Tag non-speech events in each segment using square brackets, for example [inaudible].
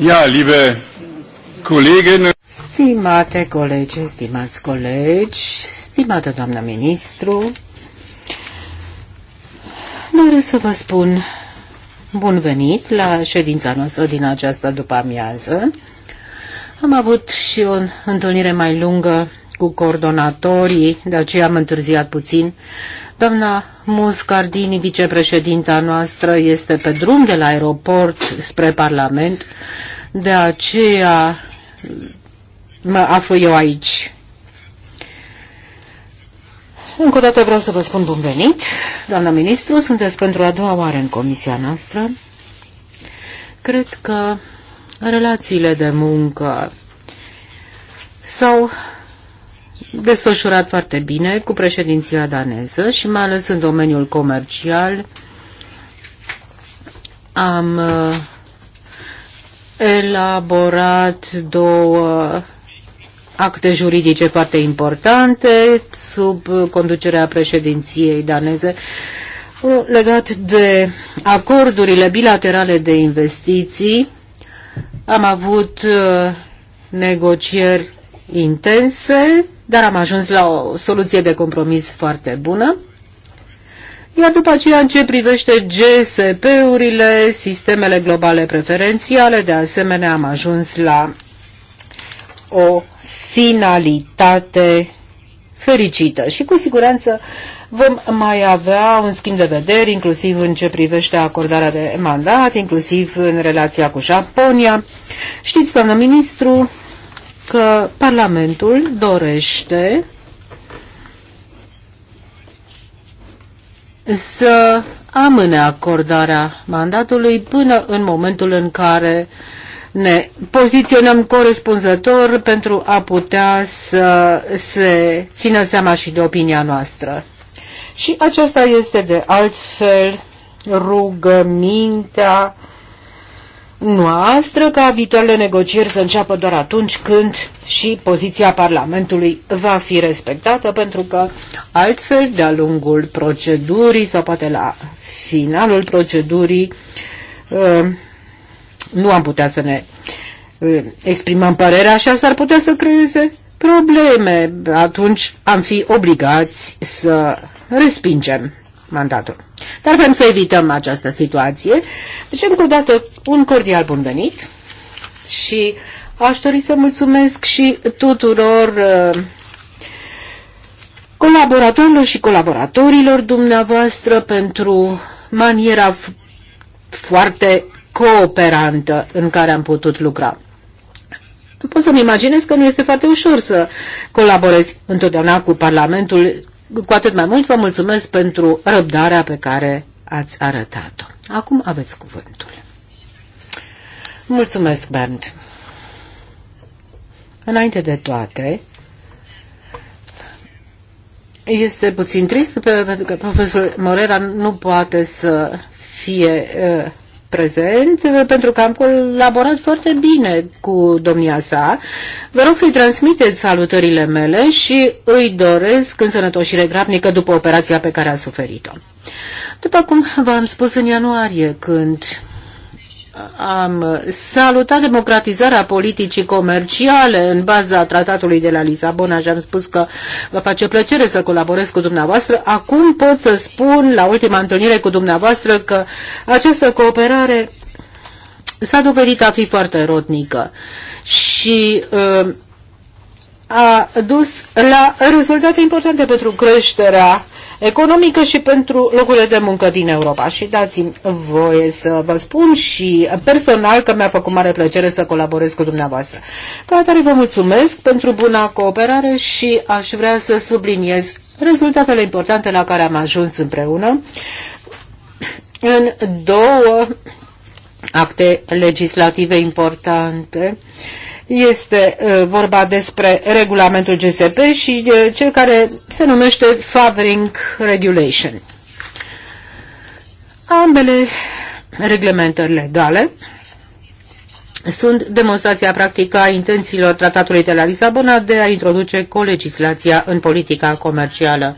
Ja, liebe Kolleginnen. Stimate colegi, stimați colegi, stimată doamna ministru, doresc să vă spun bun venit la ședința noastră din această după-amiază. Am avut și o întâlnire mai lungă cu coordonatorii, de aceea am întârziat puțin. Doamna Muscardini, vicepreședinta noastră, este pe drum de la aeroport spre Parlament de aceea mă aflu eu aici. Încă o dată vreau să vă spun bun venit. Doamna ministru, sunteți pentru a doua oară în comisia noastră. Cred că relațiile de muncă s-au desfășurat foarte bine cu președinția daneză și mai ales în domeniul comercial am uh, elaborat două acte juridice foarte importante sub conducerea președinției daneze legat de acordurile bilaterale de investiții. Am avut uh, negocieri intense, dar am ajuns la o soluție de compromis foarte bună. Iar după aceea, în ce privește GSP-urile, sistemele globale preferențiale, de asemenea am ajuns la o finalitate fericită și cu siguranță vom mai avea un schimb de vederi, inclusiv în ce privește acordarea de mandat, inclusiv în relația cu Japonia. Știți, doamnă ministru, că Parlamentul dorește să amâne acordarea mandatului până în momentul în care ne poziționăm corespunzător pentru a putea să se țină seama și de opinia noastră. Și aceasta este de altfel rugămintea noastră ca viitoarele negocieri să înceapă doar atunci când și poziția Parlamentului va fi respectată, pentru că altfel, de-a lungul procedurii sau poate la finalul procedurii, uh, nu am putea să ne uh, exprimăm părerea, așa s-ar putea să creeze probleme. Atunci am fi obligați să respingem mandatul. Dar vrem să evităm această situație. Deci, încă o dată, un cordial bun venit și aș dori să mulțumesc și tuturor uh, colaboratorilor și colaboratorilor dumneavoastră pentru maniera foarte cooperantă în care am putut lucra. Pot să-mi imaginez că nu este foarte ușor să colaborezi întotdeauna cu Parlamentul cu atât mai mult vă mulțumesc pentru răbdarea pe care ați arătat-o. Acum aveți cuvântul. Mulțumesc, Bernd. Înainte de toate, este puțin trist pentru că profesor Morera nu poate să fie uh, prezent, pentru că am colaborat foarte bine cu domnia sa. Vă rog să-i transmiteți salutările mele și îi doresc sănătoșire grabnică după operația pe care a suferit-o. După cum v-am spus în ianuarie, când am salutat democratizarea politicii comerciale în baza tratatului de la Lisabona și am spus că vă face plăcere să colaborez cu dumneavoastră. Acum pot să spun la ultima întâlnire cu dumneavoastră că această cooperare s-a dovedit a fi foarte rodnică și uh, a dus la rezultate importante pentru creșterea economică și pentru locurile de muncă din Europa. Și dați-mi voie să vă spun și personal că mi-a făcut mare plăcere să colaborez cu dumneavoastră. Ca atare vă mulțumesc pentru buna cooperare și aș vrea să subliniez rezultatele importante la care am ajuns împreună în două acte legislative importante este uh, vorba despre regulamentul GSP și uh, cel care se numește Fathering Regulation. Ambele reglementări legale sunt demonstrația practică a intențiilor tratatului de la Lisabona de a introduce colegislația în politica comercială.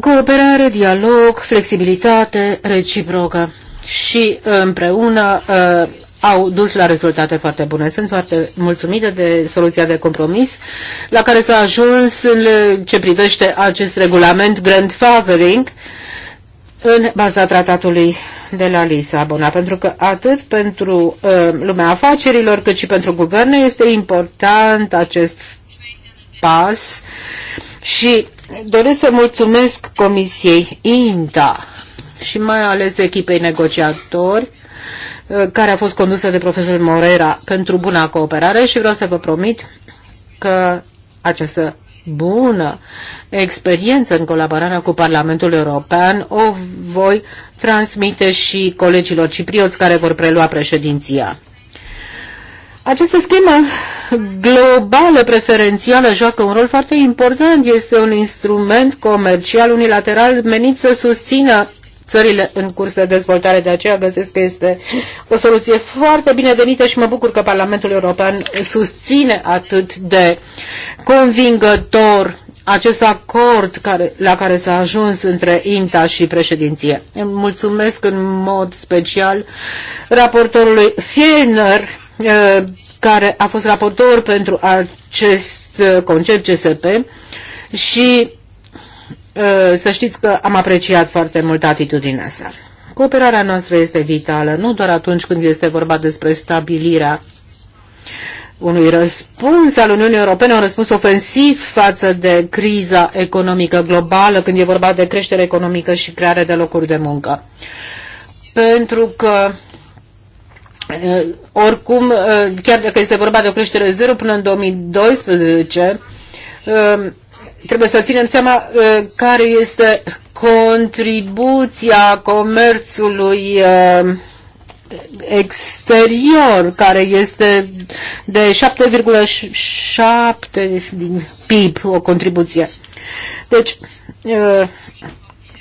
Cooperare, dialog, flexibilitate reciprocă și împreună uh, au dus la rezultate foarte bune. Sunt foarte mulțumită de soluția de compromis la care s-a ajuns în ce privește acest regulament grandfathering în baza tratatului de la Lisabona, pentru că atât pentru uh, lumea afacerilor cât și pentru guverne este important acest pas și doresc să mulțumesc Comisiei INTA și mai ales echipei negociatori care a fost condusă de profesorul Moreira pentru buna cooperare și vreau să vă promit că această bună experiență în colaborarea cu Parlamentul European o voi transmite și colegilor ciprioți care vor prelua președinția. Această schemă globală preferențială joacă un rol foarte important. Este un instrument comercial unilateral menit să susțină țările în curs de dezvoltare. De aceea găsesc că este o soluție foarte binevenită și mă bucur că Parlamentul European susține atât de convingător acest acord care, la care s-a ajuns între INTA și președinție. Mulțumesc în mod special raportorului Fielner, eh, care a fost raportor pentru acest eh, concept CSP și Uh, să știți că am apreciat foarte mult atitudinea sa. Cooperarea noastră este vitală, nu doar atunci când este vorba despre stabilirea unui răspuns al Uniunii Europene, un răspuns ofensiv față de criza economică globală, când e vorba de creștere economică și creare de locuri de muncă. Pentru că uh, oricum, uh, chiar dacă este vorba de o creștere zero până în 2012, trebuie să ținem seama uh, care este contribuția comerțului uh, exterior, care este de 7,7 din PIB o contribuție. Deci, uh,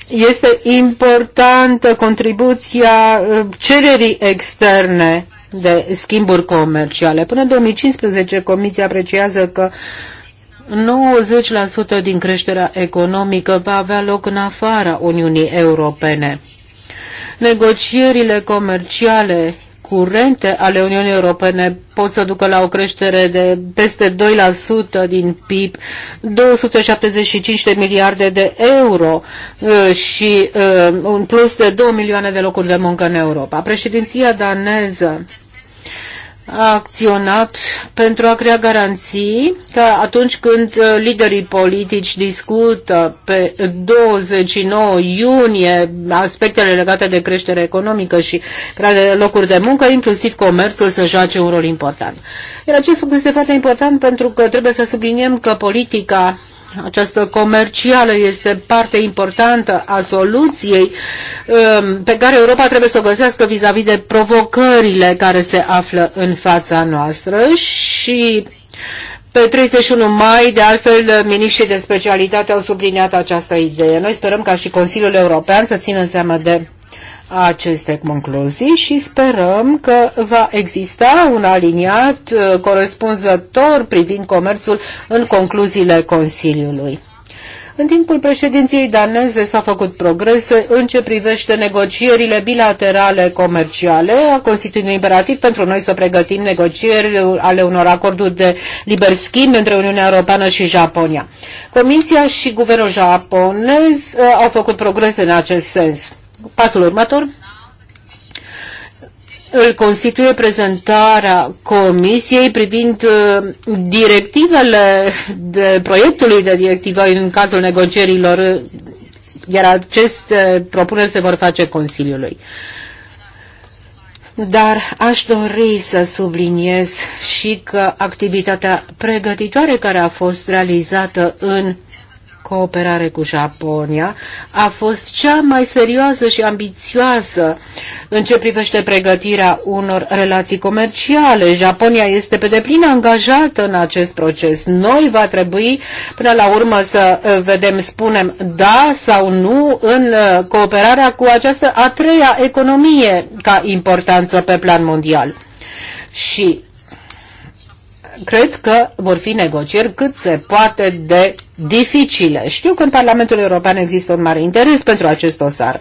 este importantă contribuția cererii externe de schimburi comerciale. Până în 2015, Comisia apreciază că uh, 90% din creșterea economică va avea loc în afara Uniunii Europene. Negocierile comerciale curente ale Uniunii Europene pot să ducă la o creștere de peste 2% din PIB, 275 de miliarde de euro uh, și uh, un plus de 2 milioane de locuri de muncă în Europa. Președinția daneză a acționat pentru a crea garanții că atunci când uh, liderii politici discută pe 29 iunie aspectele legate de creștere economică și de locuri de muncă, inclusiv comerțul, să joace un rol important. Iar acest lucru este foarte important pentru că trebuie să subliniem că politica această comercială este parte importantă a soluției um, pe care Europa trebuie să o găsească vis-a-vis -vis de provocările care se află în fața noastră și pe 31 mai, de altfel, miniștrii de specialitate au subliniat această idee. Noi sperăm ca și Consiliul European să țină seama de aceste concluzii și sperăm că va exista un aliniat uh, corespunzător privind comerțul în concluziile Consiliului. În timpul președinției daneze s a făcut progres în ce privește negocierile bilaterale comerciale. A constituit un imperativ pentru noi să pregătim negocieri ale unor acorduri de liber schimb între Uniunea Europeană și Japonia. Comisia și guvernul japonez uh, au făcut progrese în acest sens pasul următor îl constituie prezentarea Comisiei privind uh, directivele de proiectului de directivă în cazul negocierilor, uh, iar aceste propuneri se vor face Consiliului. Dar aș dori să subliniez și că activitatea pregătitoare care a fost realizată în cooperare cu Japonia a fost cea mai serioasă și ambițioasă în ce privește pregătirea unor relații comerciale. Japonia este pe deplin angajată în acest proces. Noi va trebui până la urmă să eh, vedem, spunem da sau nu în eh, cooperarea cu această a treia economie ca importanță pe plan mondial. Și cred că vor fi negocieri cât se poate de dificile. Știu că în Parlamentul European există un mare interes pentru acest dosar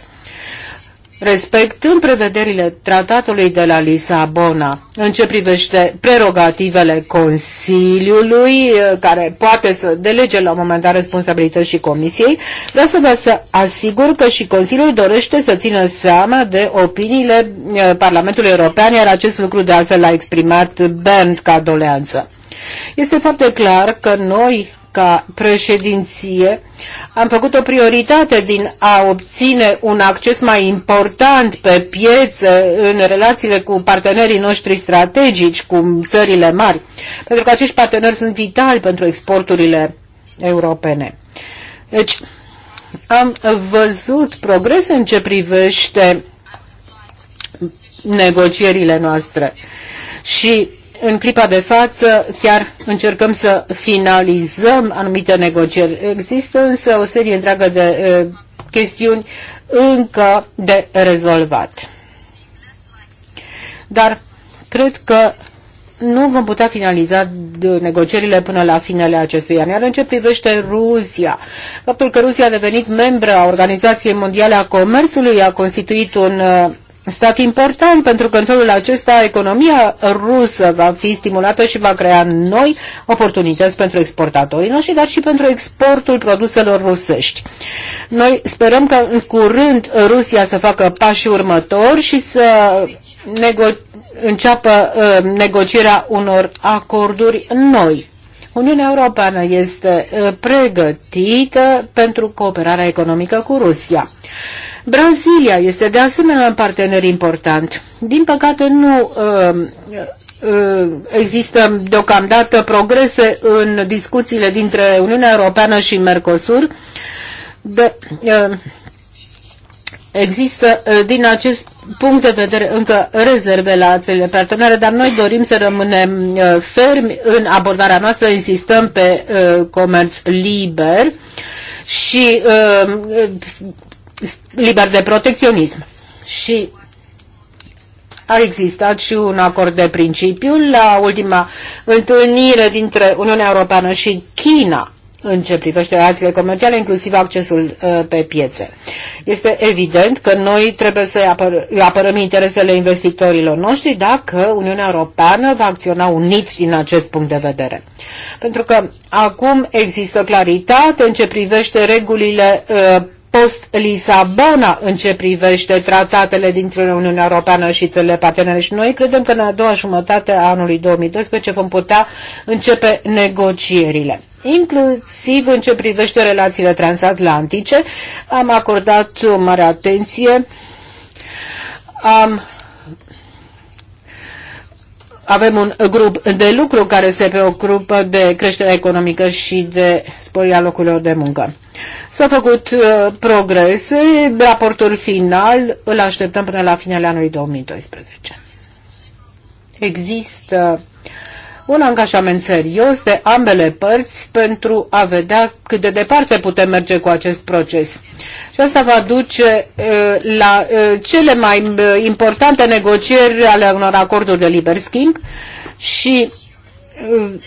respectând prevederile tratatului de la Lisabona în ce privește prerogativele Consiliului, eh, care poate să delege la un moment dat responsabilități și Comisiei, vreau să vă asigur că și Consiliul dorește să țină seama de opiniile eh, Parlamentului European, iar acest lucru de altfel l-a exprimat Bernd ca doleanță. Este foarte clar că noi ca președinție, am făcut o prioritate din a obține un acces mai important pe piețe în relațiile cu partenerii noștri strategici, cu țările mari, pentru că acești parteneri sunt vitali pentru exporturile europene. Deci, am văzut progrese în ce privește negocierile noastre și în clipa de față chiar încercăm să finalizăm anumite negocieri. Există însă o serie întreagă de uh, chestiuni încă de rezolvat. Dar cred că nu vom putea finaliza negocierile până la finele acestui an. Iar în ce privește Rusia, faptul că Rusia a devenit membră a Organizației Mondiale a Comerțului a constituit un uh, stat important, pentru că în felul acesta economia rusă va fi stimulată și va crea noi oportunități pentru exportatorii noștri, dar și pentru exportul produselor rusești. Noi sperăm că în curând Rusia să facă pașii următori și să nego- înceapă uh, negocierea unor acorduri noi. Uniunea Europeană este pregătită pentru cooperarea economică cu Rusia. Brazilia este de asemenea un partener important. Din păcate nu uh, uh, există deocamdată progrese în discuțiile dintre Uniunea Europeană și Mercosur. De, uh, Există, din acest punct de vedere, încă rezerve la țările partenere, dar noi dorim să rămânem fermi în abordarea noastră, insistăm pe comerț liber și liber de protecționism. Și a existat și un acord de principiu la ultima întâlnire dintre Uniunea Europeană și China în ce privește relațiile comerciale, inclusiv accesul uh, pe piețe. Este evident că noi trebuie să apăr apărăm interesele investitorilor noștri dacă Uniunea Europeană va acționa unit din acest punct de vedere. Pentru că acum există claritate în ce privește regulile uh, post-Lisabona în ce privește tratatele dintre Uniunea Europeană și țările partenere și noi credem că în a doua jumătate a anului 2012 vom putea începe negocierile. Inclusiv în ce privește relațiile transatlantice, am acordat o mare atenție, am avem un grup de lucru care se preocupă de creșterea economică și de sporirea locurilor de muncă. S-au făcut uh, progrese, raportul final îl așteptăm până la finele anului 2012. Există un angajament serios de ambele părți pentru a vedea cât de departe putem merge cu acest proces. Și asta va duce uh, la uh, cele mai uh, importante negocieri ale unor acorduri de liber schimb și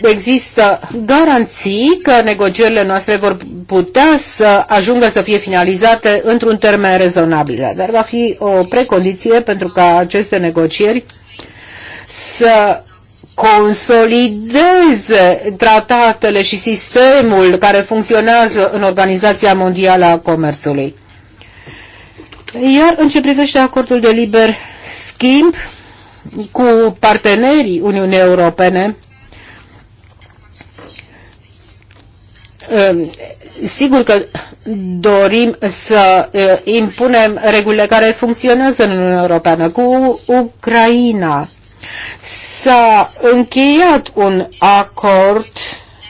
există garanții că negocierile noastre vor putea să ajungă să fie finalizate într-un termen rezonabil. Dar va fi o precondiție pentru ca aceste negocieri să consolideze tratatele și sistemul care funcționează în Organizația Mondială a Comerțului. Iar în ce privește acordul de liber schimb cu partenerii Uniunii Europene, um, sigur că dorim să uh, impunem regulile care funcționează în Uniunea Europeană cu Ucraina S-a încheiat un acord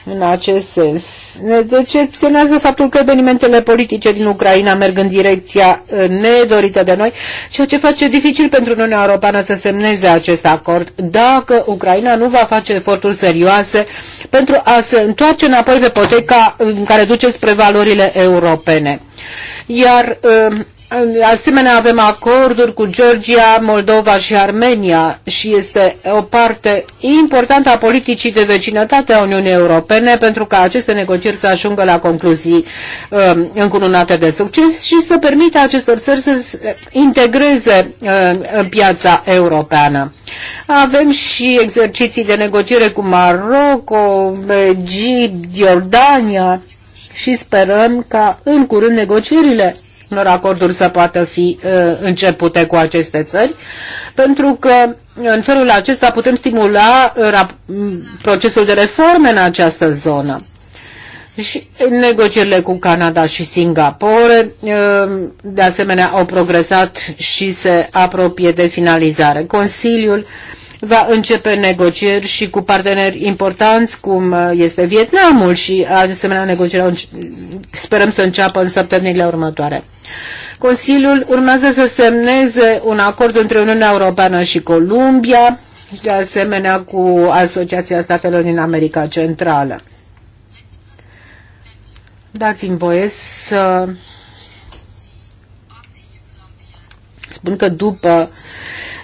în acest sens. Ne decepționează faptul că evenimentele politice din Ucraina merg în direcția uh, nedorită de noi, ceea ce face dificil pentru Uniunea Europeană să semneze acest acord dacă Ucraina nu va face eforturi serioase pentru a se întoarce înapoi pe poteca în care duce spre valorile europene. Iar uh, de asemenea, avem acorduri cu Georgia, Moldova și Armenia și este o parte importantă a politicii de vecinătate a Uniunii Europene pentru ca aceste negocieri să ajungă la concluzii uh, încununate de succes și să permită acestor țări să integreze uh, în piața europeană. Avem și exerciții de negociere cu Marocco, Egipt, Iordania și sperăm ca în curând negocierile unor acorduri să poată fi uh, începute cu aceste țări, pentru că în felul acesta putem stimula uh, procesul de reforme în această zonă. Și negocierile cu Canada și Singapore, uh, de asemenea, au progresat și se apropie de finalizare. Consiliul uh, va începe negocieri și cu parteneri importanți, cum uh, este Vietnamul și asemenea negocieri sperăm să înceapă în săptămânile următoare. Consiliul urmează să semneze un acord între Uniunea Europeană și Columbia, și de asemenea cu Asociația Statelor din America Centrală. Dați-mi voie să spun că după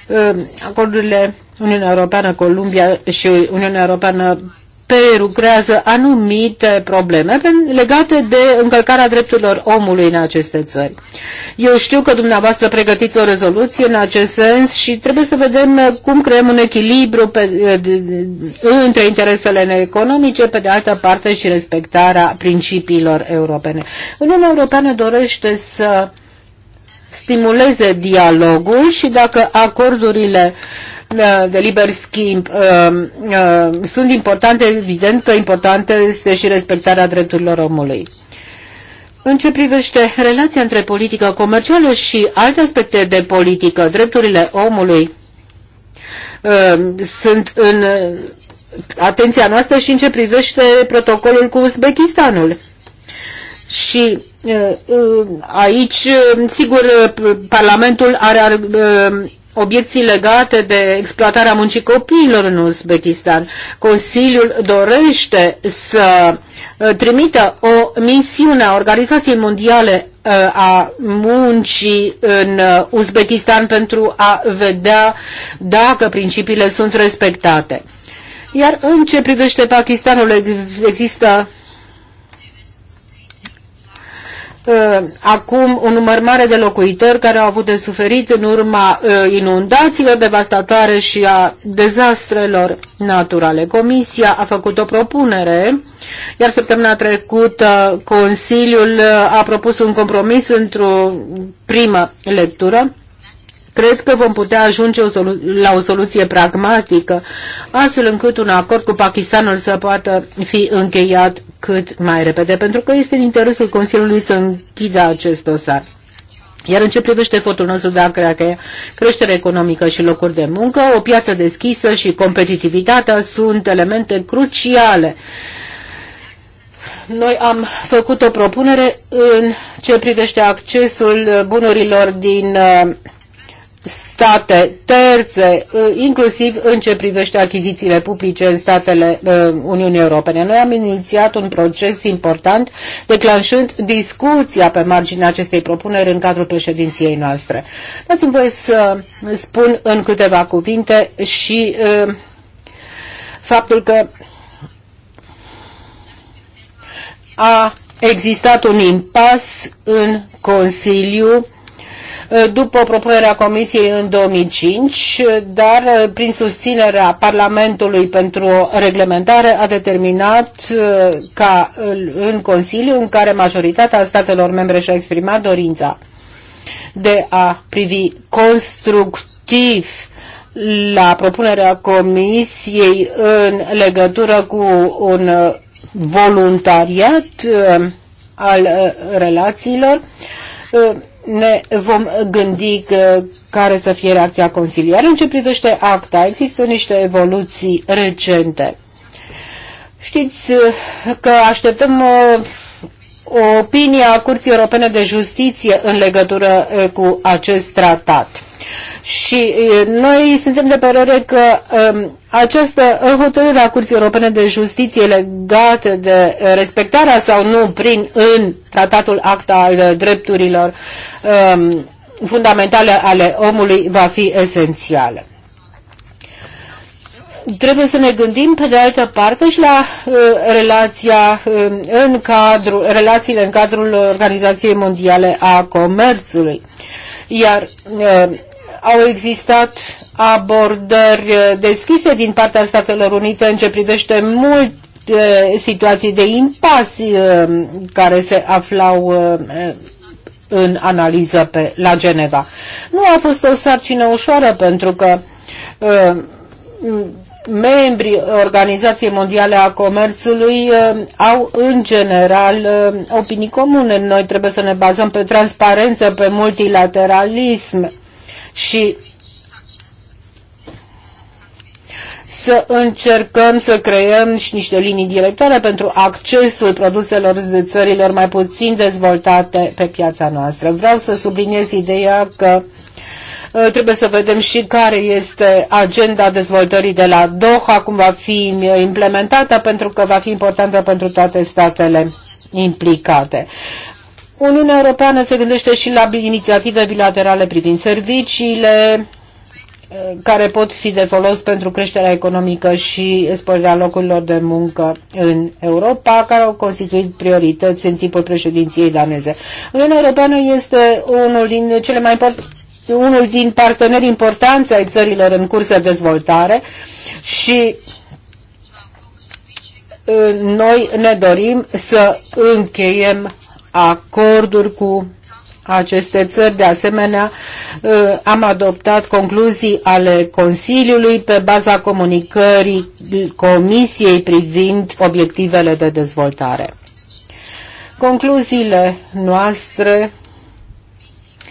uh, acordurile Uniunea Europeană, Columbia și Uniunea Europeană prelucrează anumite probleme legate de încălcarea drepturilor omului în aceste țări. Eu știu că dumneavoastră pregătiți o rezoluție în acest sens și trebuie să vedem cum creăm un echilibru pe, între interesele economice, pe de altă parte și respectarea principiilor europene. Uniunea Europeană dorește să uh, stimuleze dialogul și dacă acordurile uh, de liber schimb uh, uh, sunt importante, evident că importantă este și respectarea drepturilor omului. În ce privește relația între politică comercială și alte aspecte de politică, drepturile omului uh, sunt în atenția noastră și în ce privește protocolul cu Uzbekistanul. Și uh, uh, aici, uh, sigur, Parlamentul are obiecții legate de exploatarea muncii copiilor în Uzbekistan. Consiliul dorește să trimită o misiune a Organizației Mondiale a muncii în Uzbekistan pentru a vedea dacă principiile sunt respectate. Iar în ce privește Pakistanul există Uh, acum un număr mare de locuitori care au avut de suferit în urma uh, inundațiilor devastatoare și a dezastrelor naturale. Comisia a făcut o propunere, iar săptămâna trecută Consiliul uh, a propus un compromis într-o primă lectură Cred că vom putea ajunge o la o soluție pragmatică, astfel încât un acord cu Pakistanul să poată fi încheiat cât mai repede, pentru că este în interesul Consiliului să închidă acest dosar. Iar în ce privește efortul nostru de a crea creștere economică și locuri de muncă, o piață deschisă și competitivitatea sunt elemente cruciale noi am făcut o propunere în ce privește accesul bunurilor din uh, state terțe, uh, inclusiv în ce privește achizițiile publice în statele uh, Uniunii Europene. Noi am inițiat un proces important declanșând discuția pe marginea acestei propuneri în cadrul președinției noastre. Dați-mi voie să spun în câteva cuvinte și uh, faptul că a existat un impas în Consiliu Eh, după propunerea Comisiei în 2005, eh, dar eh, prin susținerea Parlamentului pentru o reglementare a determinat ca în Consiliu, în care majoritatea statelor membre și-a exprimat dorința de a privi constructiv la propunerea Comisiei în legătură cu un voluntariat al relațiilor ne vom gândi că, care să fie reacția Consiliului. în ce privește acta, există niște evoluții recente. Știți uh, că așteptăm uh, o opinie a Curții Europene de Justiție în legătură cu acest tratat. Și noi suntem de părere că um, această hotărâre a Curții Europene de Justiție legată de respectarea sau nu prin în tratatul act al drepturilor um, fundamentale ale omului va fi esențială trebuie să ne gândim pe de altă parte și la uh, relația uh, în cadrul, relațiile în cadrul Organizației Mondiale a Comerțului. Iar uh, au existat abordări uh, deschise din partea Statelor Unite în ce privește mult uh, situații de impas uh, care se aflau în analiză pe, la Geneva. Nu a fost o sarcină ușoară pentru că membri Organizației Mondiale a Comerțului uh, au în general uh, opinii comune. Noi trebuie să ne bazăm pe transparență, pe multilateralism și să încercăm să creăm și niște linii directoare pentru accesul produselor de țărilor mai puțin dezvoltate pe piața noastră. Vreau să subliniez ideea că uh, Uh, trebuie să vedem și care este agenda dezvoltării de la Doha, cum va fi uh, implementată, pentru că va fi importantă pentru toate statele implicate. Uniunea Europeană se gândește și la inițiative bilaterale privind serviciile, uh, care pot fi de folos pentru creșterea economică și sporirea locurilor de muncă în Europa, care au constituit priorități în timpul președinției daneze. Uniunea Europeană este unul din cele mai importante unul din parteneri importanți ai țărilor în curs de dezvoltare și uh, noi ne dorim să încheiem acorduri cu aceste țări. De asemenea, uh, am adoptat concluzii ale Consiliului pe baza comunicării Comisiei privind obiectivele de dezvoltare. Concluziile noastre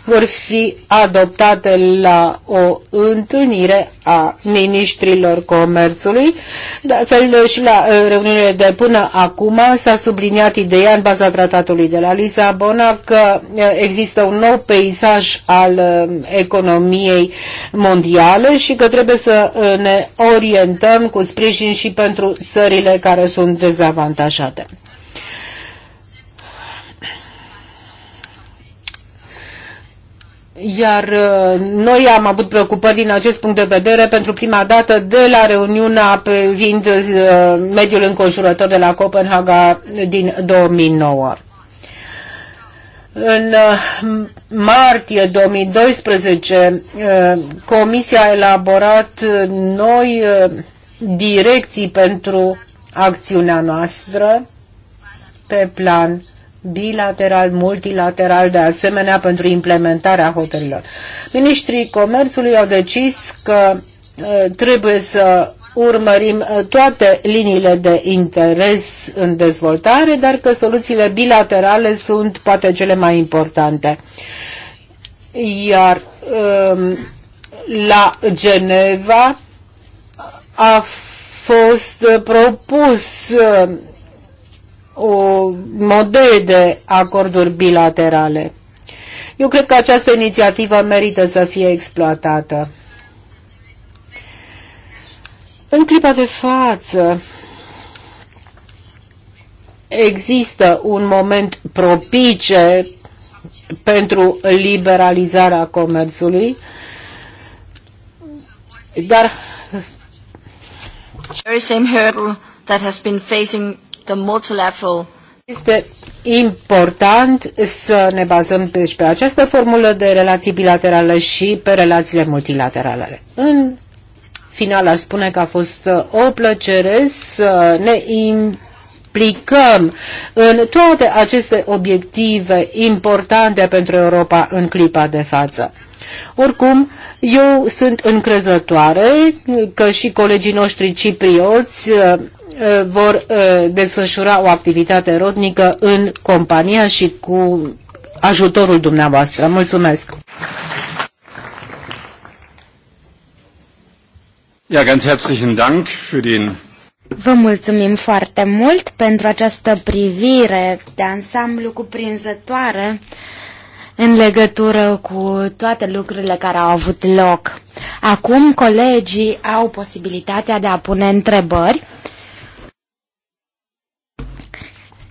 vor fi adoptate la o întâlnire a ministrilor comerțului. De altfel și la uh, reuniunile de până acum s-a subliniat ideea în baza tratatului de la Lisabona că uh, există un nou peisaj al uh, economiei mondiale și că trebuie să ne orientăm cu sprijin și pentru țările care sunt dezavantajate. Iar uh, noi am avut preocupări din acest punct de vedere pentru prima dată de la reuniunea privind uh, mediul înconjurător de la Copenhaga din 2009. În uh, martie 2012, Comisia a elaborat noi direcții pentru acțiunea noastră pe plan bilateral, multilateral, de asemenea pentru implementarea hotărilor. Ministrii Comerțului au decis că uh, trebuie să urmărim uh, toate liniile de interes în dezvoltare, dar că soluțiile bilaterale sunt poate cele mai importante. Iar um, la Geneva a fost uh, propus o modele de acorduri bilaterale. Eu cred că această inițiativă merită să fie exploatată. În clipa de față există un moment propice pentru liberalizarea comerțului, dar very same hurdle that has been facing the multilateral este important să ne bazăm și pe această formulă de relații bilaterale și pe relațiile multilaterale. În final aș spune că a fost uh, o plăcere să ne implicăm în toate aceste obiective importante pentru Europa în clipa de față. Oricum, eu sunt încrezătoare că și colegii noștri ciprioți uh, Uh, vor uh, desfășura o activitate rodnică în compania și cu ajutorul dumneavoastră. Mulțumesc! Ja, ganz herzlichen Dank für den Vă mulțumim foarte mult pentru această privire de ansamblu cuprinzătoare în legătură cu toate lucrurile care au avut loc. Acum colegii au posibilitatea de a pune întrebări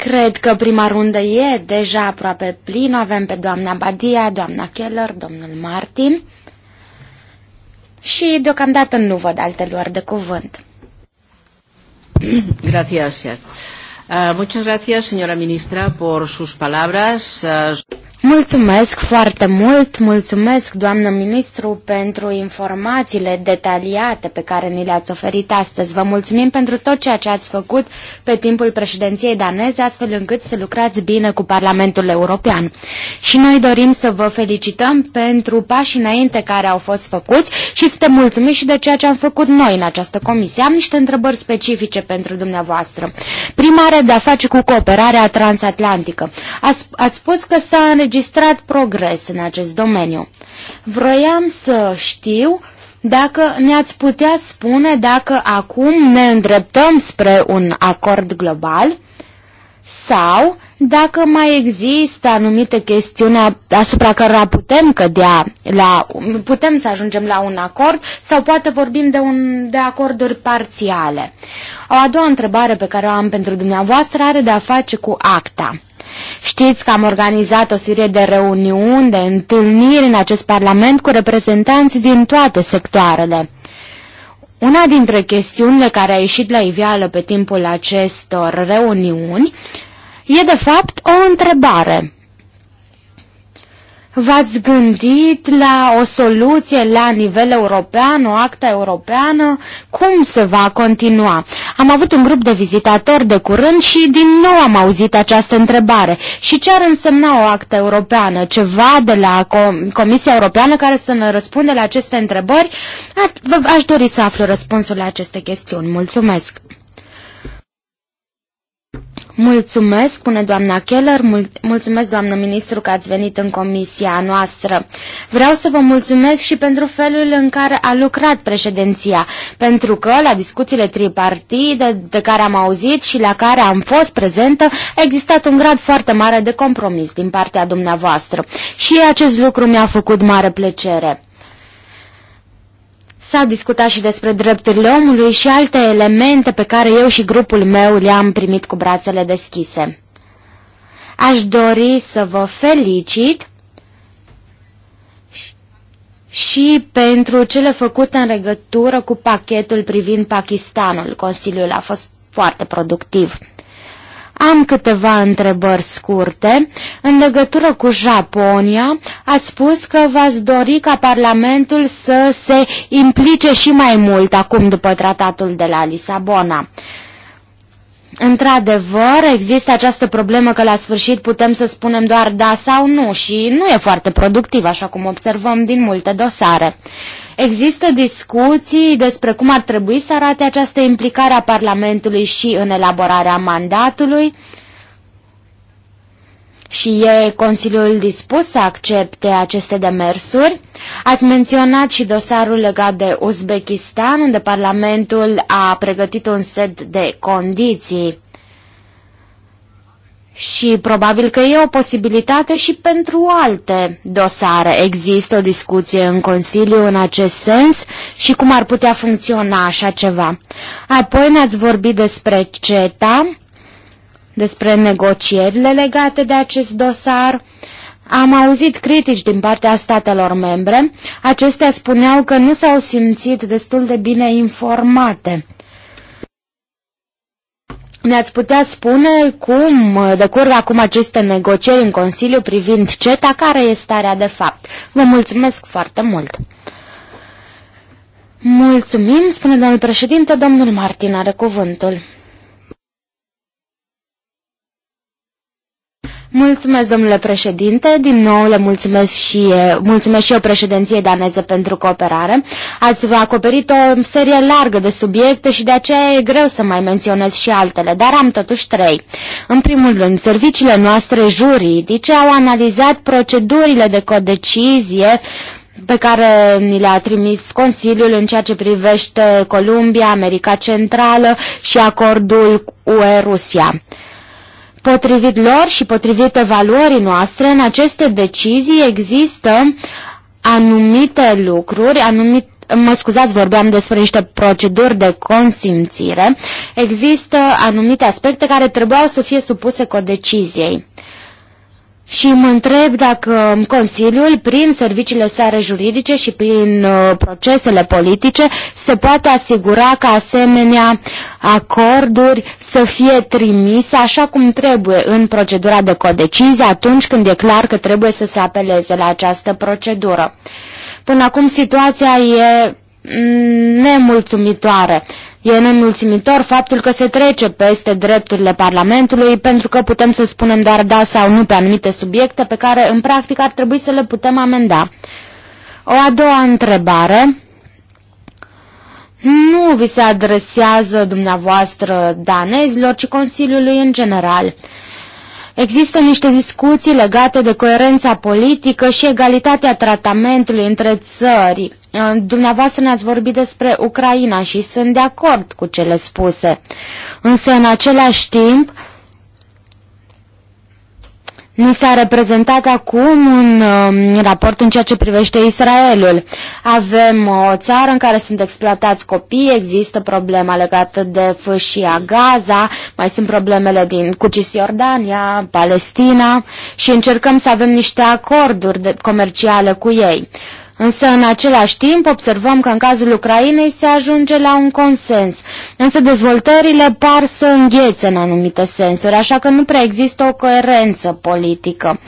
Cred că prima rundă e deja aproape plină. Avem pe doamna Badia, doamna Keller, domnul Martin. Și deocamdată nu văd alte luări de cuvânt. [clears throat] Gracias. Uh, muchas gracias, señora ministra, por sus palabras. Uh... Mulțumesc foarte mult, mulțumesc, doamnă ministru, pentru informațiile detaliate pe care ni le-ați oferit astăzi. Vă mulțumim pentru tot ceea ce ați făcut pe timpul președinției daneze, astfel încât să lucrați bine cu Parlamentul European. Și noi dorim să vă felicităm pentru pașii înainte care au fost făcuți și te mulțumim și de ceea ce am făcut noi în această comisie. Am niște întrebări specifice pentru dumneavoastră. Prima are de-a face cu cooperarea transatlantică. Ați, ați spus că s-a înregistrat înregistrat progres în acest domeniu. Vroiam să știu dacă ne-ați putea spune dacă acum ne îndreptăm spre un acord global sau dacă mai există anumite chestiuni asupra cărora putem cădea la, putem să ajungem la un acord sau poate vorbim de, un, de acorduri parțiale. O a doua întrebare pe care o am pentru dumneavoastră are de a face cu acta. Știți că am organizat o serie de reuniuni, de întâlniri în acest Parlament cu reprezentanți din toate sectoarele. Una dintre chestiunile care a ieșit la iveală pe timpul acestor reuniuni e de fapt o întrebare. V-ați gândit la o soluție la nivel european, o acta europeană? Cum se va continua? Am avut un grup de vizitatori de curând și din nou am auzit această întrebare. Și ce ar însemna o actă europeană? Ceva de la Com Comisia Europeană care să ne răspunde la aceste întrebări? Aș dori să aflu răspunsul la aceste chestiuni. Mulțumesc! Mulțumesc, spune doamna Keller, mul- mulțumesc doamnă ministru că ați venit în comisia noastră. Vreau să vă mulțumesc și pentru felul în care a lucrat președinția, pentru că la discuțiile tripartide de care am auzit și la care am fost prezentă, a existat un grad foarte mare de compromis din partea dumneavoastră și acest lucru mi-a făcut mare plăcere. S-a discutat și despre drepturile omului și alte elemente pe care eu și grupul meu le-am primit cu brațele deschise. Aș dori să vă felicit și pentru cele făcute în legătură cu pachetul privind Pakistanul. Consiliul a fost foarte productiv. Am câteva întrebări scurte. În legătură cu Japonia, ați spus că v-ați dori ca Parlamentul să se implice și mai mult acum după tratatul de la Lisabona. Într-adevăr, există această problemă că la sfârșit putem să spunem doar da sau nu și nu e foarte productiv, așa cum observăm din multe dosare. Există discuții despre cum ar trebui să arate această implicare a Parlamentului și în elaborarea mandatului. Uh, și e Consiliul dispus să accepte aceste demersuri? Ați menționat și dosarul legat de Uzbekistan, unde Parlamentul a pregătit un set de condiții. Și probabil că e o posibilitate și pentru alte dosare. Există o discuție în Consiliu în acest sens și cum ar putea funcționa așa ceva. Apoi ne-ați vorbit despre CETA despre negocierile legate de acest dosar. Am auzit critici din partea statelor membre. Acestea spuneau că nu s-au simțit destul de bine informate. Ne-ați putea spune cum decurg acum aceste negocieri în Consiliu privind CETA, care este starea de fapt. Vă mulțumesc foarte mult! Mulțumim, spune domnul președinte, domnul Martin are cuvântul. Mulțumesc, domnule președinte. Din nou le mulțumesc și, mulțumesc și eu președinției daneze pentru cooperare. Ați vă acoperit o serie largă de subiecte și de aceea e greu să mai menționez și altele, dar am totuși trei. În primul rând, serviciile noastre juridice au analizat procedurile de codecizie pe care ni le-a trimis Consiliul în ceea ce privește Columbia, America Centrală și acordul UE-Rusia. Potrivit lor și potrivit evaluării noastre, în aceste decizii există anumite lucruri, anumite mă scuzați, vorbeam despre niște proceduri de consimțire, există anumite aspecte care trebuiau să fie supuse codeciziei. deciziei. Și mă întreb dacă um, Consiliul, prin serviciile sale juridice și prin uh, procesele politice, se poate asigura că asemenea acorduri să fie trimise așa cum trebuie în procedura de codecizie atunci când e clar că trebuie să se apeleze la această procedură. Până acum situația e mm, nemulțumitoare. E nemulțumitor faptul că se trece peste drepturile Parlamentului pentru că putem să spunem doar da sau nu pe anumite subiecte pe care în practică ar trebui să le putem amenda. O a doua întrebare. Nu vi se adresează dumneavoastră danezilor, ci Consiliului în general. Există niște discuții legate de coerența politică și egalitatea tratamentului între țări Uh, dumneavoastră ne-ați vorbit despre Ucraina și sunt de acord cu cele spuse. Însă, în același timp, Ni s-a reprezentat acum un um, raport în ceea ce privește Israelul. Avem uh, o țară în care sunt exploatați copii, există problema legată de fâșia Gaza, mai sunt problemele din, Cisjordania, Palestina și încercăm să avem niște acorduri de, comerciale cu ei. Însă, în același timp, observăm că în cazul Ucrainei se ajunge la un consens. Însă dezvoltările par să înghețe în anumite sensuri, așa că nu prea există o coerență politică.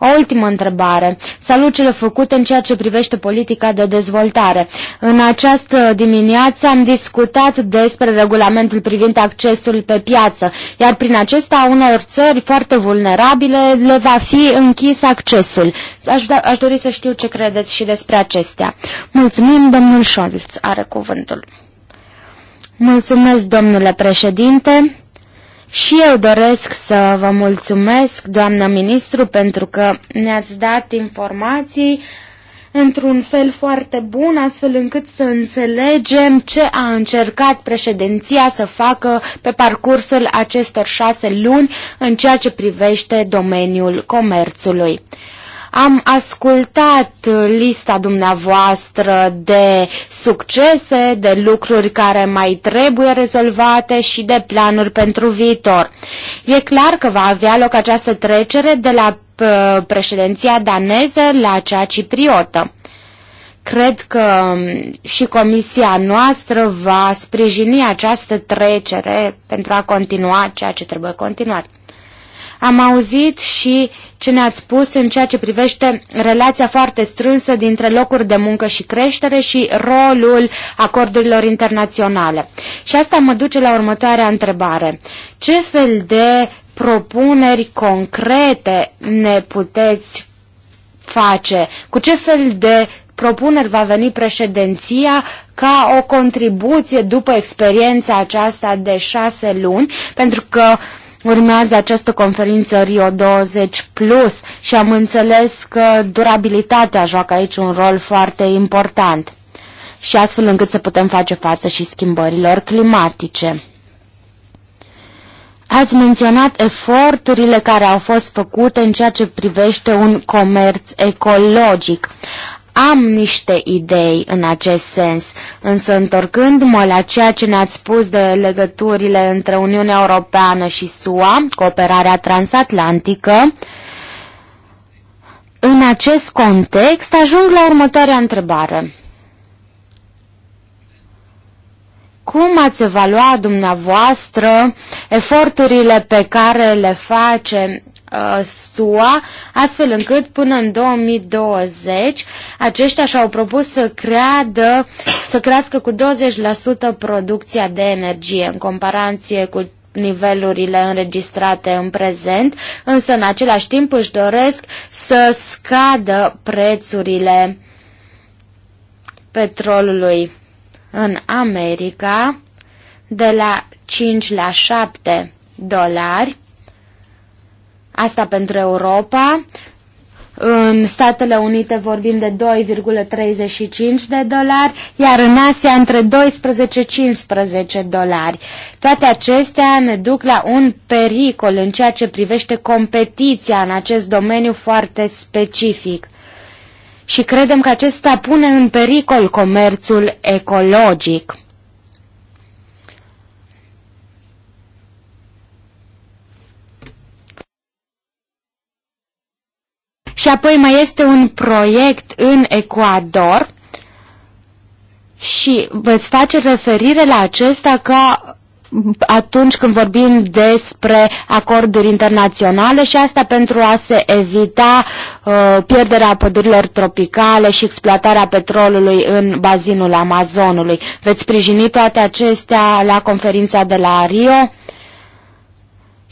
O ultimă întrebare. Salut cele făcute în ceea ce privește politica de dezvoltare. În această dimineață am discutat despre regulamentul privind accesul pe piață, iar prin acesta unor țări foarte vulnerabile le va fi închis accesul. Aș, da, aș dori să știu ce credeți și despre despre acestea. Mulțumim, domnul Scholz are cuvântul. Mulțumesc, domnule președinte. Și eu doresc să vă mulțumesc, doamnă ministru, pentru că ne-ați dat informații într-un fel foarte bun, astfel încât să înțelegem ce a încercat președinția să facă pe parcursul acestor șase luni în ceea ce privește domeniul comerțului. Am ascultat uh, lista dumneavoastră de succese, de lucruri care mai trebuie rezolvate și de planuri pentru viitor. E clar că va avea loc această trecere de la uh, președinția daneză la cea cipriotă cred că um, și comisia noastră va sprijini această trecere pentru a continua ceea ce trebuie continuat. Am auzit și ce ne-ați spus în ceea ce privește relația foarte strânsă dintre locuri de muncă și creștere și rolul acordurilor internaționale. Și asta mă duce la următoarea întrebare. Ce fel de propuneri concrete ne puteți face? Cu ce fel de propuneri va veni președinția ca o contribuție după experiența aceasta de șase luni? Pentru că uh, Urmează această conferință Rio 20 Plus și am înțeles că durabilitatea joacă aici un rol foarte important și astfel încât să putem face față și schimbărilor climatice. Ați menționat eforturile care au fost făcute în ceea ce privește un comerț ecologic. Am niște idei în acest sens, însă întorcându-mă la ceea ce ne-ați spus de legăturile între Uniunea Europeană și SUA, cooperarea transatlantică, în acest context ajung la următoarea întrebare. Cum ați evalua dumneavoastră eforturile pe care le face Uh, SUA, astfel încât până în 2020 aceștia și-au propus să, creadă, să crească cu 20% producția de energie în comparație cu nivelurile înregistrate în prezent, însă în același timp își doresc să scadă prețurile petrolului în America de la 5 la 7 dolari Asta pentru Europa. În Statele Unite vorbim de 2,35 de dolari, iar în Asia între 12-15 dolari. Toate acestea ne duc la un pericol în ceea ce privește competiția în acest domeniu foarte specific. Și credem că acesta pune în pericol comerțul ecologic. Și apoi mai este un proiect în Ecuador și vă face referire la acesta ca atunci când vorbim despre acorduri internaționale și asta pentru a se evita uh, pierderea pădurilor tropicale și exploatarea petrolului în bazinul Amazonului. Veți sprijini toate acestea la conferința de la Rio?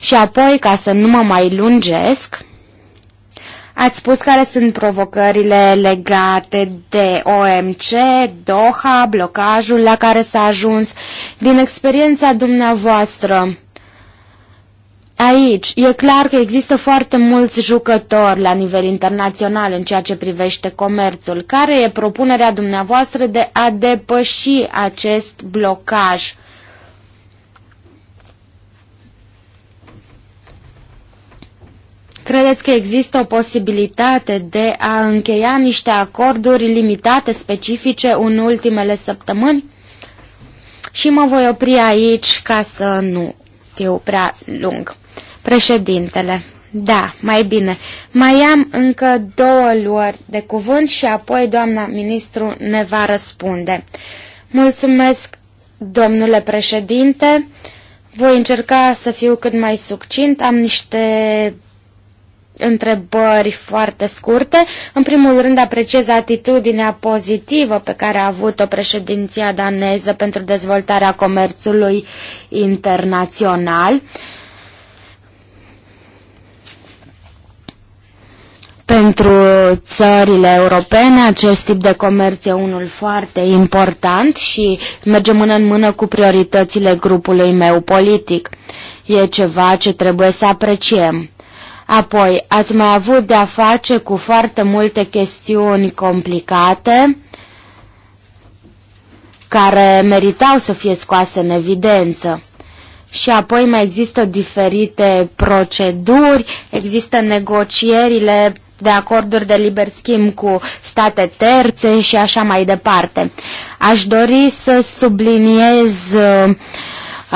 Și apoi, ca să nu mă mai lungesc, Ați spus care sunt provocările legate de OMC, Doha, blocajul la care s-a ajuns. Din experiența dumneavoastră, aici e clar că există foarte mulți jucători la nivel internațional în ceea ce privește comerțul. Care e propunerea dumneavoastră de a depăși acest blocaj? Credeți că există o posibilitate de a încheia niște acorduri limitate, specifice, în ultimele săptămâni? Și mă voi opri aici ca să nu fiu prea lung. Președintele, da, mai bine. Mai am încă două luări de cuvânt și apoi doamna ministru ne va răspunde. Mulțumesc, domnule președinte. Voi încerca să fiu cât mai succint. Am niște întrebări foarte scurte. În primul rând apreciez atitudinea pozitivă pe care a avut-o președinția daneză pentru dezvoltarea comerțului internațional. Pentru țările europene, acest tip de comerț e unul foarte important și merge mână în mână cu prioritățile grupului meu politic. E ceva ce trebuie să apreciem. Apoi, ați mai avut de-a face cu foarte multe chestiuni complicate care meritau să fie scoase în evidență. Și apoi mai există diferite proceduri, există negocierile de acorduri de liber schimb cu state terțe și așa mai departe. Aș dori să subliniez uh,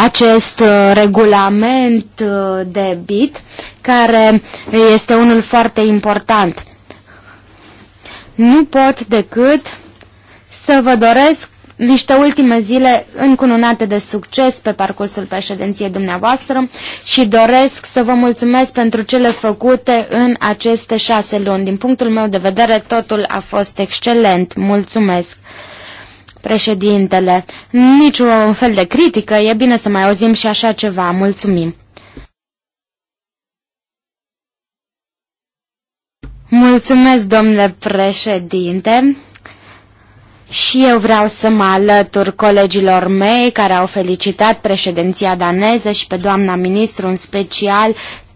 acest uh, regulament uh, de BIT, care este unul foarte important. Nu pot decât să vă doresc niște ultime zile încununate de succes pe parcursul președinției dumneavoastră și doresc să vă mulțumesc pentru cele făcute în aceste șase luni. Din punctul meu de vedere, totul a fost excelent. Mulțumesc! Președintele, niciun fel de critică, e bine să mai auzim și așa ceva, mulțumim. Mulțumesc, domnule președinte. Și eu vreau să mă alătur colegilor mei care au felicitat președinția daneză și pe doamna ministru în special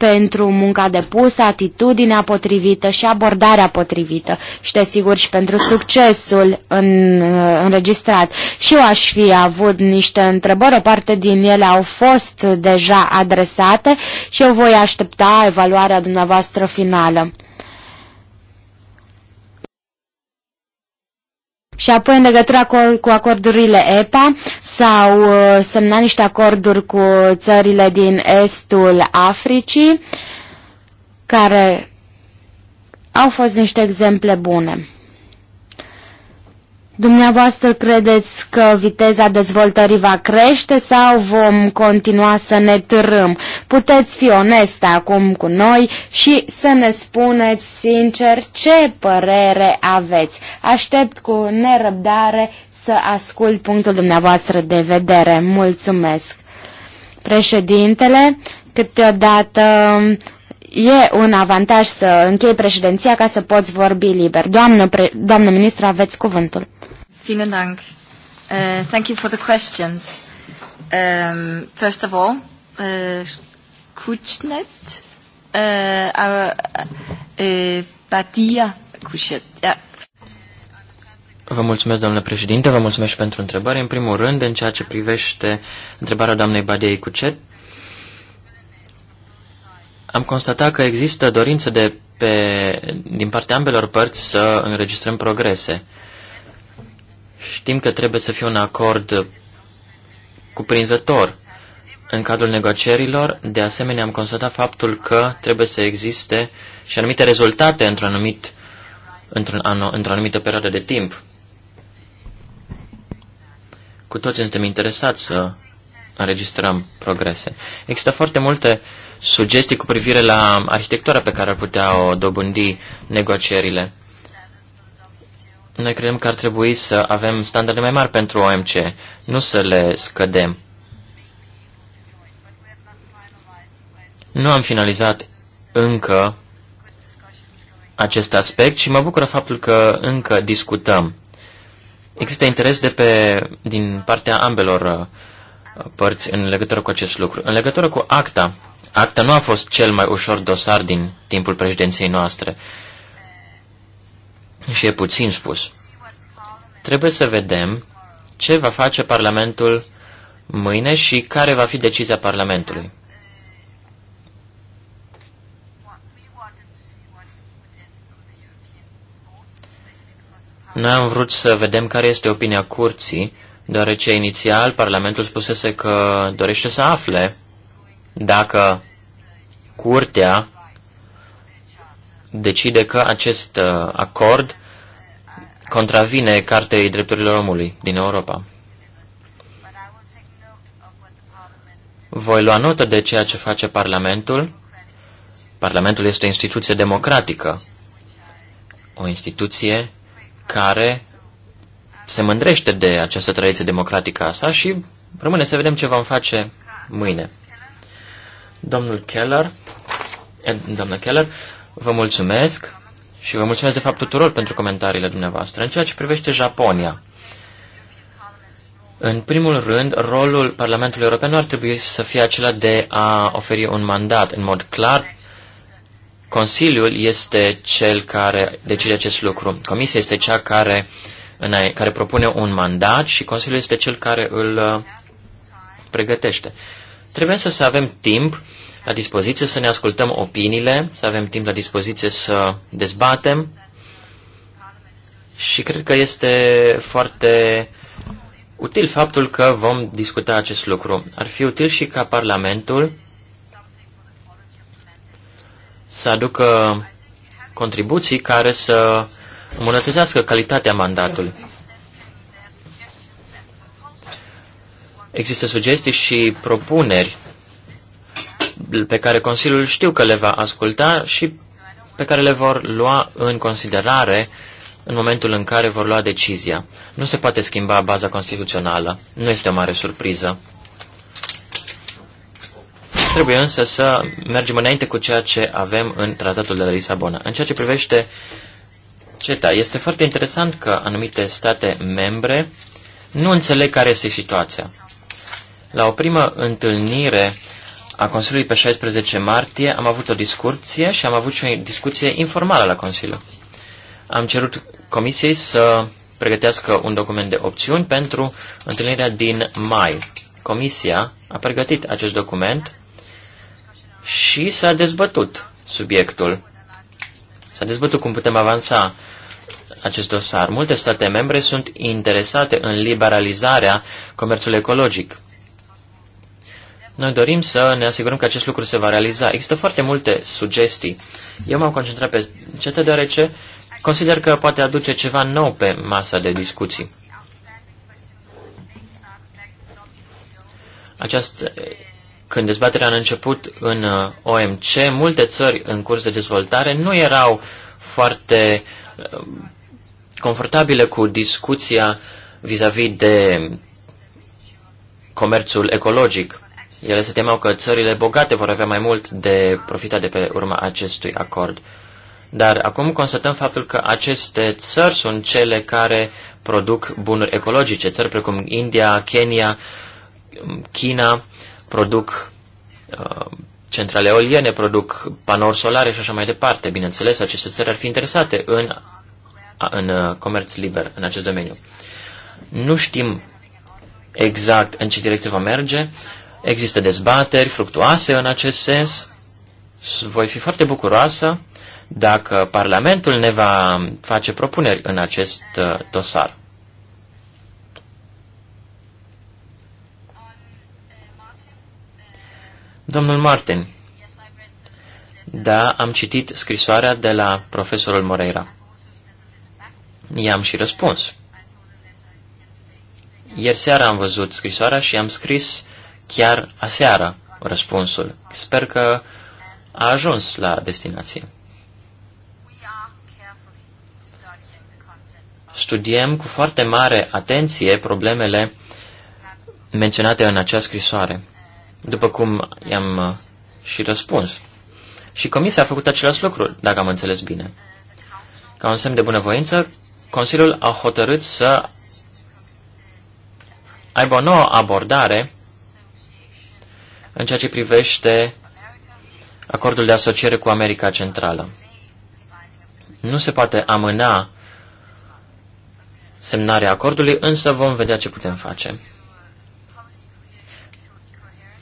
pentru munca depusă, atitudinea potrivită și abordarea potrivită și, desigur, și pentru succesul în, uh, înregistrat. Și eu aș fi avut niște întrebări, o parte din ele au fost deja adresate și eu voi aștepta evaluarea dumneavoastră finală. Și apoi în legătură cu acordurile EPA s-au uh, semnat niște acorduri cu țările din estul Africii care au fost niște exemple bune. Dumneavoastră credeți că viteza dezvoltării va crește sau vom continua să ne târâm? Puteți fi oneste acum cu noi și să ne spuneți sincer ce părere aveți. Aștept cu nerăbdare să ascult punctul dumneavoastră de vedere. Mulțumesc! Președintele, câteodată e un avantaj să închei președinția ca să poți vorbi liber. Doamnă, pre, doamnă ministru, aveți cuvântul. Vielen Dank. Uh, thank you for the questions. Um, first of all, uh, Kuchnet, uh, uh, Badia yeah. Vă mulțumesc, domnule președinte, vă mulțumesc și pentru întrebare. În primul rând, în ceea ce privește întrebarea doamnei Badiei Cucet, am constatat că există dorință de pe, din partea ambelor părți să înregistrăm progrese. Știm că trebuie să fie un acord cuprinzător în cadrul negocierilor. De asemenea, am constatat faptul că trebuie să existe și anumite rezultate într-un anumit, într-un an, într-o anumită perioadă de timp. Cu toți suntem interesați să înregistrăm progrese. Există foarte multe uh, sugestii cu privire la arhitectura pe care ar putea o dobândi negocierile. Noi credem că ar trebui să avem standarde mai mari pentru OMC, nu să le scădem. Nu am finalizat încă acest aspect și mă bucură faptul că încă discutăm. Există interes de pe, din partea ambelor uh, părți în legătură cu acest lucru. În legătură cu acta, acta nu a fost cel mai ușor dosar din timpul președinției noastre. Și e puțin spus. Trebuie să vedem ce va face Parlamentul mâine și care va fi decizia Parlamentului. Noi am vrut să vedem care este opinia curții, deoarece inițial Parlamentul spusese că dorește să afle dacă curtea decide că acest uh, acord contravine Cartei Drepturilor Omului din Europa. Voi lua notă de ceea ce face Parlamentul. Parlamentul este o instituție democratică, o instituție care se mândrește de această tradiție democratică a sa și rămâne să vedem ce vom face mâine. Domnul Keller, eh, doamna Keller, vă mulțumesc și vă mulțumesc de fapt tuturor pentru comentariile dumneavoastră. În ceea ce privește Japonia, în primul rând, rolul Parlamentului European nu ar trebui să fie acela de a oferi un mandat. În mod clar, Consiliul este cel care decide acest lucru. Comisia este cea care, care propune un mandat și Consiliul este cel care îl uh, pregătește. Trebuie să, să avem timp la dispoziție să ne ascultăm opiniile, să avem timp la dispoziție să dezbatem și cred că este foarte util faptul că vom discuta acest lucru. Ar fi util și ca Parlamentul să aducă contribuții care să îmbunătățească calitatea mandatului. Există sugestii și propuneri pe care Consiliul știu că le va asculta și pe care le vor lua în considerare în momentul în care vor lua decizia. Nu se poate schimba baza constituțională. Nu este o mare surpriză. Trebuie însă să mergem înainte cu ceea ce avem în Tratatul de la Lisabona. În ceea ce privește CETA, este foarte interesant că anumite state membre nu înțeleg care este situația. La o primă întâlnire a Consiliului pe 16 martie am avut o discuție și am avut și o discuție informală la Consiliu. Am cerut Comisiei să pregătească un document de opțiuni pentru întâlnirea din mai. Comisia a pregătit acest document și s-a dezbătut subiectul. S-a dezbătut cum putem avansa acest dosar. Multe state membre sunt interesate în liberalizarea comerțului ecologic. Noi dorim să ne asigurăm că acest lucru se va realiza. Există foarte multe sugestii. Eu m-am concentrat pe acestea deoarece consider că poate aduce ceva nou pe masa de discuții. Această, când dezbaterea a început în uh, OMC, multe țări în curs de dezvoltare nu erau foarte uh, confortabile cu discuția vis-a-vis -vis de comerțul ecologic. Ele se temeau că țările bogate vor avea mai mult de profita de pe urma acestui acord. Dar acum constatăm faptul că aceste țări sunt cele care produc bunuri ecologice. Țări precum India, Kenya, China produc uh, centrale eoliene, produc panouri solare și așa mai departe. Bineînțeles, aceste țări ar fi interesate în, în uh, comerț liber în acest domeniu. Nu știm exact în ce direcție va merge, Există dezbateri fructuoase în acest sens. Voi fi foarte bucuroasă dacă Parlamentul ne va face propuneri în acest uh, dosar. Domnul Martin, da, am citit scrisoarea de la profesorul Moreira. I-am și răspuns. Ieri seara am văzut scrisoarea și am scris chiar aseară răspunsul. Sper că a ajuns la destinație. Studiem cu foarte mare atenție problemele menționate în acea scrisoare, după cum i-am uh, și răspuns. Și comisia a făcut același lucru, dacă am înțeles bine. Ca un semn de bunăvoință, Consiliul a hotărât să aibă o nouă abordare în ceea ce privește acordul de asociere cu America Centrală. Nu se poate amâna semnarea acordului, însă vom vedea ce putem face.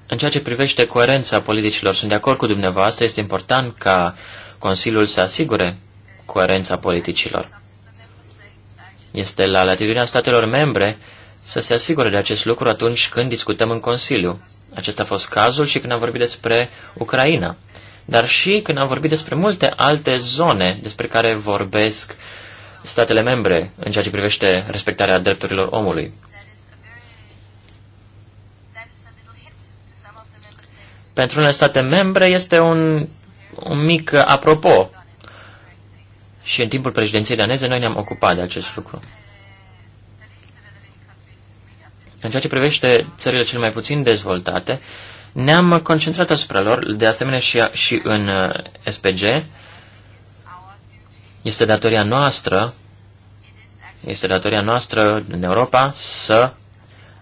În ceea ce privește coerența politicilor, sunt de acord cu dumneavoastră, este important ca Consiliul să asigure coerența politicilor. Este la latitudinea statelor membre să se asigure de acest lucru atunci când discutăm în Consiliu. Acesta a fost cazul și când am vorbit despre Ucraina, dar și când am vorbit despre multe alte zone despre care vorbesc statele membre în ceea ce privește respectarea drepturilor omului. Pentru unele state membre este un, un mic apropo. Și în timpul președinției daneze noi ne-am ocupat de acest lucru. În ceea ce privește țările cel mai puțin dezvoltate, ne-am concentrat asupra lor, de asemenea și, și în uh, SPG. Este datoria noastră, este datoria noastră în Europa să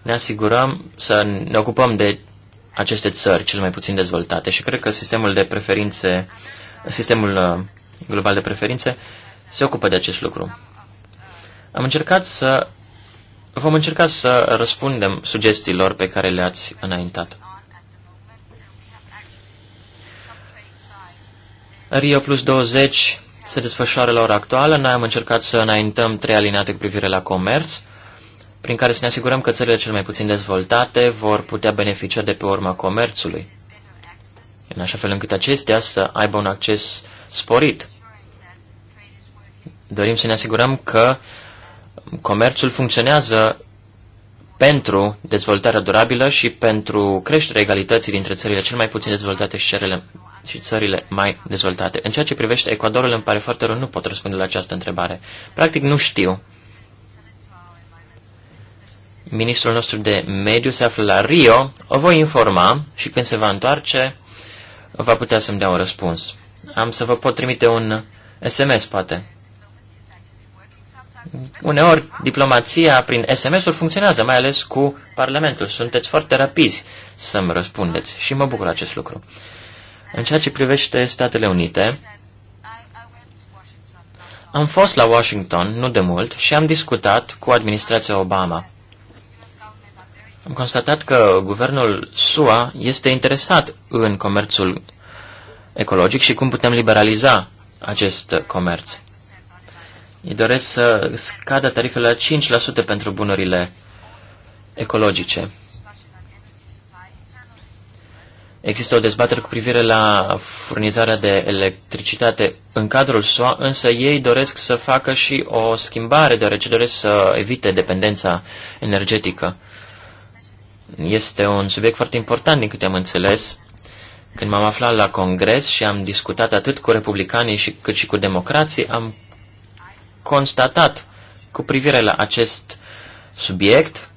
ne asigurăm, să ne ocupăm de aceste țări cel mai puțin dezvoltate și cred că sistemul de preferințe, sistemul uh, global de preferințe se ocupă de acest lucru. Am încercat să Vom încerca să răspundem sugestiilor pe care le-ați înaintat. Rio Plus 20 se desfășoară la ora actuală. Noi am încercat să înaintăm trei alineate cu privire la comerț, prin care să ne asigurăm că țările cel mai puțin dezvoltate vor putea beneficia de pe urma comerțului, în așa fel încât acestea să aibă un acces sporit. Dorim să ne asigurăm că uh, comerțul funcționează pentru dezvoltarea durabilă și pentru creșterea egalității dintre țările cel mai puțin dezvoltate și, cerele, și țările mai dezvoltate. În ceea ce privește Ecuadorul, îmi pare foarte rău, nu pot răspunde la această întrebare. Practic, nu știu. Ministrul nostru de mediu se află la Rio, o voi informa și când se va întoarce, va putea să-mi dea un răspuns. Am să vă pot trimite un SMS, poate. Uneori, diplomația prin SMS-uri funcționează, mai ales cu Parlamentul. Sunteți foarte rapizi să-mi răspundeți și mă bucur acest lucru. În ceea ce privește Statele Unite, am fost la Washington nu de mult și am discutat cu administrația Obama. Am constatat că guvernul SUA este interesat în comerțul ecologic și cum putem liberaliza acest comerț. Ei doresc să scadă tarifele la 5% pentru bunurile ecologice. Există o dezbatere cu privire la furnizarea de electricitate în cadrul SUA, însă ei doresc să facă și o schimbare, deoarece doresc să evite dependența energetică. Este un subiect foarte important, din câte am înțeles. Când m-am aflat la Congres și am discutat atât cu republicanii și, cât și cu democrații, am constatat cu privire la acest subiect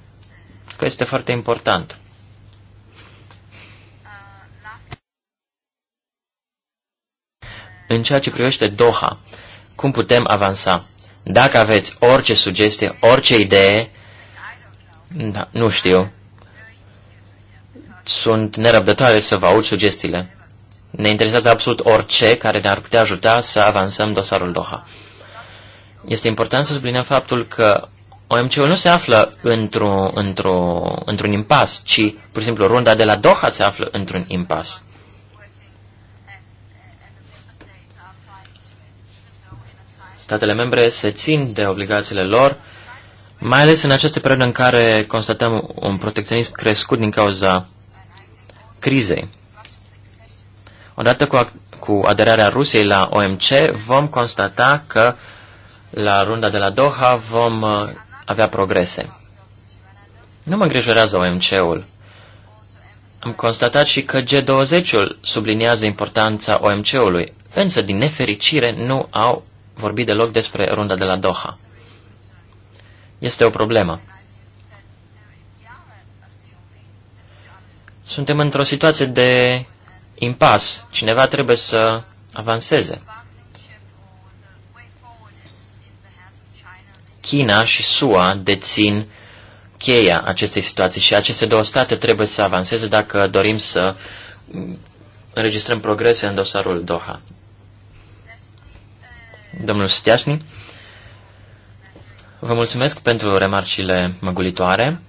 că este foarte important. În ceea ce privește Doha, cum putem avansa? Dacă aveți orice sugestie, orice idee, da, nu știu. Sunt nerăbdătoare să vă aud sugestiile. Ne interesează absolut orice care ne-ar putea ajuta să avansăm dosarul Doha. Este important să subliniem faptul că OMC-ul nu se află într-un, într într impas, ci, pur și simplu, runda de la Doha se află într-un impas. Statele membre se țin de obligațiile lor, mai ales în această perioadă în care constatăm un protecționism crescut din cauza crizei. Odată cu, cu aderarea Rusiei la OMC, vom constata că uh, la runda de la Doha vom uh, avea progrese. Nu mă îngrijorează OMC-ul. Am constatat și că G20-ul subliniază importanța OMC-ului, însă, din nefericire, nu au vorbit deloc despre runda de la Doha. Este o problemă. Suntem într-o situație de impas. Cineva trebuie să avanseze. China și SUA dețin cheia acestei situații și aceste două state trebuie să avanseze dacă dorim să înregistrăm progrese în dosarul Doha. Domnul Steașni, vă mulțumesc pentru remarcile măgulitoare.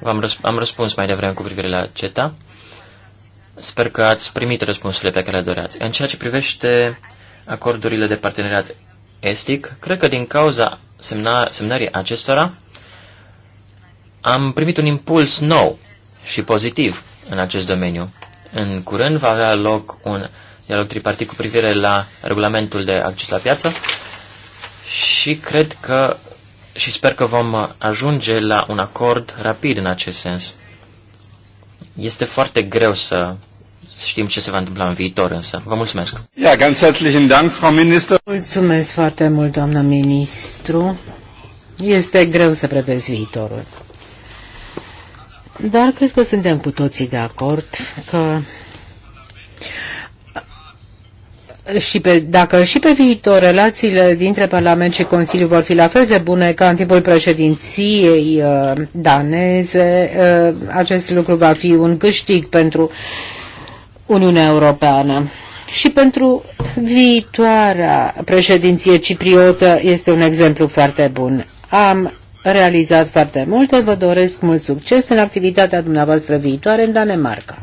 V-am răsp- am răspuns mai devreme cu privire la CETA. Sper că ați primit răspunsurile pe care le doreați. În ceea ce privește acordurile de parteneriat estic, cred că din cauza semna, semnării acestora am primit un impuls nou și pozitiv în acest domeniu. În curând va avea loc un dialog tripartit cu privire la regulamentul de acces la piață și cred că și sper că vom ajunge la un acord rapid în acest sens. Este foarte greu să știm ce se va întâmpla în viitor însă. Vă mulțumesc. Ja, ganz herzlichen Dank, Frau Minister. Mulțumesc foarte mult, doamnă ministru. Este greu să prevezi viitorul. Dar cred că suntem cu toții de acord că și pe, dacă și pe viitor relațiile dintre Parlament și Consiliu vor fi la fel de bune ca în timpul președinției uh, daneze, uh, acest lucru va fi un câștig pentru Uniunea Europeană. Și pentru viitoarea președinție cipriotă este un exemplu foarte bun. Am realizat foarte multe, vă doresc mult succes în activitatea dumneavoastră viitoare în Danemarca.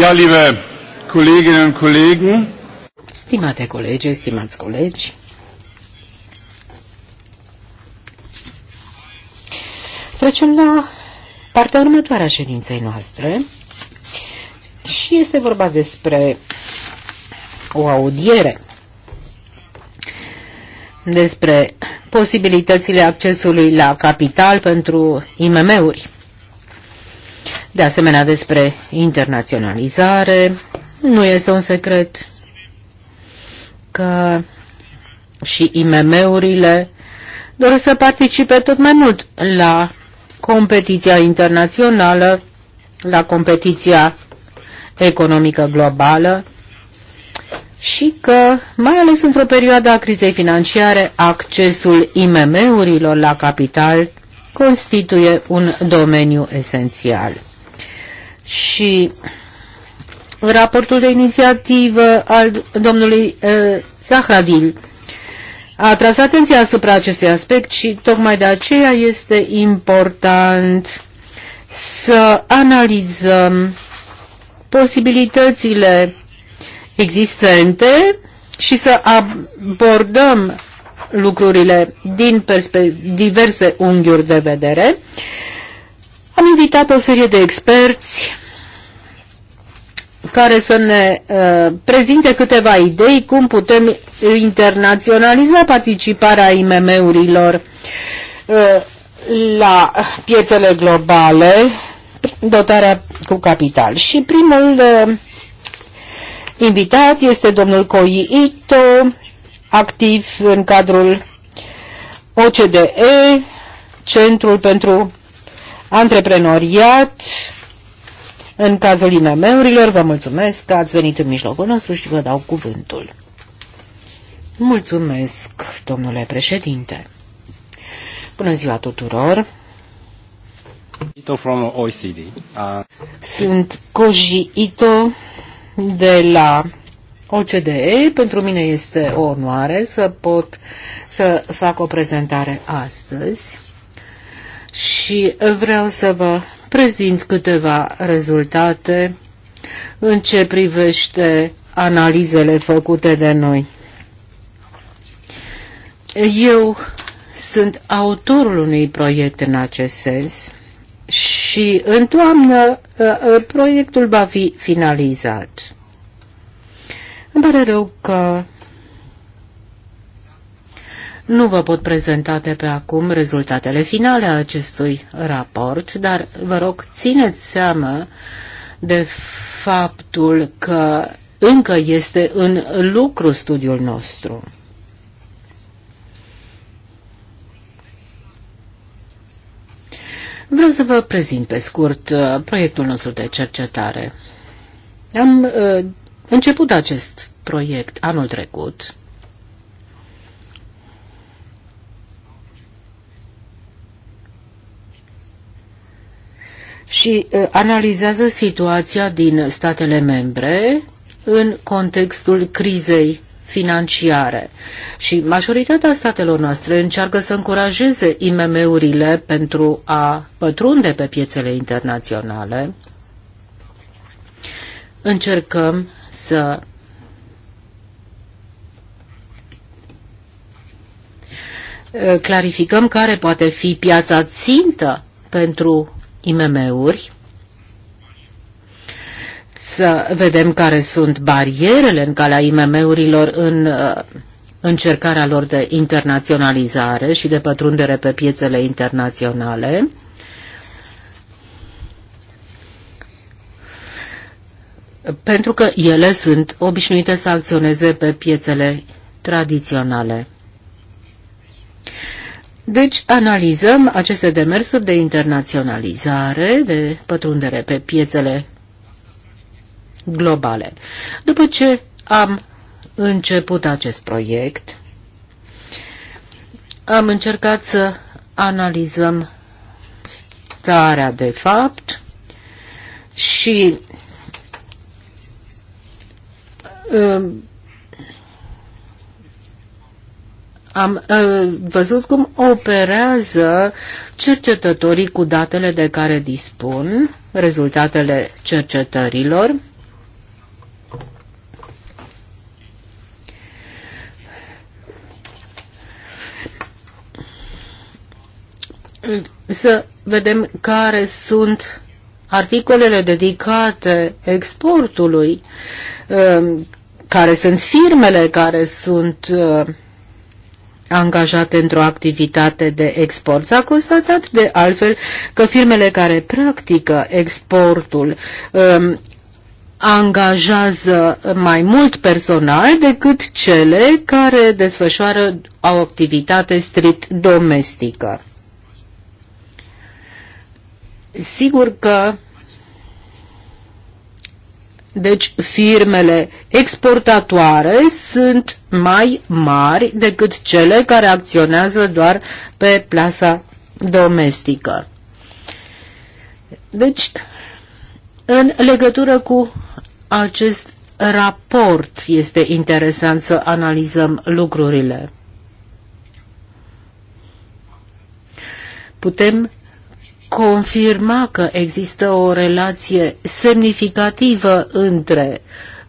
Ja, liebe Kolleginnen und Kollegen. Stimate colegi, stimați colegi. Trecem la partea următoare a ședinței noastre și este vorba despre o audiere despre posibilitățile accesului la capital pentru IMM-uri de asemenea despre internaționalizare. Nu este un secret că și IMM-urile doresc să participe tot mai mult la competiția internațională, la competiția economică globală și că, mai ales într-o perioadă a crizei financiare, accesul IMM-urilor la capital constituie un domeniu esențial și raportul de inițiativă al domnului uh, Zahradil a tras atenția asupra acestui aspect și tocmai de aceea este important să analizăm posibilitățile existente și să abordăm lucrurile din diverse unghiuri de vedere am invitat o serie de experți care să ne uh, prezinte câteva idei cum putem internaționaliza participarea IMM-urilor uh, la piețele globale, dotarea cu capital. Și primul uh, invitat este domnul Koji Ito, activ în cadrul OCDE, Centrul pentru antreprenoriat în cazul IMM-urilor. Vă mulțumesc că ați venit în mijlocul nostru și vă dau cuvântul. Mulțumesc, domnule președinte. Bună ziua tuturor! From OECD. Uh... Sunt Koji Ito de la OCDE. Pentru mine este o onoare să pot să fac o prezentare astăzi și vreau să vă prezint câteva rezultate în ce privește analizele făcute de noi. Eu sunt autorul unui proiect în acest sens și în toamnă ă, ă, proiectul va fi finalizat. Îmi pare rău că nu vă pot prezenta de pe acum rezultatele finale a acestui raport, dar vă rog țineți seama de faptul că încă este în lucru studiul nostru. Vreau să vă prezint pe scurt uh, proiectul nostru de cercetare. Am uh, început acest proiect anul trecut și uh, analizează situația din statele membre în contextul crizei financiare. Și majoritatea statelor noastre încearcă să încurajeze IMM-urile pentru a pătrunde pe piețele internaționale. Încercăm să clarificăm care poate fi piața țintă pentru IMM-uri, să vedem care sunt barierele în calea IMM-urilor în uh, încercarea lor de internaționalizare și de pătrundere pe piețele internaționale. pentru că ele sunt obișnuite să acționeze pe piețele tradiționale. Deci analizăm aceste demersuri de internaționalizare, de pătrundere pe piețele globale. După ce am început acest proiect, am încercat să analizăm starea de fapt și um, Am uh, văzut cum operează cercetătorii cu datele de care dispun, rezultatele cercetărilor. Să vedem care sunt articolele dedicate exportului, care sunt firmele care sunt angajate într-o activitate de export. S-a constatat de altfel că firmele care practică exportul um, angajează mai mult personal decât cele care desfășoară o activitate strict domestică. Sigur că deci firmele exportatoare sunt mai mari decât cele care acționează doar pe plasa domestică. Deci, în legătură cu acest raport este interesant să analizăm lucrurile. Putem confirma că există o relație semnificativă între uh,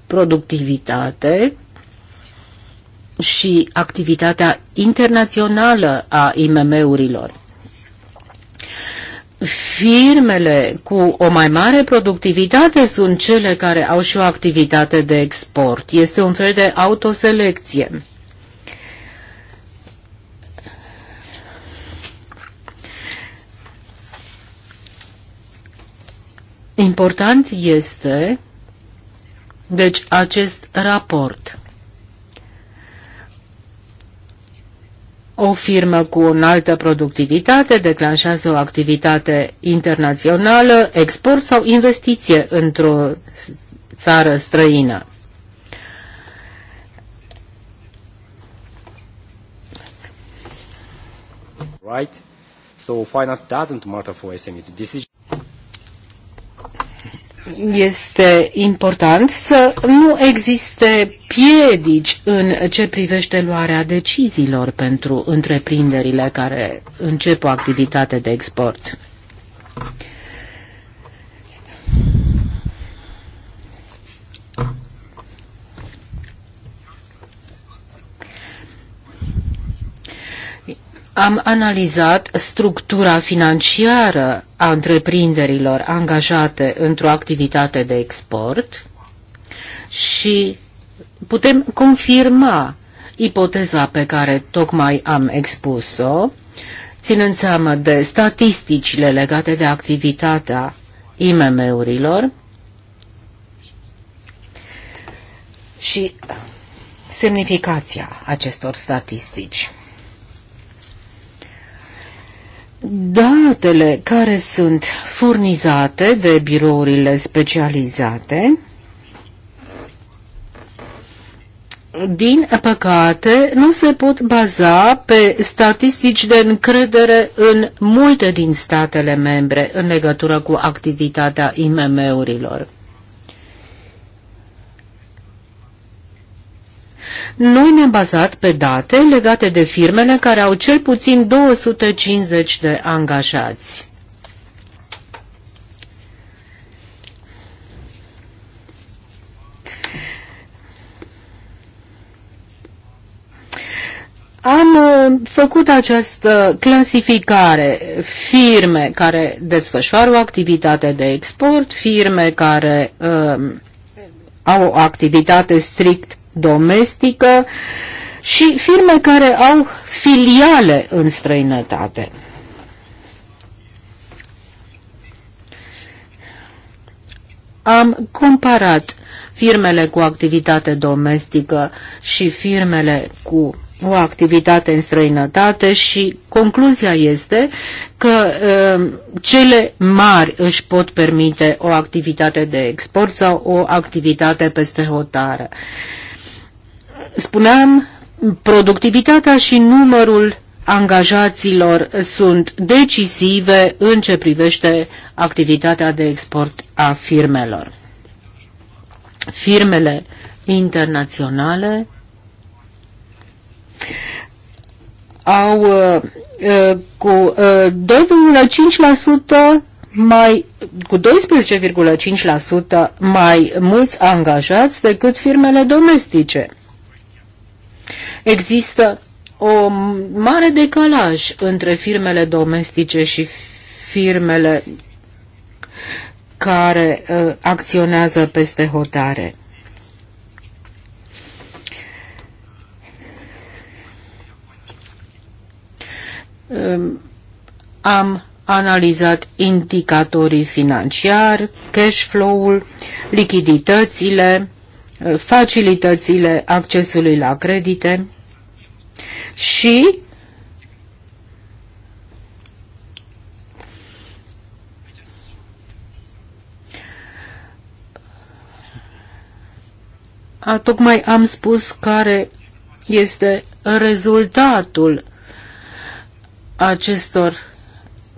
productivitate și activitatea internațională a IMM-urilor. Firmele cu o mai mare productivitate sunt cele care au și o activitate de export. Este un fel de autoselecție. Important este deci acest raport O firmă cu o înaltă productivitate declanșează o activitate internațională, export sau investiție într-o țară străină. Right? So finance doesn't matter for SMEs este important să nu existe piedici în ce privește luarea deciziilor pentru întreprinderile care încep o activitate de export. Am analizat structura financiară a întreprinderilor angajate într-o activitate de export și putem confirma ipoteza pe care tocmai am expus-o, ținând seama de statisticile legate de activitatea IMM-urilor și semnificația acestor statistici datele care sunt furnizate de birourile specializate din păcate, nu se pot baza pe statistici de încredere în multe din statele membre în legătură cu activitatea IMM-urilor. Noi ne-am bazat pe date legate de firmele care au cel puțin 250 de angajați. Am uh, făcut această clasificare, firme care desfășoară o activitate de export, firme care uh, au o activitate strict domestică și firme care au filiale în străinătate. Am comparat firmele cu activitate domestică și firmele cu o activitate în străinătate și concluzia este că e, um, cele mari își pot permite o activitate de export sau o activitate peste hotare spuneam, productivitatea și numărul angajaților sunt decisive în ce privește activitatea de export a firmelor. Firmele internaționale au uh, uh cu uh, 2,5% mai, cu 12,5% mai mulți angajați decât firmele domestice. Există o mare decalaj între firmele domestice și firmele care uh, acționează peste hotare. Uh, am analizat indicatorii financiari, cash flow-ul, lichiditățile, facilitățile accesului la credite și A, tocmai am spus care este rezultatul acestor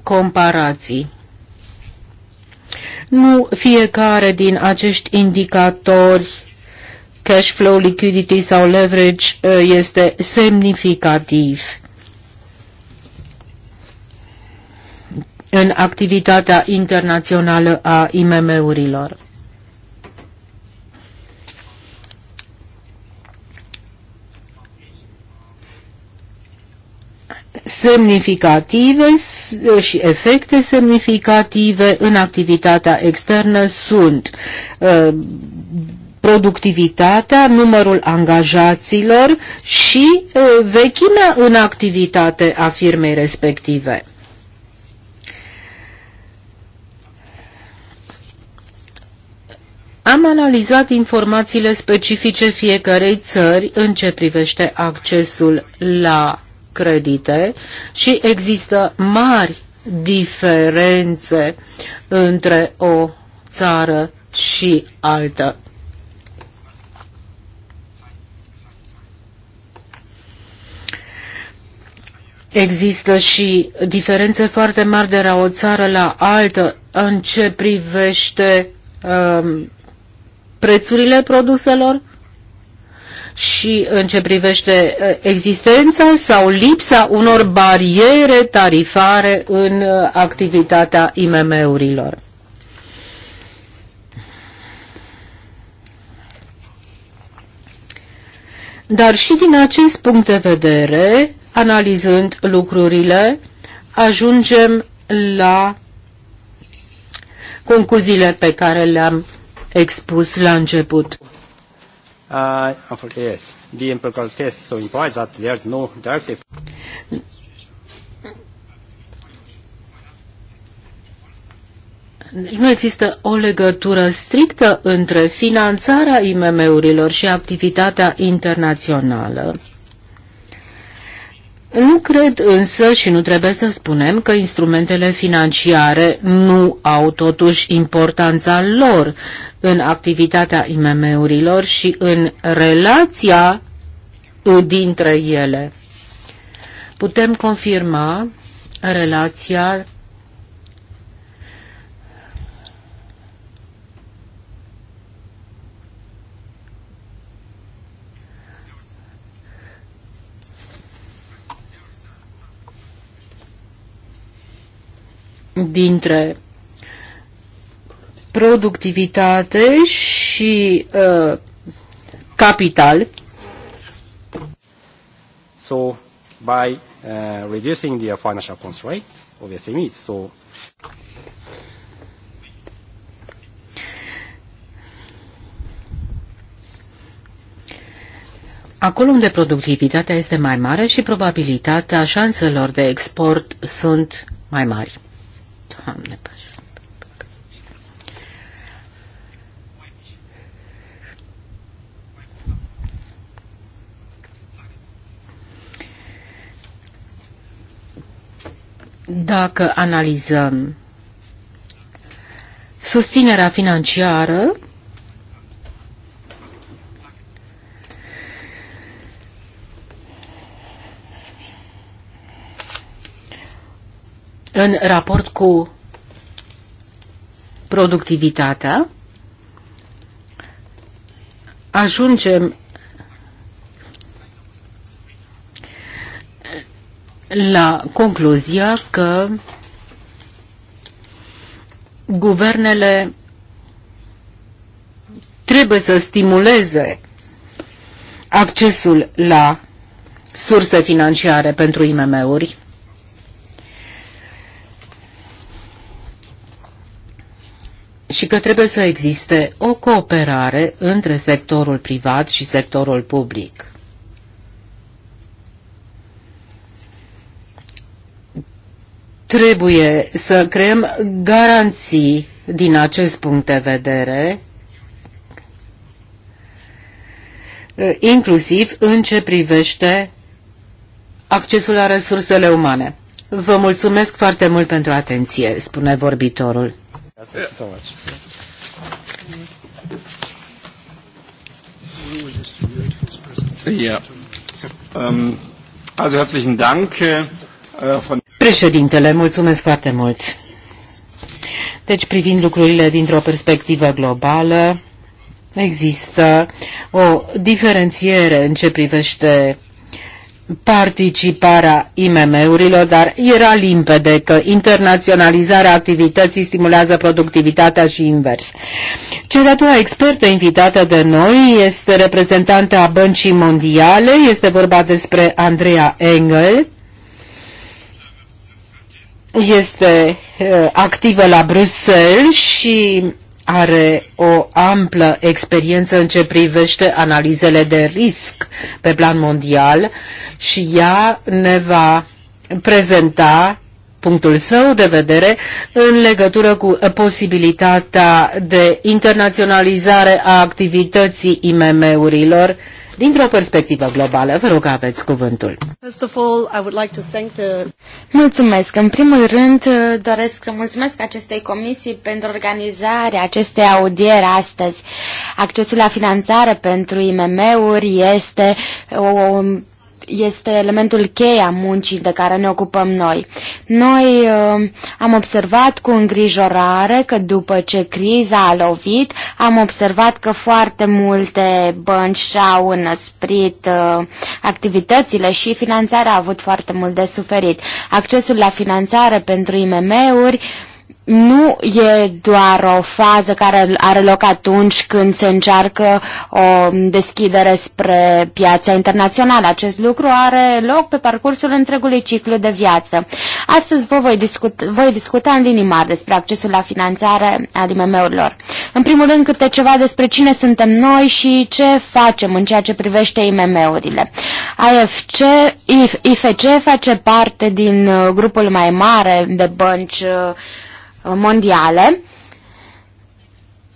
comparații. Nu fiecare din acești indicatori cash flow, liquidity sau leverage uh, este semnificativ. în activitatea internațională a IMM-urilor. semnificative și efecte semnificative în activitatea externă sunt uh, productivitatea, numărul angajaților și vechimea în activitate a firmei respective. Am analizat informațiile specifice fiecarei țări în ce privește accesul la credite și există mari diferențe între o țară și alta. Există și diferențe foarte mari de la o țară la altă în ce privește um, prețurile produselor și în ce privește uh, existența sau lipsa unor bariere tarifare în uh, activitatea IMM-urilor. Dar și din acest punct de vedere, analizând lucrurile, ajungem la concluziile pe care le-am expus la început. Uh, yes, the empirical test so implies that there's no directive. nu există o legătură strictă între finanțarea IMM-urilor și activitatea internațională. Nu cred însă și nu trebuie să spunem că instrumentele financiare nu au totuși importanța lor în activitatea IMM-urilor și în relația dintre ele. Putem confirma relația dintre productivitate și uh, capital. So, by uh, reducing the financial constraint of SMEs, so Acolo unde productivitatea este mai mare și probabilitatea șanselor de export sunt mai mari. Doamne, păi. Dacă analizăm susținerea financiară în raport cu productivitatea, ajungem la concluzia că guvernele trebuie să stimuleze accesul la surse financiare pentru IMM-uri și că trebuie să existe o cooperare între sectorul privat și sectorul public. Trebuie să creăm garanții din acest punct de vedere, inclusiv în ce privește accesul la resursele umane. Vă mulțumesc foarte mult pentru atenție, spune vorbitorul. Thank you so much. Yeah. Um, also herzlichen Dank. Uh, von Președintele, mulțumesc foarte mult. Deci, privind lucrurile dintr-o perspectivă globală, există o diferențiere în ce privește participarea IMM-urilor, dar era limpede că internaționalizarea activității stimulează productivitatea și invers. Cea de-a expertă invitată de noi este reprezentanta Băncii Mondiale, este vorba despre Andrea Engel, este uh, activă la Bruxelles și are o amplă experiență în ce privește analizele de risc pe plan mondial și ea ne va prezenta punctul său de vedere în legătură cu posibilitatea de internaționalizare a activității IMM-urilor dintr-o perspectivă globală. Vă rog, aveți cuvântul. Mulțumesc. În primul rând, uh, doresc să mulțumesc acestei comisii pentru organizarea acestei audieri astăzi. Accesul la finanțare pentru IMM-uri este o, o este elementul cheie a muncii de care ne ocupăm noi. Noi uh, am observat cu îngrijorare că după ce criza a lovit, am observat că foarte multe bănci și-au înăsprit uh, activitățile și finanțarea a avut foarte mult de suferit. Accesul la finanțare pentru IMM-uri uh, nu e doar o fază care are loc atunci când se încearcă o deschidere spre piața internațională. Acest lucru are loc pe parcursul întregului ciclu de viață. Astăzi vă voi, discut, voi discuta în linii mari despre accesul la finanțare al IMM-urilor. În primul rând câte ceva despre cine suntem noi și ce facem în ceea ce privește IMM-urile. AFC, IFC face parte din uh, grupul mai mare de bănci uh, mondiale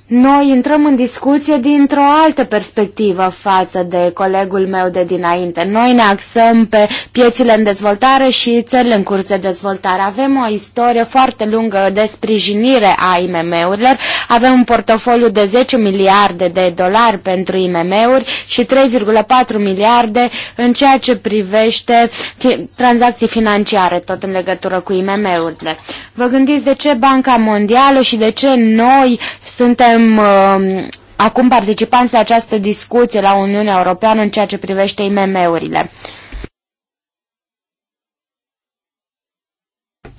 noi intrăm în discuție dintr-o altă perspectivă față de colegul meu de dinainte. Noi ne axăm pe piețile în dezvoltare și țările în curs de dezvoltare. Avem o istorie foarte lungă de sprijinire a IMM-urilor. Avem un portofoliu de 10 miliarde de dolari pentru IMM-uri și 3,4 miliarde în ceea ce privește fi tranzacții financiare, tot în legătură cu IMM-urile. Vă gândiți de ce Banca Mondială și de ce noi suntem suntem uh, acum participanți la această discuție la Uniunea Europeană în ceea ce privește IMM-urile.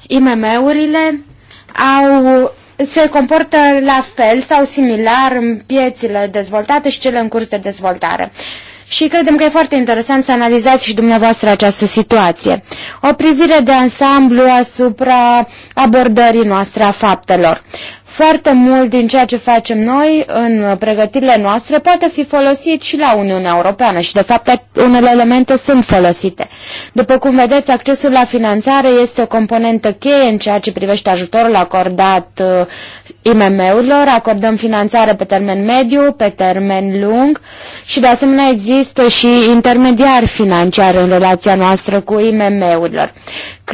IMM-urile au, se comportă la fel sau similar în piețile dezvoltate și cele în curs de dezvoltare. Și credem că e foarte interesant să analizați și dumneavoastră această situație. O privire de ansamblu asupra abordării noastre a faptelor. Foarte mult din ceea ce facem noi în pregătirile noastre poate fi folosit și la Uniunea Europeană și, de fapt, unele elemente sunt folosite. După cum vedeți, accesul la finanțare este o componentă cheie în ceea ce privește ajutorul acordat uh, IMM-urilor. Acordăm finanțare pe termen mediu, pe termen lung și, de asemenea, există și intermediar financiar în relația noastră cu IMM-urilor.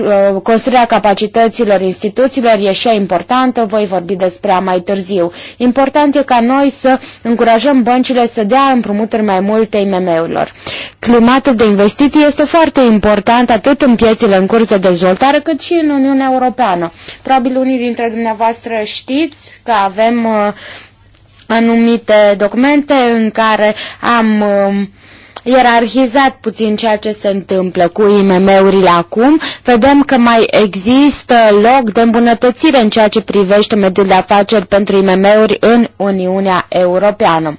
Uh, construirea capacităților instituțiilor e și importantă, voi vorbi de despre a mai târziu. Important e ca noi să încurajăm băncile să dea împrumuturi mai multe IMM-urilor. Climatul de investiții este foarte important atât în piețele în curs de dezvoltare cât și în Uniunea Europeană. Probabil unii dintre dumneavoastră știți că avem uh, anumite documente în care am uh, ierarhizat puțin ceea ce se întâmplă cu IMM-urile acum, vedem că mai există loc de îmbunătățire în ceea ce privește mediul de afaceri pentru IMM-uri în Uniunea Europeană.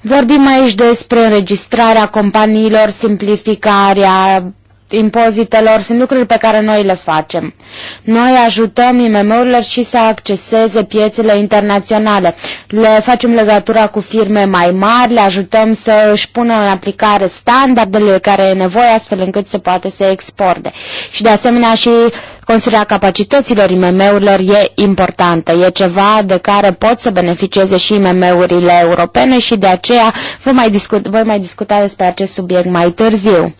Vorbim aici despre înregistrarea companiilor, simplificarea impozitelor sunt lucruri pe care noi le facem. Noi ajutăm IMM-urile și să acceseze piețele internaționale. Le facem legătura cu firme mai mari, le ajutăm să își pună în aplicare standardele care e nevoie astfel încât să poată să exporte. Și de asemenea și construirea capacităților IMM-urilor e importantă. E ceva de care pot să beneficieze și IMM-urile europene și de aceea voi mai, discut, voi mai discuta despre acest subiect mai târziu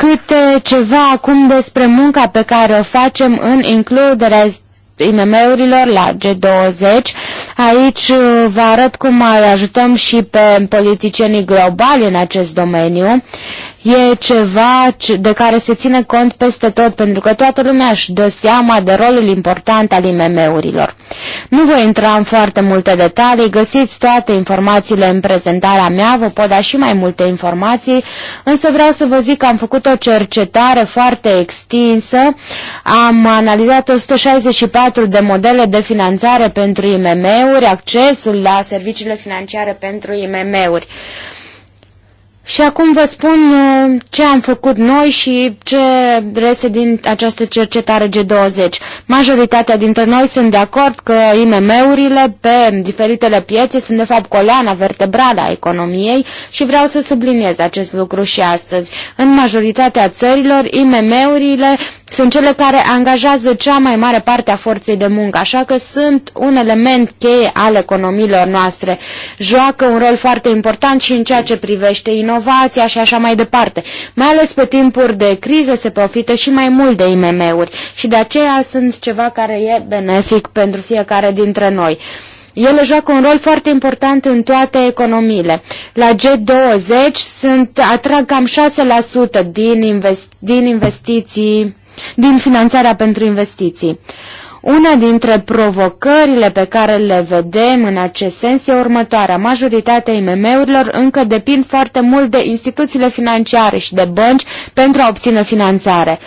câte ceva acum despre munca pe care o facem în includerea IMM-urilor la G20. Aici uh, vă arăt cum mai ajutăm și pe politicienii globali în acest domeniu e ceva de care se ține cont peste tot, pentru că toată lumea își dă seama de rolul important al IMM-urilor. Nu voi intra în foarte multe detalii, găsiți toate informațiile în prezentarea mea, vă pot da și mai multe informații, însă vreau să vă zic că am făcut o cercetare foarte extinsă, am analizat 164 de modele de finanțare pentru IMM-uri, accesul la serviciile financiare pentru IMM-uri. Și acum vă spun uh, ce am făcut noi și ce rese din această cercetare G20. Majoritatea dintre noi sunt de acord că IMM-urile pe diferitele piețe sunt de fapt coloana vertebrală a economiei și vreau să subliniez acest lucru și astăzi. În majoritatea țărilor, IMM-urile sunt cele care angajează cea mai mare parte a forței de muncă, așa că sunt un element cheie al economiilor noastre. Joacă un rol foarte important și în ceea ce privește inovația inovația și așa mai departe. Mai ales pe timpuri de criză se profită și mai mult de IMM-uri și de aceea sunt ceva care e benefic pentru fiecare dintre noi. Ele joacă un rol foarte important în toate economiile. La G20 sunt, atrag cam 6% din, invest din investiții, din finanțarea pentru investiții. Una dintre provocările pe care le vedem în acest sens e următoarea. Majoritatea IMM-urilor încă depind foarte mult de instituțiile financiare și de bănci pentru a obține finanțare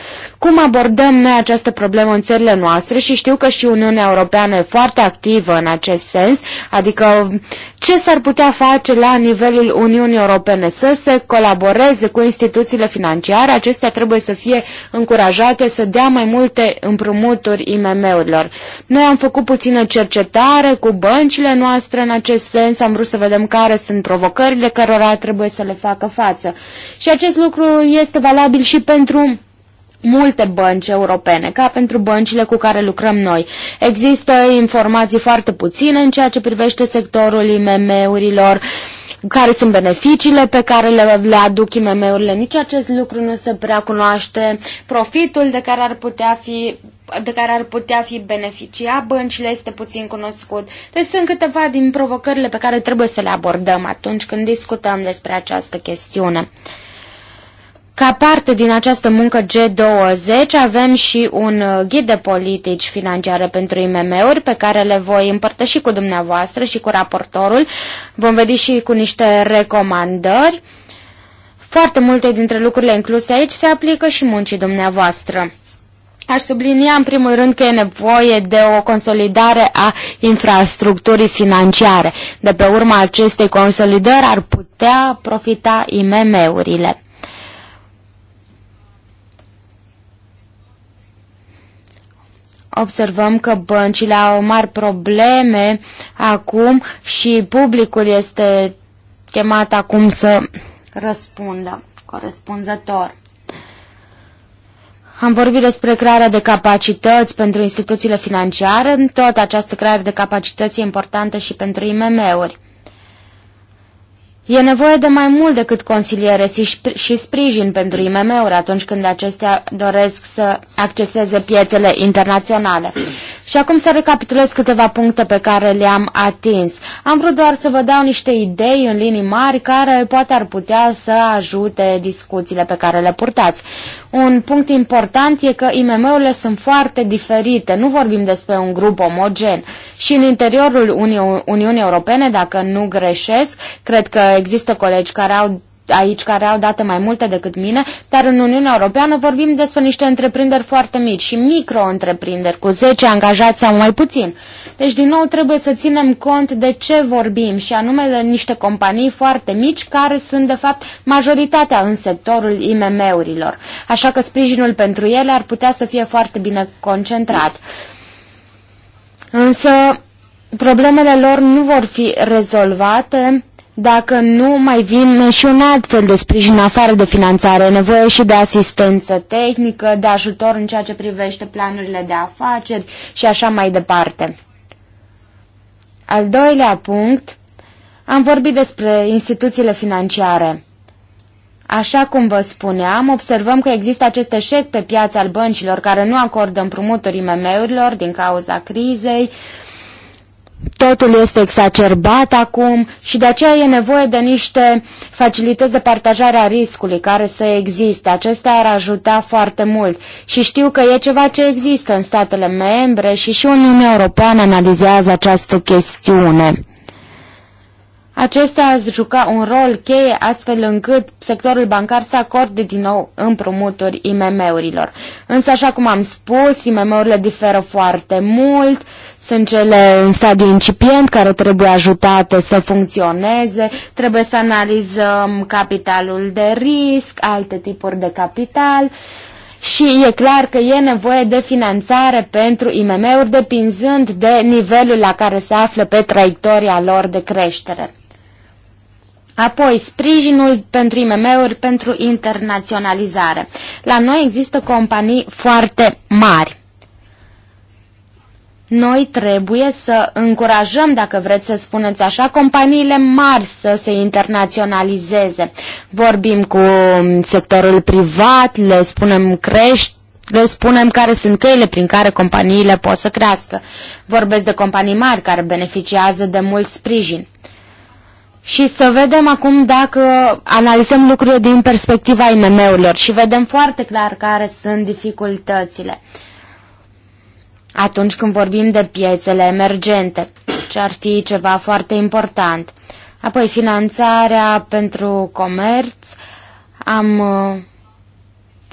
cum abordăm noi această problemă în țările noastre și știu că și Uniunea Europeană e foarte activă în acest sens, adică ce s-ar putea face la nivelul Uniunii Europene să se colaboreze cu instituțiile financiare, acestea trebuie să fie încurajate să dea mai multe împrumuturi IMM-urilor. Noi am făcut puțină cercetare cu băncile noastre în acest sens, am vrut să vedem care sunt provocările cărora trebuie să le facă față. Și acest lucru este valabil și pentru multe bănci europene, ca pentru băncile cu care lucrăm noi. Există informații foarte puține în ceea ce privește sectorul IMM-urilor, care sunt beneficiile pe care le, le aduc IMM-urile. Nici acest lucru nu se prea cunoaște. Profitul de care ar putea fi de care ar putea fi beneficia băncile este puțin cunoscut. Deci sunt câteva din provocările pe care trebuie să le abordăm atunci când discutăm despre această chestiune. Ca parte din această muncă G20 avem și un uh, ghid de politici financiare pentru IMM-uri pe care le voi împărtăși cu dumneavoastră și cu raportorul. Vom vedea și cu niște recomandări. Foarte multe dintre lucrurile incluse aici se aplică și muncii dumneavoastră. Aș sublinia în primul rând că e nevoie de o consolidare a infrastructurii financiare. De pe urma acestei consolidări ar putea profita IMM-urile. observăm că băncile au mari probleme acum și publicul este chemat acum să răspundă corespunzător. Am vorbit despre crearea de capacități pentru instituțiile financiare. Tot această creare de capacități e importantă și pentru IMM-uri. E nevoie de mai mult decât consiliere și sprijin pentru IMM-uri atunci când acestea doresc să acceseze piețele internaționale. Și acum să recapitulez câteva puncte pe care le-am atins. Am vrut doar să vă dau niște idei în linii mari care poate ar putea să ajute discuțiile pe care le purtați. Un punct important e că IMM-urile sunt foarte diferite, nu vorbim despre un grup omogen. Și în interiorul Uni Uniunii Europene, dacă nu greșesc, cred că există colegi care au aici care au date mai multe decât mine, dar în Uniunea Europeană vorbim despre niște întreprinderi foarte mici și micro-întreprinderi cu 10 angajați sau mai puțin. Deci, din nou, trebuie să ținem cont de ce vorbim și anume de niște companii foarte mici care sunt, de fapt, majoritatea în sectorul IMM-urilor. Așa că sprijinul pentru ele ar putea să fie foarte bine concentrat. Însă, problemele lor nu vor fi rezolvate dacă nu mai vin și un alt fel de sprijin afară de finanțare, nevoie și de asistență tehnică, de ajutor în ceea ce privește planurile de afaceri și așa mai departe. Al doilea punct, am vorbit despre instituțiile financiare. Așa cum vă spuneam, observăm că există acest eșec pe piața al băncilor care nu acordă împrumuturi IMM-urilor din cauza crizei, uh, totul este exacerbat acum și de aceea e nevoie de niște facilități de partajare a riscului care să existe. Acestea ar ajuta foarte mult și știu că e ceva ce există în statele membre și și Uniunea Europeană analizează această chestiune. Acestea ați juca un rol cheie astfel încât sectorul bancar să acorde din nou împrumuturi IMM-urilor. Însă, așa cum am spus, IMM-urile diferă foarte mult, sunt cele în stadiu incipient care trebuie ajutate să funcționeze, trebuie să analizăm capitalul de risc, alte tipuri de capital. Și e clar că e nevoie de finanțare pentru IMM-uri depinzând de nivelul la care se află pe traiectoria lor de creștere. Apoi, sprijinul pentru IMM-uri pentru internaționalizare. La noi există companii foarte mari. Noi trebuie să încurajăm, dacă vreți să spuneți așa, companiile mari să se internaționalizeze. Vorbim cu um, sectorul privat, le spunem crești, le spunem care sunt căile prin care companiile pot să crească. Vorbesc de companii mari care beneficiază de mult sprijin și să vedem acum dacă analizăm lucrurile din perspectiva IMM-urilor și vedem foarte clar care sunt dificultățile atunci când vorbim de piețele emergente, ce ar fi ceva foarte important. Apoi finanțarea pentru comerț, am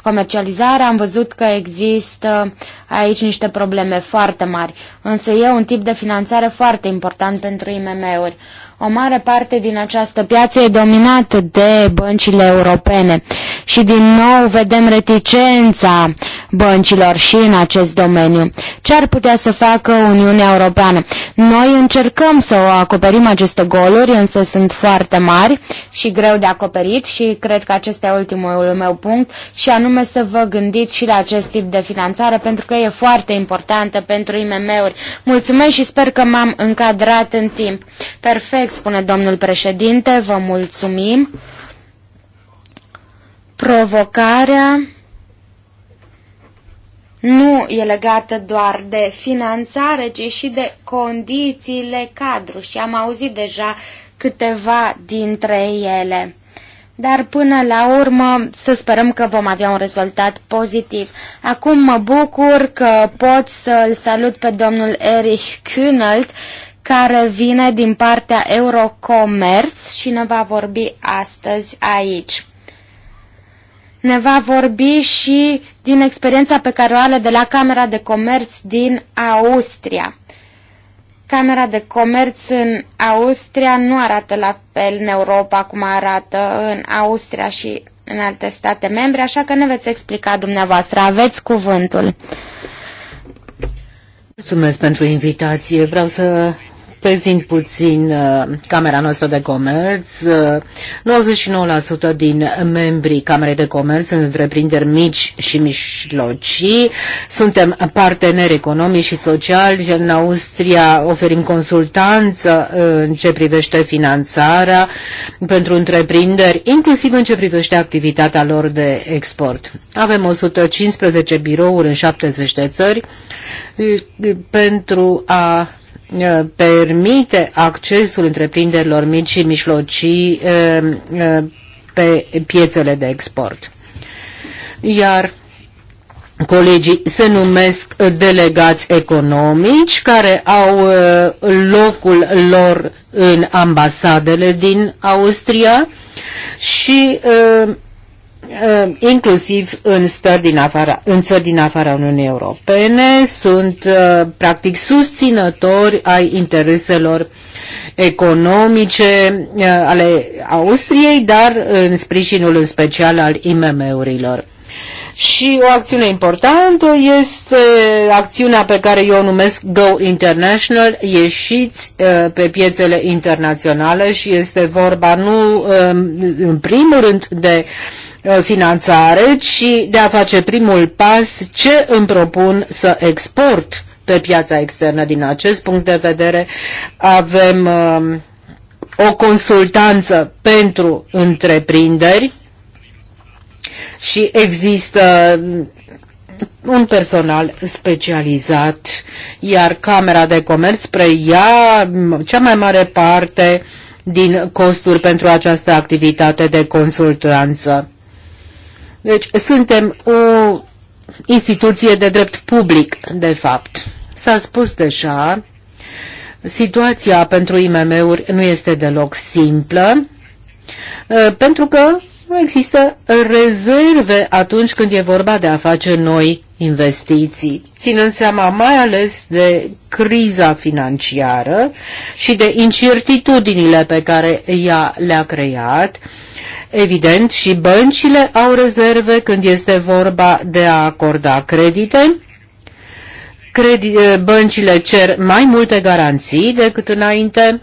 comercializarea, am văzut că există aici niște probleme foarte mari, însă e un tip de finanțare foarte important pentru IMM-uri. O mare parte din această piață e dominată de băncile europene și din nou vedem reticența băncilor și în acest domeniu. Ce ar putea să facă Uniunea Europeană? Noi încercăm să o acoperim aceste goluri, însă sunt foarte mari și greu de acoperit și cred că acesta e ultimul meu punct și anume să vă gândiți și la acest tip de finanțare pentru că e foarte importantă pentru IMM-uri. Mulțumesc și sper că m-am încadrat în timp. Perfect, spune domnul președinte, vă mulțumim. Provocarea nu e legată doar de finanțare, ci și de condițiile cadru și am auzit deja câteva dintre ele. Dar până la urmă să sperăm că vom avea un rezultat pozitiv. Acum mă bucur că pot să-l salut pe domnul Erich Kühnelt, care vine din partea Eurocommerce și ne va vorbi astăzi aici ne va vorbi și din experiența pe care o are de la Camera de Comerț din Austria. Camera de Comerț în Austria nu arată la fel în Europa cum arată în Austria și în alte state membre, așa că ne veți explica dumneavoastră. Aveți cuvântul. Mulțumesc pentru invitație. Vreau să prezint puțin uh, Camera noastră de Comerț. 99% uh, din membrii Camerei de Comerț sunt întreprinderi mici și mijlocii. Suntem parteneri economici și sociali. În Austria oferim consultanță uh, în ce privește finanțarea pentru întreprinderi, inclusiv în ce privește activitatea lor de export. Avem 115 birouri în 70 de țări pentru a Uh, permite accesul întreprinderilor mici și mijlocii uh, uh, pe piețele de export. Iar colegii se numesc delegați economici care au locul lor în ambasadele din Austria și uh, Uh, inclusiv în, stări din afara, în țări din afara Uniunii Europene, sunt uh, practic susținători ai intereselor economice uh, ale Austriei, dar în sprijinul în special al IMM-urilor. Și o acțiune importantă este acțiunea pe care eu o numesc Go International, ieșiți pe piețele internaționale și este vorba nu um, în primul rând de Uh, finanțare, ci de a face primul pas ce îmi propun să export pe piața externă. Din acest punct de vedere avem uh, o consultanță pentru întreprinderi și există un personal specializat, iar Camera de Comerț preia cea mai mare parte din costuri pentru această activitate de consultanță. Deci suntem o instituție de drept public, de fapt. S-a spus deja, situația pentru IMM-uri nu este deloc simplă, pentru că există rezerve atunci când e vorba de a face noi investiții, ținând seama mai ales de criza financiară și de incertitudinile pe care ea le-a creat. Evident, și băncile au rezerve când este vorba de a acorda credite. Credi băncile cer mai multe garanții decât înainte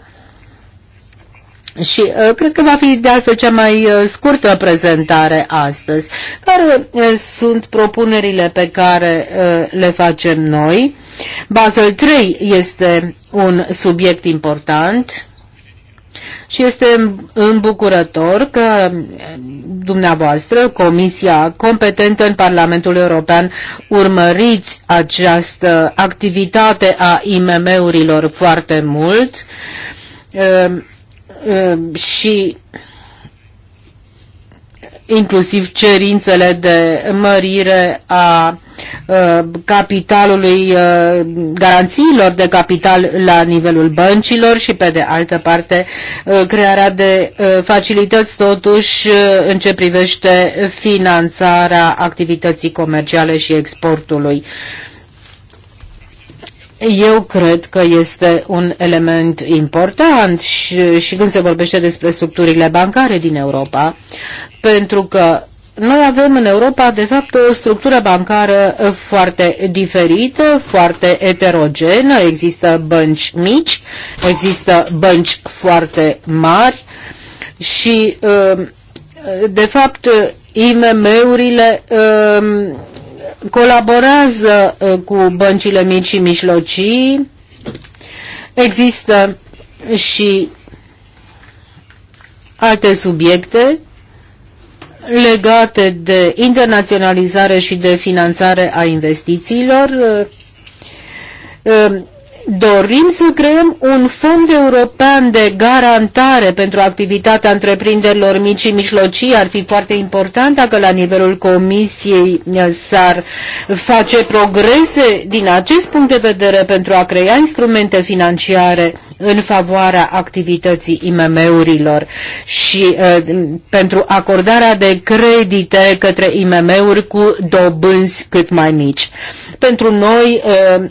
și uh, cred că va fi de altfel cea mai uh, scurtă prezentare astăzi. Care uh, sunt propunerile pe care uh, le facem noi? Basel 3 este un subiect important și este îmbucurător că uh, dumneavoastră, Comisia competentă în Parlamentul European, urmăriți această activitate a IMM-urilor foarte mult uh, Ehm, și inclusiv cerințele de mărire a ehm, capitalului, ehm, garanțiilor de capital la nivelul băncilor și, pe de altă parte, crearea de facilități, totuși, în ce privește finanțarea activității comerciale și exportului. Eu cred că este un element important și, și când se vorbește despre structurile bancare din Europa, pentru că noi avem în Europa, de fapt, o structură bancară foarte diferită, foarte eterogenă. Există bănci mici, există bănci foarte mari și, um, de fapt, IMM-urile um, colaborează uh, cu băncile mici și mijlocii. Există și alte subiecte legate de internaționalizare și de finanțare a investițiilor uh, uh, dorim să creăm un fond european de garantare pentru activitatea întreprinderilor mici și mijlocii. Ar fi foarte important dacă la nivelul Comisiei uh, s-ar face progrese din acest punct de vedere pentru a crea instrumente financiare în favoarea activității IMM-urilor și uh, pentru acordarea de credite către IMM-uri cu dobânzi cât mai mici. Pentru noi uh,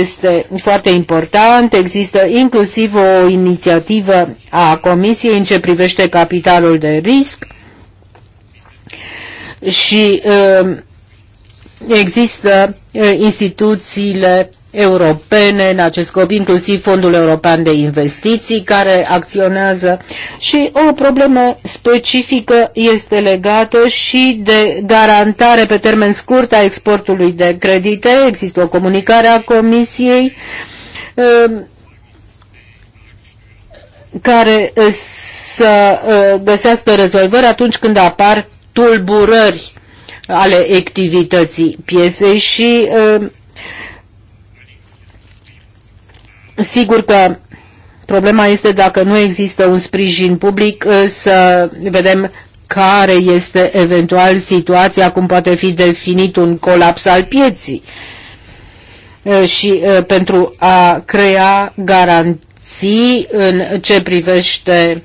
este foarte important. Există inclusiv o inițiativă a Comisiei în ce privește capitalul de risc și um, există uh, instituțiile europene în acest scop, inclusiv Fondul European de Investiții care acționează și o problemă specifică este legată și de garantare pe termen scurt a exportului de credite. Există o comunicare a Comisiei uh, Um, care uh, să uh, găsească rezolvări atunci când apar tulburări ale activității piesei și um, sigur că problema este dacă nu există un sprijin public uh, să vedem care este eventual situația, cum poate fi definit un colaps al pieții. Uh, și pentru a crea garanții în ce privește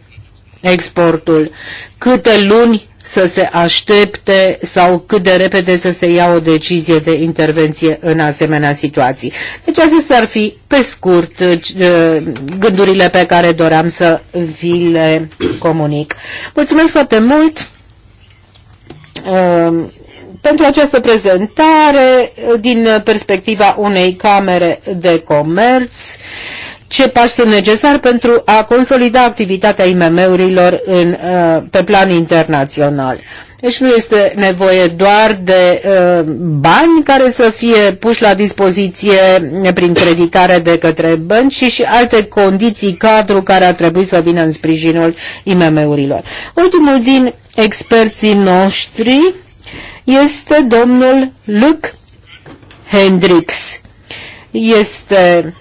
exportul. Câte luni să se aștepte sau cât de repede să se ia o decizie de intervenție în asemenea situații. Deci acestea ar fi, pe scurt, gândurile pe care doream să vi le comunic. Mulțumesc foarte mult! pentru această prezentare din perspectiva unei camere de comerț. Ce pași sunt necesari pentru a consolida activitatea IMM-urilor în, uh, pe plan internațional? Deci nu este nevoie doar de uh, bani care să fie puși la dispoziție prin creditare de către bănci, ci și alte condiții cadru care ar trebui să vină în sprijinul IMM-urilor. Ultimul din experții noștri este domnul Luc Hendrix. Este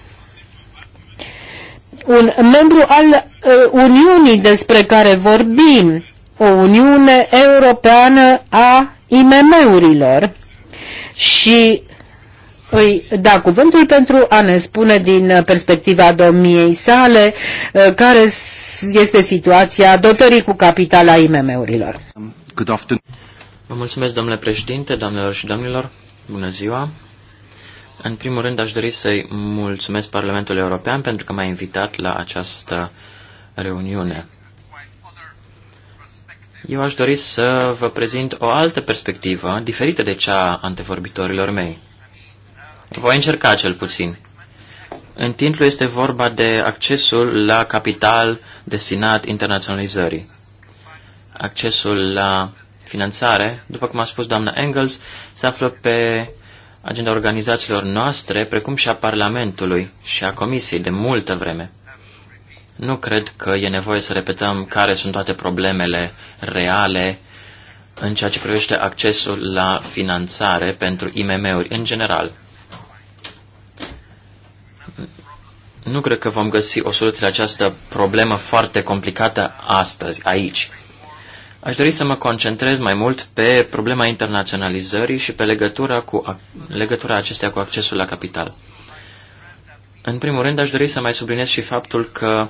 un membru al uh, Uniunii despre care vorbim, o Uniune Europeană a IMM-urilor și îi da cuvântul pentru a ne spune din perspectiva domniei sale uh, care este situația dotării cu capitala IMM-urilor. Vă mulțumesc, domnule președinte, doamnelor și domnilor. Bună ziua! În primul rând, aș dori să-i mulțumesc Parlamentului European pentru că m-a invitat la această reuniune. Eu aș dori să vă prezint o altă perspectivă, diferită de cea a antevorbitorilor mei. Voi încerca cel puțin. În titlu este vorba de accesul la capital destinat internaționalizării, accesul la finanțare, după cum a spus doamna Engels, se află pe agenda organizațiilor noastre, precum și a Parlamentului și a Comisiei de multă vreme. Nu cred că e nevoie să repetăm care sunt toate problemele reale în ceea ce privește accesul la finanțare pentru IMM-uri în general. Nu cred că vom găsi o soluție la această problemă foarte complicată astăzi, aici. Aș dori să mă concentrez mai mult pe problema internaționalizării și pe legătura, cu, legătura acestea cu accesul la capital. În primul rând, aș dori să mai subliniez și faptul că,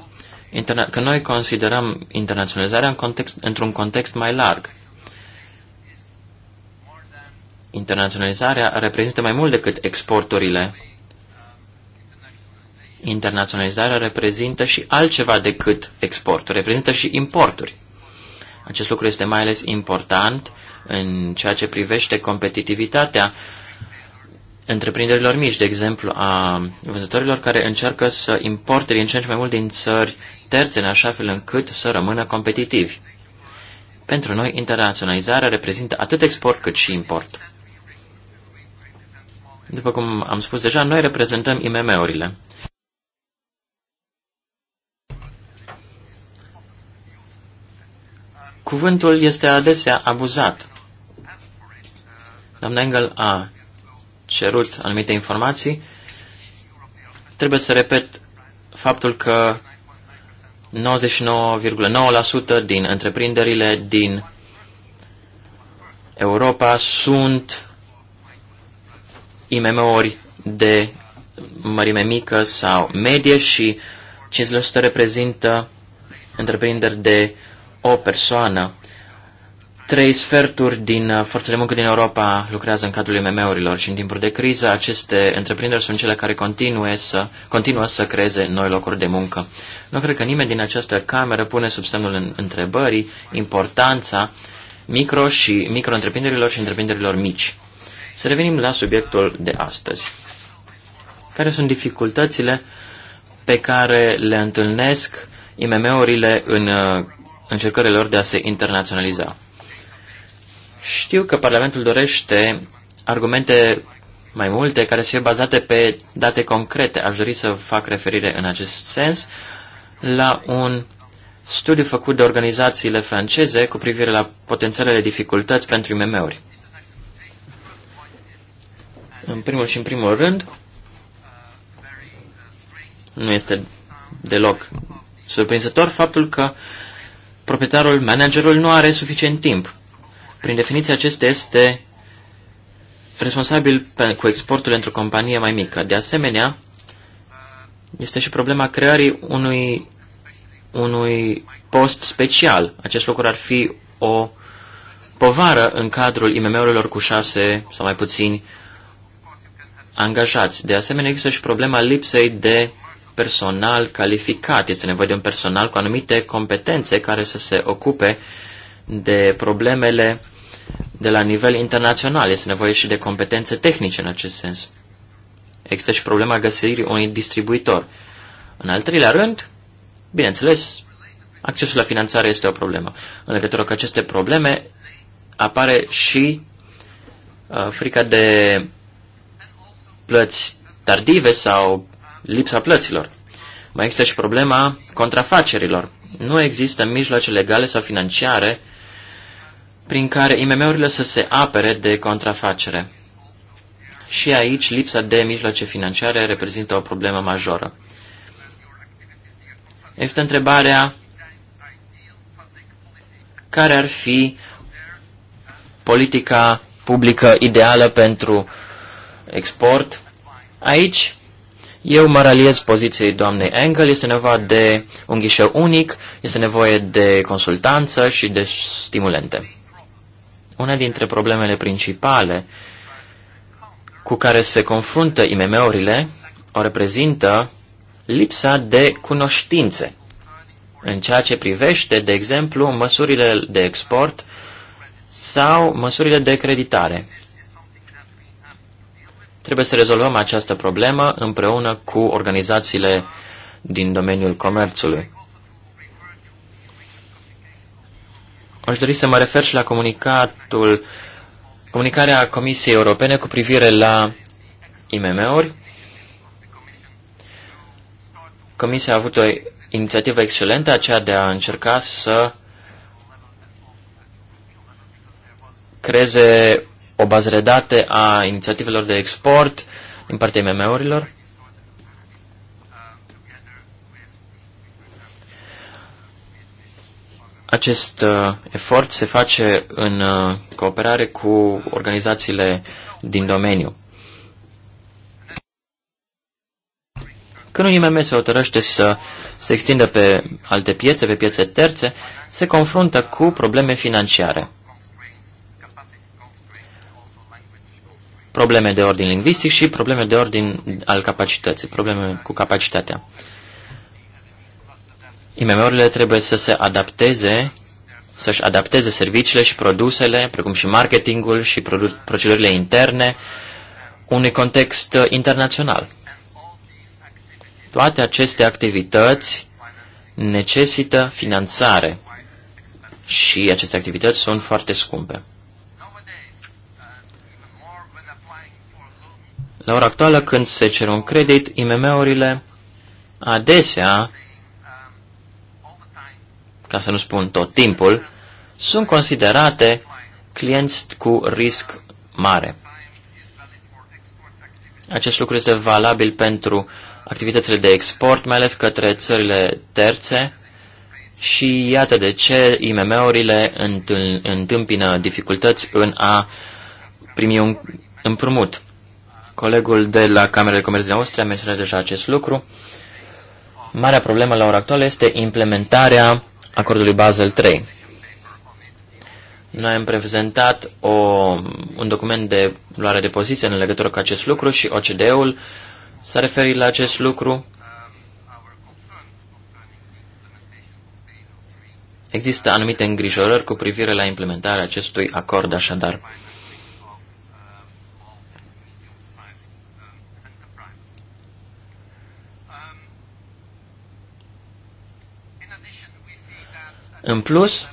interna- că noi considerăm internaționalizarea în context, într-un context mai larg. Internaționalizarea reprezintă mai mult decât exporturile. Internaționalizarea reprezintă și altceva decât exporturi, reprezintă și importuri. Acest lucru este mai ales important în ceea ce privește competitivitatea întreprinderilor mici, de exemplu a vânzătorilor care încearcă să importe din ce în ce mai mult din țări terțe în așa fel încât să rămână competitivi. Pentru noi, internaționalizarea reprezintă atât export cât și import. După cum am spus deja, noi reprezentăm IMM-urile. Cuvântul este adesea abuzat. Doamna Engel a cerut anumite informații. Trebuie să repet faptul că 99,9% din întreprinderile din Europa sunt IMM-uri de mărime mică sau medie și 50% reprezintă întreprinderi de o persoană. Trei sferturi din uh, forțele de muncă din Europa lucrează în cadrul IMM-urilor și în timpul de criză aceste întreprinderi sunt cele care continuă să, continuă să creeze noi locuri de muncă. Nu cred că nimeni din această cameră pune sub semnul întrebării importanța micro și micro întreprinderilor și întreprinderilor mici. Să revenim la subiectul de astăzi. Care sunt dificultățile pe care le întâlnesc IMM-urile în uh, lor de a se internaționaliza. Știu că Parlamentul dorește argumente mai multe care să fie bazate pe date concrete. Aș dori să fac referire în acest sens la un studiu făcut de organizațiile franceze cu privire la potențialele dificultăți pentru IMM-uri. În primul și în primul rând, nu este deloc surprinzător faptul că proprietarul, managerul nu are suficient timp. Prin definiție, acesta este responsabil pe, cu exportul într-o companie mai mică. De asemenea, este și problema creării unui, unui post special. Acest lucru ar fi o povară în cadrul IMM-urilor cu șase sau mai puțini angajați. De asemenea, există și problema lipsei de personal calificat, este nevoie de un personal cu anumite competențe care să se ocupe de problemele de la nivel internațional. Este nevoie și de competențe tehnice în acest sens. Există și problema găsirii unui distribuitor. În al treilea rând, bineînțeles, accesul la finanțare este o problemă. În legătură cu aceste probleme apare și uh, frica de plăți tardive sau lipsa plăților. Mai există și problema contrafacerilor. Nu există mijloace legale sau financiare prin care IMM-urile să se apere de contrafacere. Și aici lipsa de mijloace financiare reprezintă o problemă majoră. Este întrebarea care ar fi politica publică ideală pentru export. Aici eu mă raliez poziției doamnei Engel, este nevoie de un ghișeu unic, este nevoie de consultanță și de stimulente. Una dintre problemele principale cu care se confruntă IMM-urile o reprezintă lipsa de cunoștințe în ceea ce privește, de exemplu, măsurile de export sau măsurile de creditare. Trebuie să rezolvăm această problemă împreună cu organizațiile din domeniul comerțului. Aș dori să mă refer și la comunicatul, comunicarea Comisiei Europene cu privire la IMM-uri. Comisia a avut o inițiativă excelentă, aceea de a încerca să creeze o bază de date a inițiativelor de export din partea mmo urilor Acest uh, efort se face în uh, cooperare cu organizațiile din domeniu. Când un IMM se hotărăște să se extindă pe alte piețe, pe piețe terțe, se confruntă cu probleme financiare. probleme de ordin lingvistic și probleme de ordin al capacității, probleme cu capacitatea. IMM-urile trebuie să se adapteze, să-și adapteze serviciile și produsele, precum și marketingul și procedurile interne, unui context uh, internațional. Toate aceste activități necesită finanțare și aceste activități sunt foarte scumpe. La ora actuală, când se cer un credit, IMM-urile adesea, ca să nu spun tot timpul, sunt considerate clienți cu risc mare. Acest lucru este valabil pentru activitățile de export, mai ales către țările terțe și iată de ce IMM-urile întâmpină dificultăți în a primi un împrumut. Colegul de la Camera de Comerț din Austria a menționat deja acest lucru. Marea problemă la ora actuală este implementarea acordului Basel 3. Noi am prezentat o, un document de luare de poziție în legătură cu acest lucru și OCDE-ul s-a referit la acest lucru. Există anumite îngrijorări cu privire la implementarea acestui acord, așadar. În plus,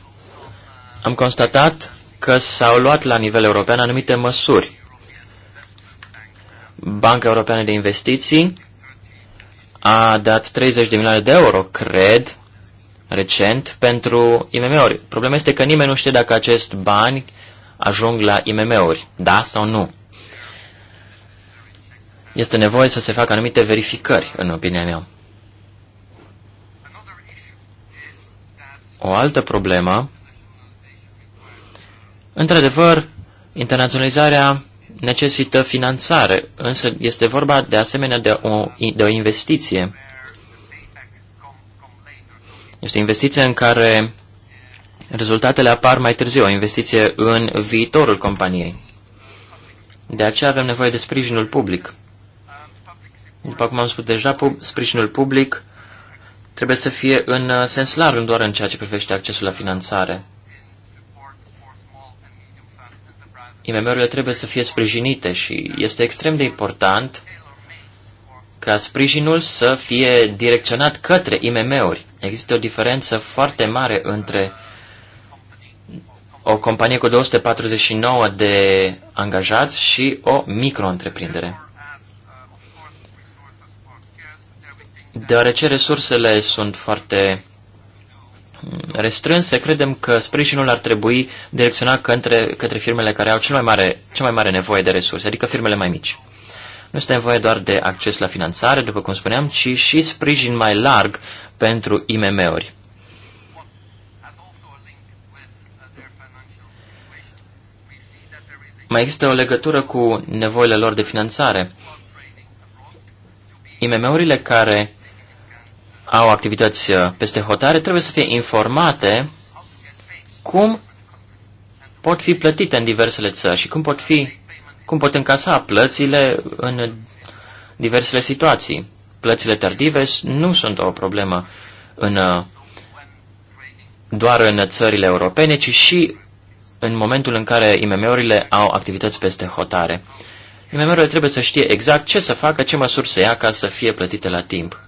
am constatat că s-au luat la nivel european anumite măsuri. Banca Europeană de Investiții a dat 30 de milioane de euro, cred, recent, pentru IMM-uri. Problema este că nimeni nu știe dacă acest bani ajung la IMM-uri, da sau nu. Este nevoie să se facă anumite verificări, în opinia mea. O altă problemă, într-adevăr, internaționalizarea necesită finanțare, însă este vorba de asemenea de o, de o investiție. Este o investiție în care rezultatele apar mai târziu, o investiție în viitorul companiei. De aceea avem nevoie de sprijinul public. După cum am spus deja, sprijinul public trebuie să fie în uh, sens larg, nu doar în ceea ce privește accesul la finanțare. IMM-urile trebuie să fie sprijinite și este extrem de important ca sprijinul să fie direcționat către IMM-uri. Există o diferență foarte mare între o companie cu 249 de angajați și o micro-întreprindere. Deoarece resursele sunt foarte mm, restrânse, credem că sprijinul ar trebui direcționat către, către firmele care au cel mai mare, cea mai mare nevoie de resurse, adică firmele mai mici. Nu este nevoie doar de acces la finanțare, după cum spuneam, ci și sprijin mai larg pentru IMM-uri. Mai există o legătură cu nevoile lor de finanțare. IMM-urile care au activități uh, peste hotare trebuie să fie informate cum pot fi plătite în diversele țări și cum pot, fi, cum pot încasa plățile în diversele situații. Plățile tardive nu sunt o problemă în, uh, doar în țările europene, ci și în momentul în care IMM-urile au activități peste hotare. IMM-urile trebuie să știe exact ce să facă, ce măsuri să ia ca să fie plătite la timp.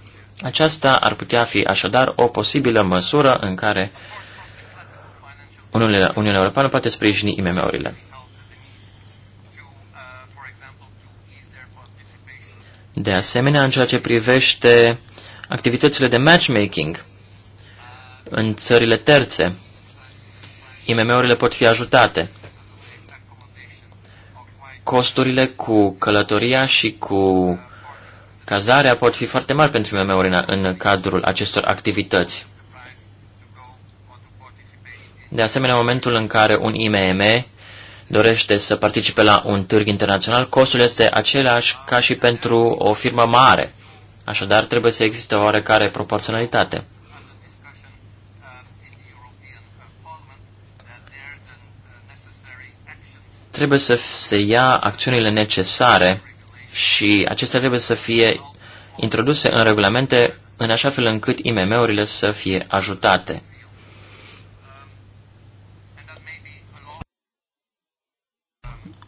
Aceasta ar putea fi așadar o posibilă măsură în care Uniunea Europeană poate sprijini IMM-urile. De asemenea, în ceea ce privește activitățile de matchmaking în țările terțe, IMM-urile pot fi ajutate. Costurile cu călătoria și cu cazarea pot fi foarte mari pentru IMM-uri în, în cadrul acestor activități. De asemenea, în momentul în care un IMM dorește să participe la un târg internațional, costul este același ca și pentru o firmă mare. Așadar, trebuie să existe o oarecare proporționalitate. Trebuie să se ia acțiunile necesare și acestea trebuie să fie introduse în regulamente în așa fel încât IMM-urile să fie ajutate.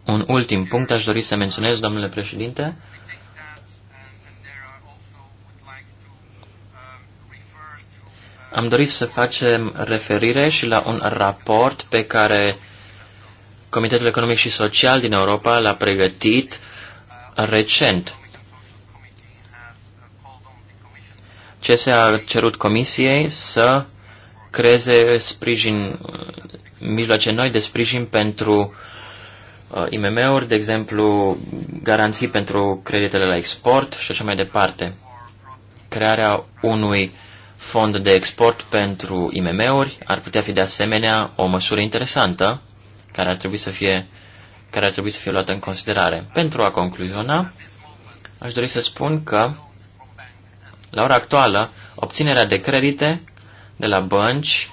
Un ultim punct aș dori să menționez, domnule președinte. Am dorit să facem referire și la un raport pe care Comitetul Economic și Social din Europa l-a pregătit recent. CSE a cerut comisiei să creeze sprijin, mijloace noi de sprijin pentru uh, IMM-uri, de exemplu, garanții pentru creditele la export și așa mai departe. Crearea unui fond de export pentru IMM-uri ar putea fi de asemenea o măsură interesantă care ar trebui să fie uh, care ar trebui să fie luată în considerare. Pentru a concluziona, aș dori să spun că, la ora actuală, obținerea de credite de la bănci,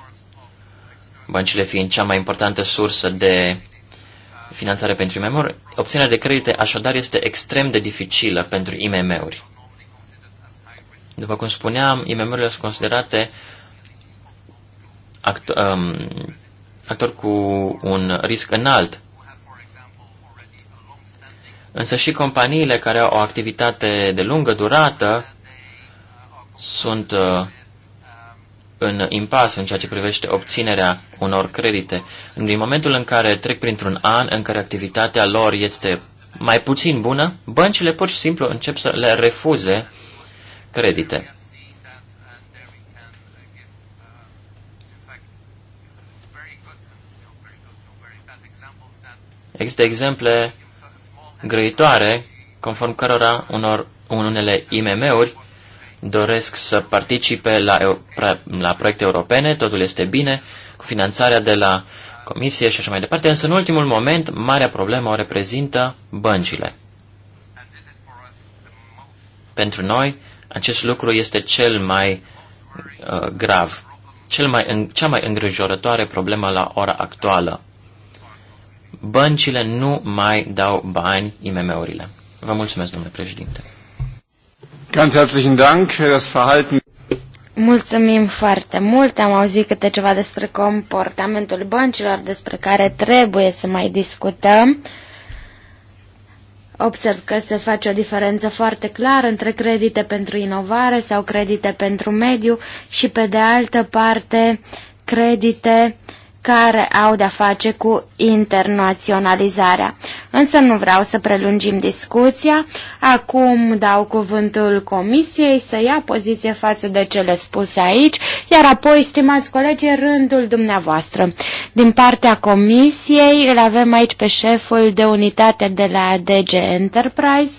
băncile fiind cea mai importantă sursă de finanțare pentru IMM-uri, obținerea de credite așadar este extrem de dificilă pentru IMM-uri. După cum spuneam, IMM-urile sunt considerate actor um, actor cu un risc înalt Însă și companiile care au o activitate de lungă durată sunt uh, în impas în ceea ce privește obținerea unor credite. Din momentul în care trec printr-un an în care activitatea lor este mai puțin bună, băncile pur și simplu încep să le refuze credite. Există exemple grăitoare, conform cărora unor, unele IMM-uri doresc să participe la, la proiecte europene, totul este bine, cu finanțarea de la comisie și așa mai departe, însă în ultimul moment marea problemă o reprezintă băncile. Pentru noi, acest lucru este cel mai uh, grav, cel mai, cea mai îngrijorătoare problemă la ora actuală băncile nu mai dau bani IMM-urile. Vă mulțumesc, domnule președinte. Ganz herzlichen Dank für das Verhalten. Mulțumim foarte mult, am auzit câte ceva despre comportamentul băncilor, despre care trebuie să mai discutăm. Observ că se face o diferență foarte clară între credite pentru inovare sau credite pentru mediu și, pe de altă parte, credite uh, care au de-a face cu internaționalizarea. Însă nu vreau să prelungim discuția. Acum dau cuvântul comisiei să ia poziție față de cele spuse aici, iar apoi, stimați colegi, rândul dumneavoastră. Din partea comisiei îl avem aici pe șeful de unitate de la DG Enterprise,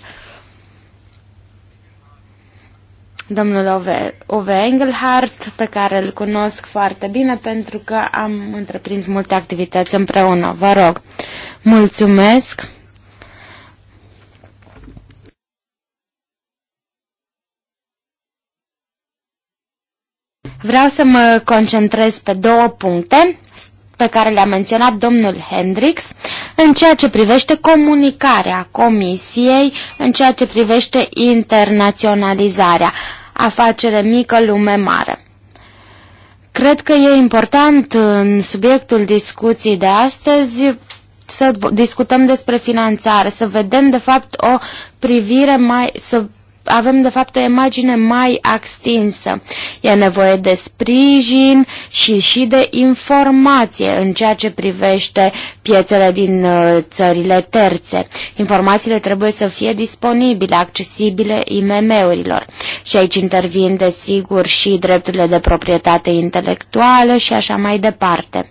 domnul Ove, Ove Engelhardt, pe care îl cunosc foarte bine pentru că am întreprins multe activități împreună. Vă rog, mulțumesc! Vreau să mă concentrez pe două puncte, pe care le-a menționat domnul Hendrix în ceea ce privește comunicarea comisiei, în ceea ce privește internaționalizarea, afacere mică, lume mare. Cred că e important în subiectul discuției de astăzi să discutăm despre finanțare, să vedem de fapt o privire mai, să avem de fapt o imagine mai extinsă. E nevoie de sprijin și și de informație în ceea ce privește piețele din uh, țările terțe. Informațiile trebuie să fie disponibile, accesibile IMM-urilor. Și aici intervin desigur și drepturile de proprietate intelectuală și așa mai departe.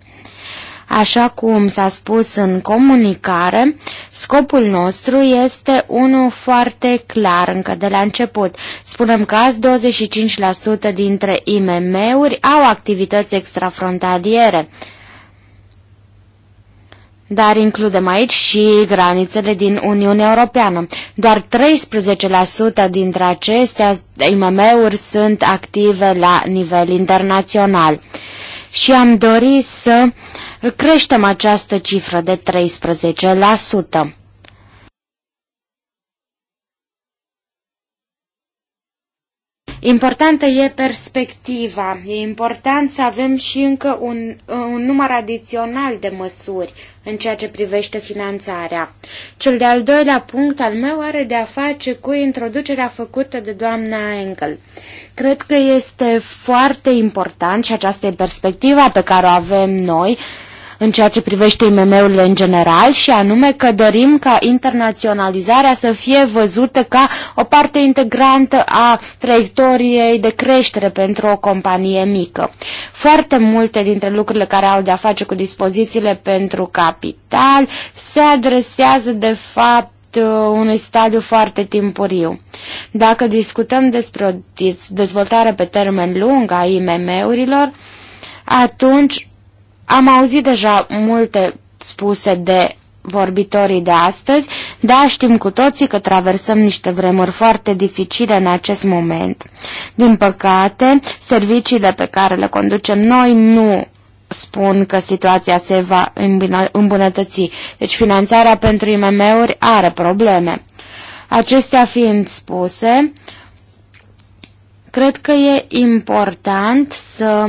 Așa cum s-a spus în comunicare, scopul nostru este unul foarte clar încă de la început. Spunem că azi 25% dintre IMM-uri au activități extrafrontaliere. Dar includem aici și granițele din Uniunea Europeană. Doar 13% dintre acestea IMM-uri sunt active la nivel internațional și am dorit să creștem această cifră de 13%. Importantă e perspectiva. E important să avem și încă un, un număr adițional de măsuri în ceea ce privește finanțarea. Cel de-al doilea punct al meu are de a face cu introducerea făcută de doamna Engel. Cred că este foarte important și această perspectiva pe care o avem noi, uh, în ceea ce privește IMM-urile în general și anume că dorim ca internaționalizarea să fie văzută ca o parte integrantă a traiectoriei de creștere pentru o companie mică. Foarte multe dintre lucrurile care au de-a face cu dispozițiile pentru capital se adresează de fapt unui stadiu foarte timpuriu. Dacă discutăm despre o dezvoltare pe termen lung a IMM-urilor, atunci am auzit deja multe spuse de vorbitorii de astăzi, dar știm cu toții că traversăm niște vremuri foarte dificile în acest moment. Din păcate, serviciile pe care le conducem noi nu spun că situația se va îmbunătăți, deci finanțarea pentru IMM-uri are probleme. Acestea fiind spuse, cred că e important să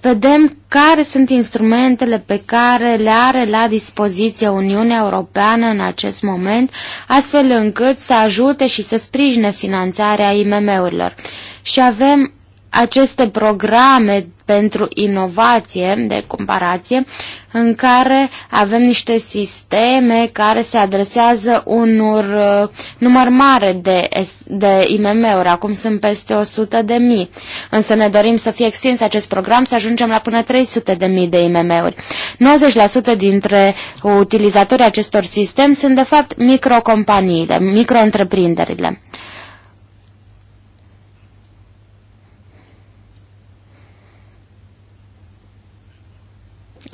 vedem care sunt instrumentele pe care le are la dispoziție Uniunea Europeană în acest moment, astfel încât să ajute și să sprijine finanțarea IMM-urilor. Și avem aceste programe pentru inovație, de comparație, în care avem niște sisteme care se adresează unor uh, număr mare de, de IMM-uri, acum sunt peste 100 de mii. Însă ne dorim să fie extins acest program, să ajungem la până 300 de mii de IMM-uri. 90% dintre utilizatorii acestor sistem sunt de fapt microcompaniile, micro-întreprinderile. micro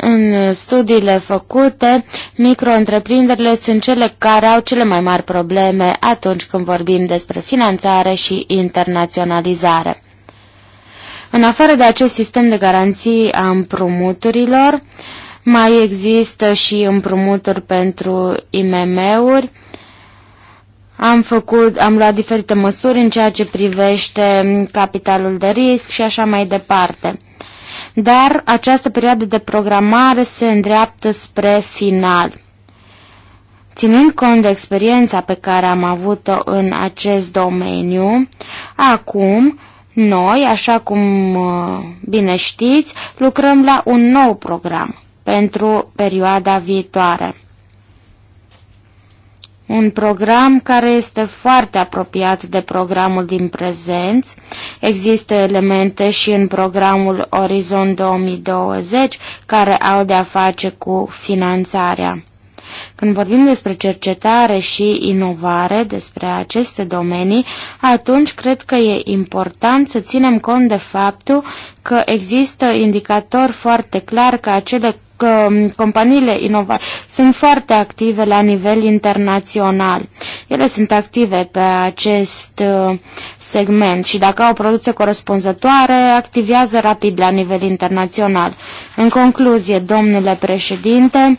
În studiile făcute, micro-întreprinderile sunt cele care au cele mai mari probleme atunci când vorbim despre finanțare și internaționalizare. În afară de acest sistem de garanții a împrumuturilor, mai există și împrumuturi pentru IMM-uri. Am, făcut, am luat diferite măsuri în ceea ce privește capitalul de risc și așa mai departe dar această perioadă de programare se îndreaptă spre final. Ținând cont de experiența pe care am avut-o în acest domeniu, acum noi, așa cum uh, bine știți, lucrăm la un nou program pentru perioada viitoare un program care este foarte apropiat de programul din prezent, Există elemente și în programul Orizont 2020 care au de-a face cu finanțarea. Când vorbim despre cercetare și inovare, despre aceste domenii, atunci cred că e important să ținem cont de faptul că există indicatori foarte clar că acele că um, companiile inovate sunt foarte active la nivel internațional. Ele sunt active pe acest uh, segment și dacă au o producție corespunzătoare, activează rapid la nivel internațional. În concluzie, domnule președinte,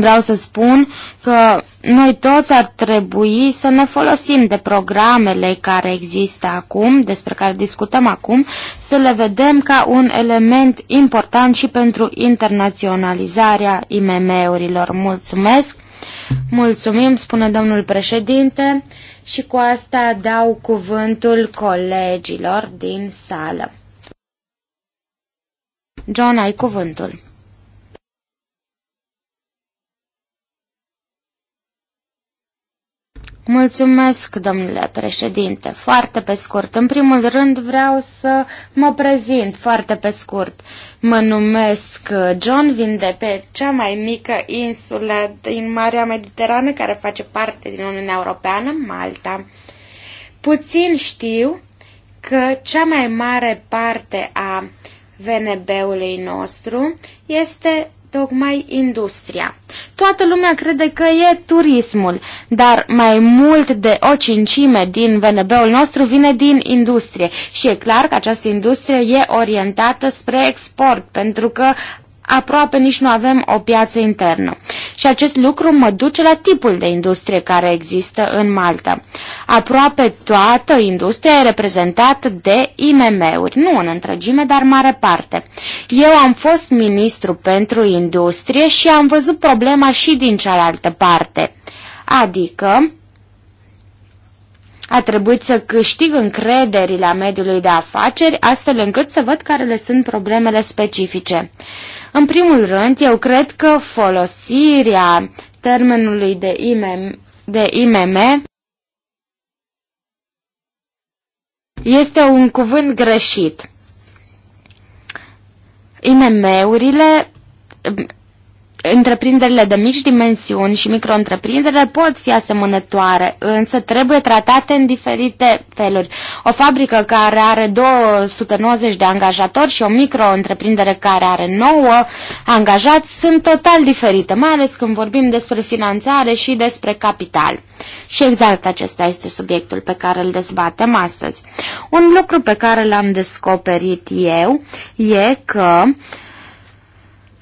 Vreau să spun că noi toți ar trebui să ne folosim de programele care există acum, despre care discutăm acum, să le vedem ca un element important și pentru internaționalizarea IMM-urilor. Mulțumesc! Mulțumim, spune domnul președinte, și cu asta dau cuvântul colegilor din sală. John, ai cuvântul. Mulțumesc, domnule președinte. Foarte pe scurt. În primul rând vreau să mă prezint foarte pe scurt. Mă numesc John, vin de pe cea mai mică insulă din Marea Mediterană, care face parte din Uniunea Europeană, Malta. Puțin știu că cea mai mare parte a VNB-ului nostru este tocmai industria. Toată lumea crede că e turismul, dar mai mult de o cincime din VNB-ul nostru vine din industrie și e clar că această industrie e orientată spre export, pentru că aproape nici nu avem o piață internă. Și acest lucru mă duce la tipul de industrie care există în Malta. Aproape toată industria e reprezentată de IMM-uri, nu în întregime, dar mare parte. Eu am fost ministru pentru industrie și am văzut problema și din cealaltă parte. Adică, a trebuit să câștig încrederile a mediului de afaceri, astfel încât să văd care le sunt problemele specifice. În primul rând, eu cred că folosirea termenului de IMM, de IMM este un cuvânt greșit. IMM-urile Întreprinderile de mici dimensiuni și micro pot fi asemănătoare, însă trebuie tratate în diferite feluri. O fabrică care are 290 de angajatori și o micro care are 9 angajați sunt total diferite, mai ales când vorbim despre finanțare și despre capital. Și exact acesta este subiectul pe care îl dezbatem astăzi. Un lucru pe care l-am descoperit eu e că uh,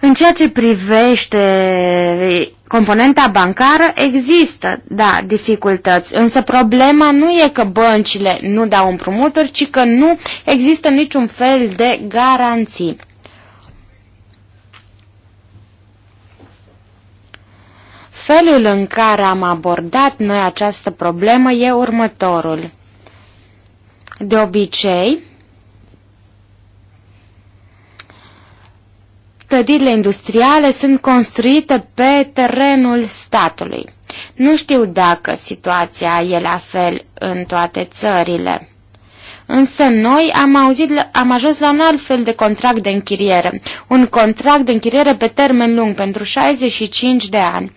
în ceea ce privește componenta bancară, există, da, dificultăți, însă problema nu e că băncile nu dau împrumuturi, ci că nu există niciun fel de garanții. Felul în care am abordat noi această problemă e următorul. De obicei, Clădirile industriale sunt construite pe terenul statului. Nu știu dacă situația e la fel în toate țările. Însă noi am, auzit, am ajuns la un alt fel de contract de închiriere, un contract de închiriere pe termen lung pentru 65 de ani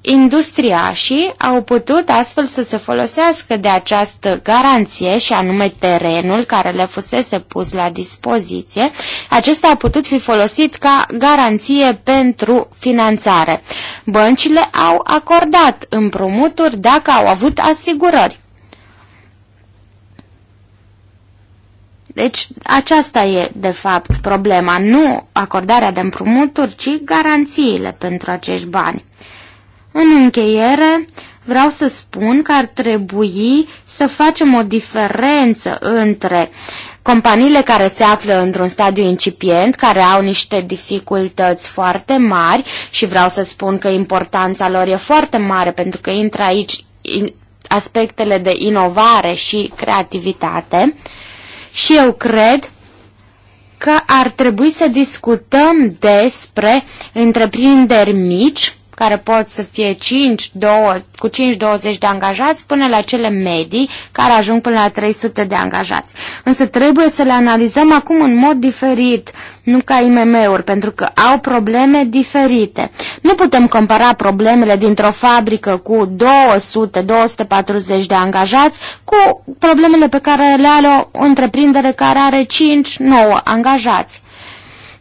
industriașii au putut astfel să se folosească de această garanție și anume terenul care le fusese pus la dispoziție. Acesta a putut fi folosit ca garanție pentru finanțare. Băncile au acordat împrumuturi dacă au avut asigurări. Deci aceasta e, de fapt, problema, nu acordarea de împrumuturi, ci garanțiile pentru acești bani. În încheiere, vreau să spun că ar trebui să facem o diferență între companiile care se află într-un stadiu incipient, care au niște dificultăți foarte mari și vreau să spun că importanța lor e foarte mare pentru că intră aici aspectele de inovare și creativitate și eu cred că ar trebui să discutăm despre întreprinderi mici care pot să fie 5, 2, cu 5-20 de angajați până la cele medii care ajung până la 300 de angajați. Însă trebuie să le analizăm acum în mod diferit, nu ca IMM-uri, pentru că au probleme diferite. Nu putem compara problemele dintr-o fabrică cu 200-240 de angajați cu problemele pe care le are o întreprindere care are 5-9 angajați.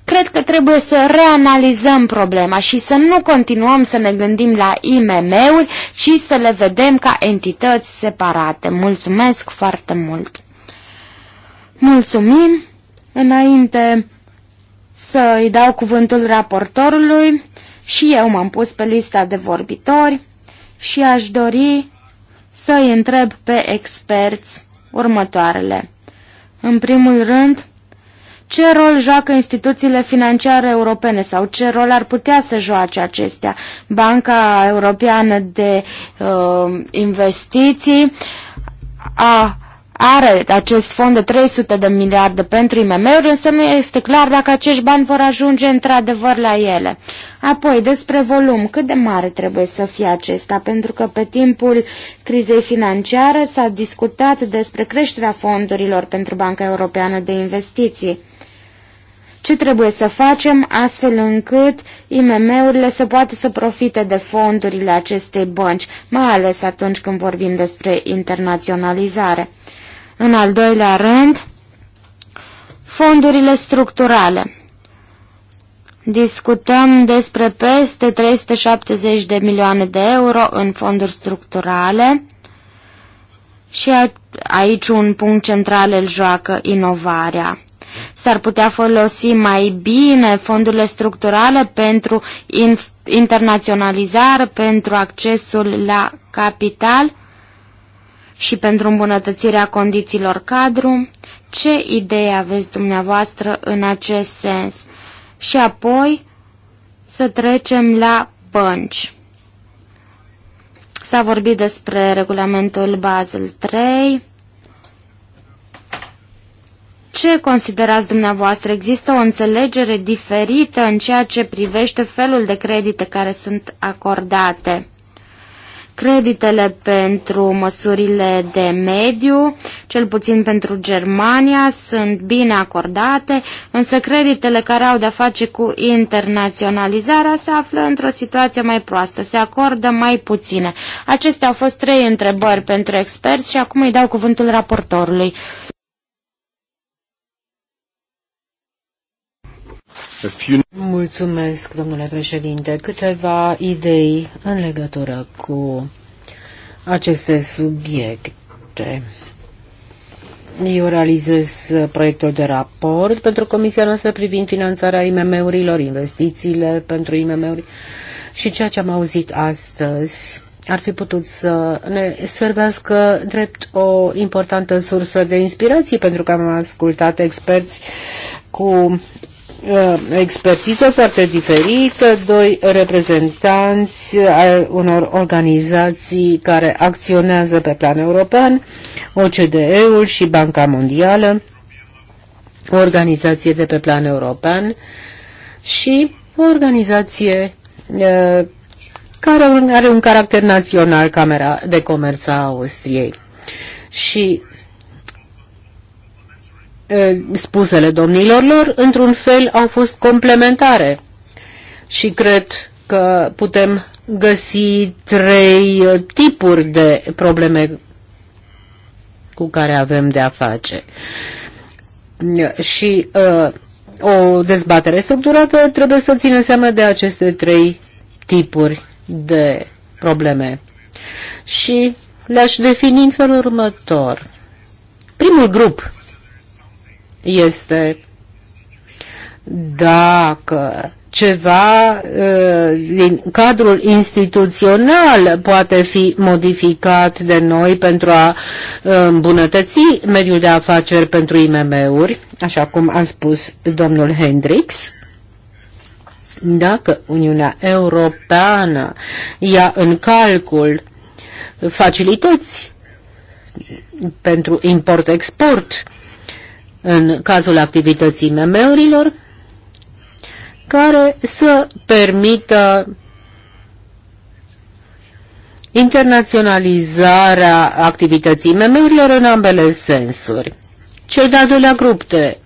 Cred că trebuie să reanalizăm problema și să nu continuăm să ne gândim la IMM-uri, ci să le vedem ca entități separate. Mulțumesc foarte mult! Mulțumim! Înainte să îi dau cuvântul raportorului, și eu m-am pus pe lista de vorbitori și aș dori să-i întreb pe experți următoarele. În primul rând, ce rol joacă instituțiile financiare europene sau ce rol ar putea să joace acestea. Banca Europeană de uh, Investiții a, are acest fond de 300 de miliarde pentru IMM-uri, însă nu este clar dacă acești bani vor ajunge într-adevăr la ele. Apoi, despre volum, cât de mare trebuie să fie acesta, pentru că pe timpul crizei financiare s-a discutat despre creșterea fondurilor pentru Banca Europeană de Investiții ce trebuie să facem astfel încât IMM-urile să poată să profite de fondurile acestei bănci, mai ales atunci când vorbim despre internaționalizare. În al doilea rând, fondurile structurale. Discutăm despre peste 370 de milioane de euro în fonduri structurale și aici un punct central îl joacă inovarea. S-ar putea folosi mai bine fondurile structurale pentru internaționalizare, pentru accesul la capital și pentru îmbunătățirea condițiilor cadru? Ce idee aveți dumneavoastră în acest sens? Și apoi să trecem la bănci. S-a vorbit despre regulamentul Basel 3, ce considerați dumneavoastră? Există o înțelegere diferită în ceea ce privește felul de credite care sunt acordate? Creditele pentru măsurile de mediu, cel puțin pentru Germania, sunt bine acordate, însă creditele care au de-a face cu internaționalizarea se află într-o situație mai proastă, se acordă mai puține. Acestea au fost trei întrebări pentru experți și acum îi dau cuvântul raportorului. Mulțumesc, domnule președinte. Câteva idei în legătură cu aceste subiecte. Eu realizez proiectul de raport pentru Comisia noastră privind finanțarea IMM-urilor, investițiile pentru IMM-uri și ceea ce am auzit astăzi ar fi putut să ne servească drept o importantă sursă de inspirație, pentru că am ascultat experți cu Uh, expertiză foarte diferită, doi reprezentanți ai unor organizații care acționează pe plan european, OCDE-ul și Banca Mondială, o organizație de pe plan european și o organizație uh, care are un caracter național, Camera de Comerț a Austriei. Și Eh, spusele domnilor lor, într-un fel, au fost complementare. Și cred că putem găsi trei eh, tipuri de probleme cu care avem de a face. Eh, și uh, o dezbatere structurată trebuie să țină seama de aceste trei tipuri de probleme. Și le-aș defini în felul următor. Primul grup este dacă ceva uh, din cadrul instituțional poate fi modificat de noi pentru a uh, îmbunătăți mediul de afaceri pentru IMM-uri, așa cum a spus domnul Hendrix. Dacă Uniunea Europeană ia în calcul facilități pentru import-export, în cazul activității memeurilor, care să permită internaționalizarea activității memeurilor în ambele sensuri. Cel de-al doilea grup de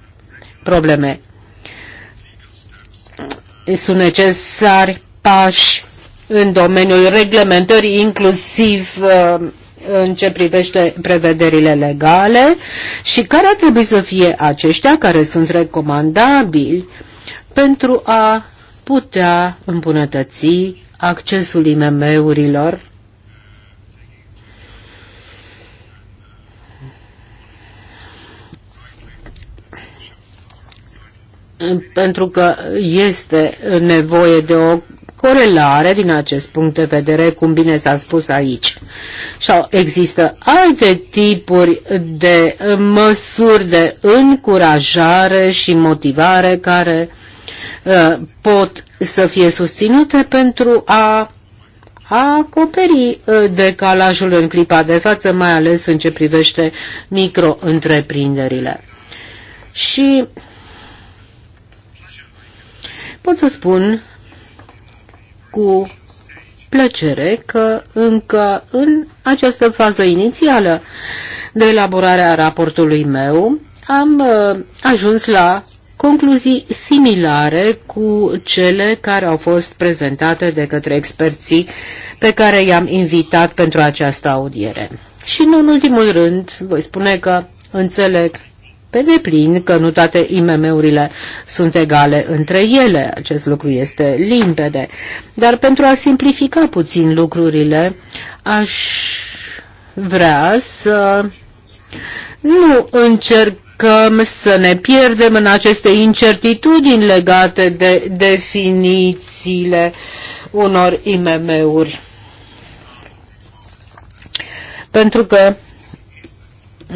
probleme sunt necesari pași în domeniul reglementării, inclusiv uh, în ce privește prevederile legale și care ar trebui să fie aceștia care sunt recomandabili pentru a putea îmbunătăți accesul IMM-urilor pentru că este nevoie de o corelare din acest punct de vedere, cum bine s-a spus aici. Sau există alte tipuri de măsuri de încurajare și motivare care uh, pot să fie susținute pentru a a acoperi uh, decalajul în clipa de față, mai ales în ce privește micro-întreprinderile. Și pot să spun cu plăcere că încă în această fază inițială de elaborare a raportului meu am uh, ajuns la concluzii similare cu cele care au fost prezentate de către experții pe care i-am invitat pentru această audiere. Și nu în ultimul rând, voi spune că înțeleg pe deplin că nu toate IMM-urile sunt egale între ele, acest lucru este limpede. Dar pentru a simplifica puțin lucrurile, aș vrea să nu încerc să ne pierdem în aceste incertitudini legate de definițiile unor IMM-uri. Pentru că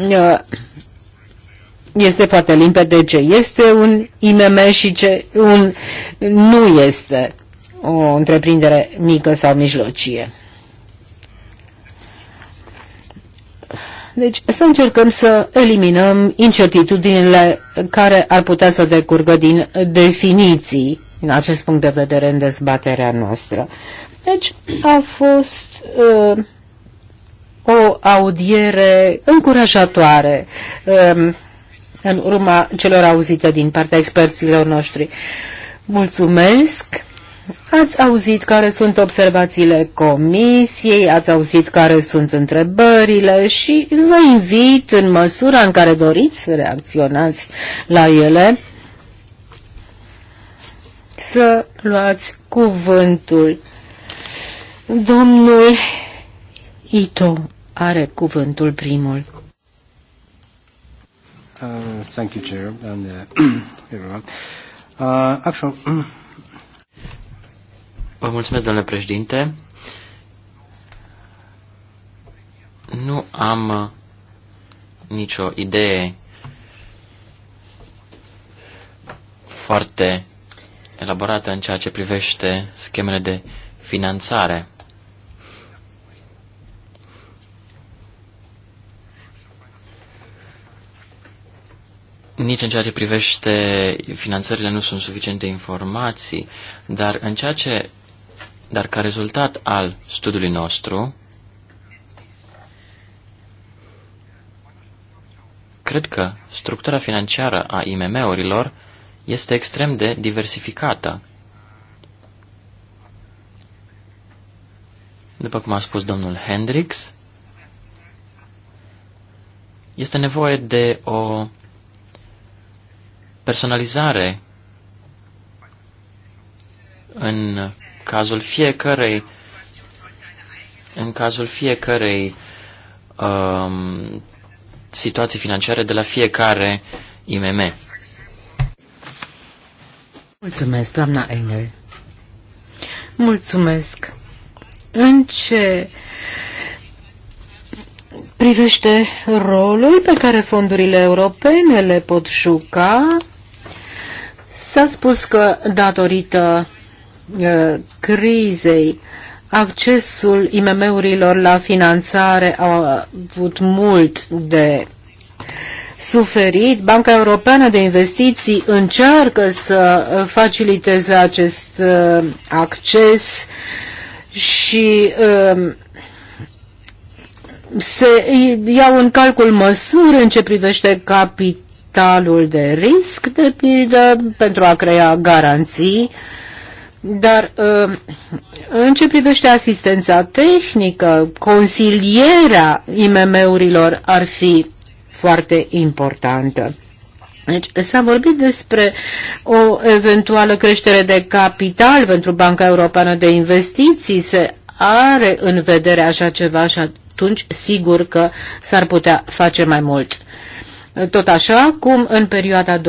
uh, este foarte limpede ce este un IMM și ce un, nu este o întreprindere mică sau mijlocie. Deci să încercăm să eliminăm incertitudinile care ar putea să decurgă din definiții, din acest punct de vedere, în dezbaterea noastră. Deci a fost uh, o audiere încurajatoare. Uh, în urma celor auzite din partea experților noștri. Mulțumesc! Ați auzit care sunt observațiile comisiei, ați auzit care sunt întrebările și vă invit în măsura în care doriți să reacționați la ele să luați cuvântul. Domnul Ito are cuvântul primul. Uh, thank you, Chair, and uh, [clears throat] everyone. Uh, actual... Mm. Vă mulțumesc, domnule președinte. Nu am uh, nicio idee foarte elaborată în ceea ce privește schemele de finanțare. Nici în ceea ce privește finanțările nu sunt suficiente informații, dar în ceea ce dar ca rezultat al studiului nostru, cred că structura financiară a IMM-urilor este extrem de diversificată. După cum a spus domnul Hendrix, este nevoie de o personalizare în cazul fiecărei în cazul fiecărei um, situații financiare de la fiecare IMM. Mulțumesc, doamna Engel. Mulțumesc. În ce privește rolul pe care fondurile europene le pot juca S-a spus că datorită uh, crizei accesul IMM-urilor la finanțare a avut mult de suferit. Banca Europeană de Investiții încearcă să faciliteze acest uh, acces și um, se iau în calcul măsuri în ce privește capital capitalul de risc, de pildă, pentru a crea garanții, dar uh, în ce privește asistența tehnică, consilierea IMM-urilor ar fi foarte importantă. Deci s-a vorbit despre o eventuală creștere de capital pentru Banca Europeană de Investiții, se are în vedere așa ceva și atunci sigur că s-ar putea face mai mult. Tot așa cum în perioada 2008-2009,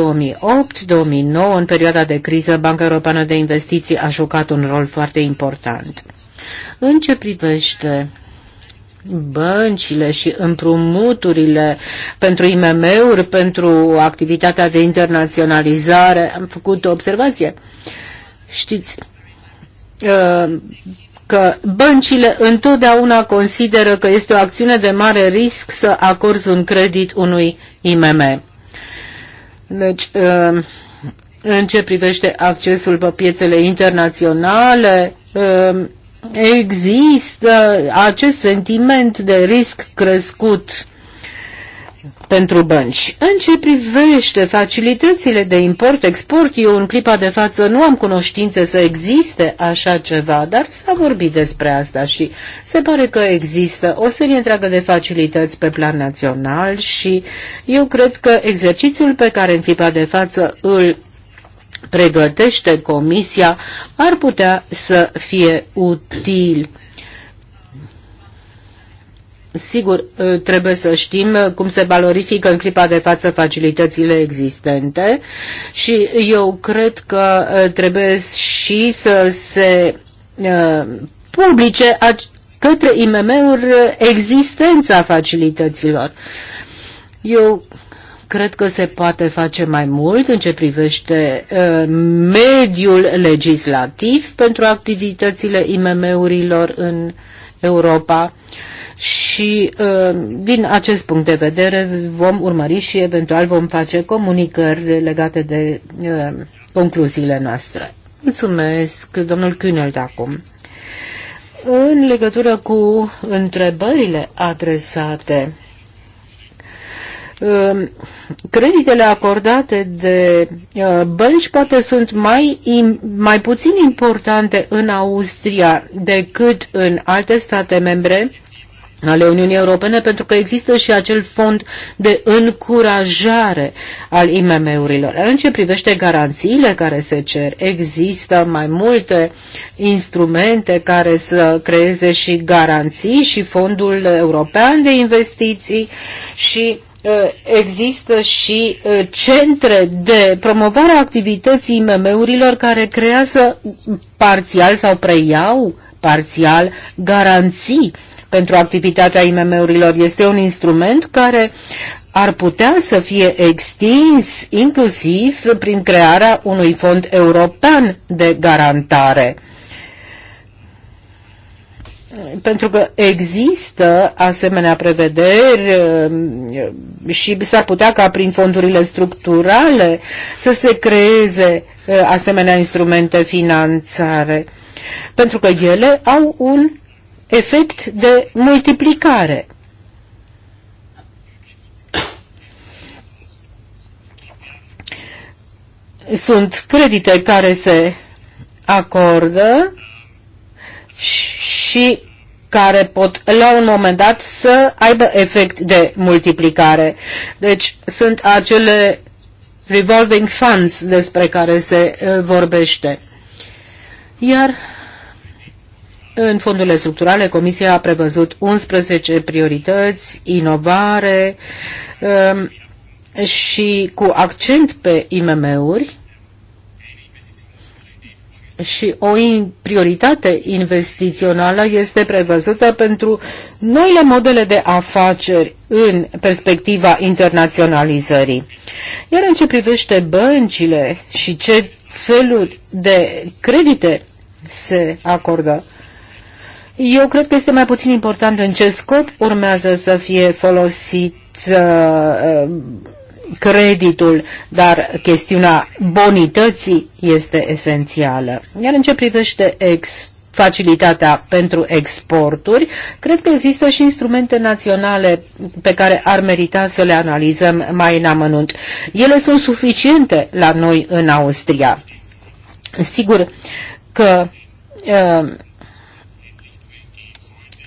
în perioada de criză, Banca Europeană de Investiții a jucat un rol foarte important. În ce privește băncile și împrumuturile pentru IMM-uri, pentru activitatea de internaționalizare, am făcut o observație. Știți, uh, că băncile întotdeauna consideră că este o acțiune de mare risc să acorzi un credit unui IMM. Deci, uh, în ce privește accesul pe piețele internaționale, uh, există acest sentiment de risc crescut pentru bănci. În ce privește facilitățile de import-export, eu în clipa de față nu am cunoștințe să existe așa ceva, dar s-a vorbit despre asta și se pare că există o serie întreagă de facilități pe plan național și eu cred că exercițiul pe care în clipa de față îl pregătește Comisia ar putea să fie util Sigur, ă, trebuie să știm cum se valorifică în clipa de față facilitățile existente și eu cred că ă, trebuie și să se ă, publice către IMM-uri existența facilităților. Eu cred că se poate face mai mult în ce privește uh, mediul legislativ pentru activitățile IMM-urilor în uh, Europa și uh, din acest punct de vedere vom urmări și eventual vom face comunicări legate de uh, concluziile noastre. Mulțumesc, domnul Cunel, acum. În legătură cu întrebările adresate Ehm, creditele acordate de eh, bănci poate sunt mai, mai puțin importante în Austria decât în alte state membre ale Uniunii Europene, pentru că există și acel fond de încurajare al IMM-urilor. În ce privește garanțiile care se cer, există mai multe instrumente care să creeze și garanții și fondul european de investiții și Uh, există și uh, centre de promovare a activității IMM-urilor care creează parțial sau preiau parțial garanții pentru activitatea IMM-urilor. Este un instrument care ar putea să fie extins inclusiv prin crearea unui fond european de garantare pentru că există asemenea prevederi uh, și s-ar putea ca prin fondurile structurale să se creeze uh, asemenea instrumente finanțare, pentru că ele au un efect de multiplicare. Sunt credite care se acordă și care pot la un moment dat să aibă efect de multiplicare. Deci sunt acele revolving funds despre care se uh, vorbește. Iar în fondurile structurale, Comisia a prevăzut 11 priorități, inovare um, și cu accent pe IMM-uri, și o prioritate investițională este prevăzută pentru noile modele de afaceri în perspectiva internaționalizării. Iar în ce privește băncile și ce feluri de credite se acordă, eu cred că este mai puțin important în ce scop urmează să fie folosit uh, uh creditul, dar chestiunea bonității este esențială. Iar în ce privește ex facilitatea pentru exporturi, cred că există și instrumente naționale pe care ar merita să le analizăm mai în amănunt. Ele sunt suficiente la noi în Austria. Sigur că uh,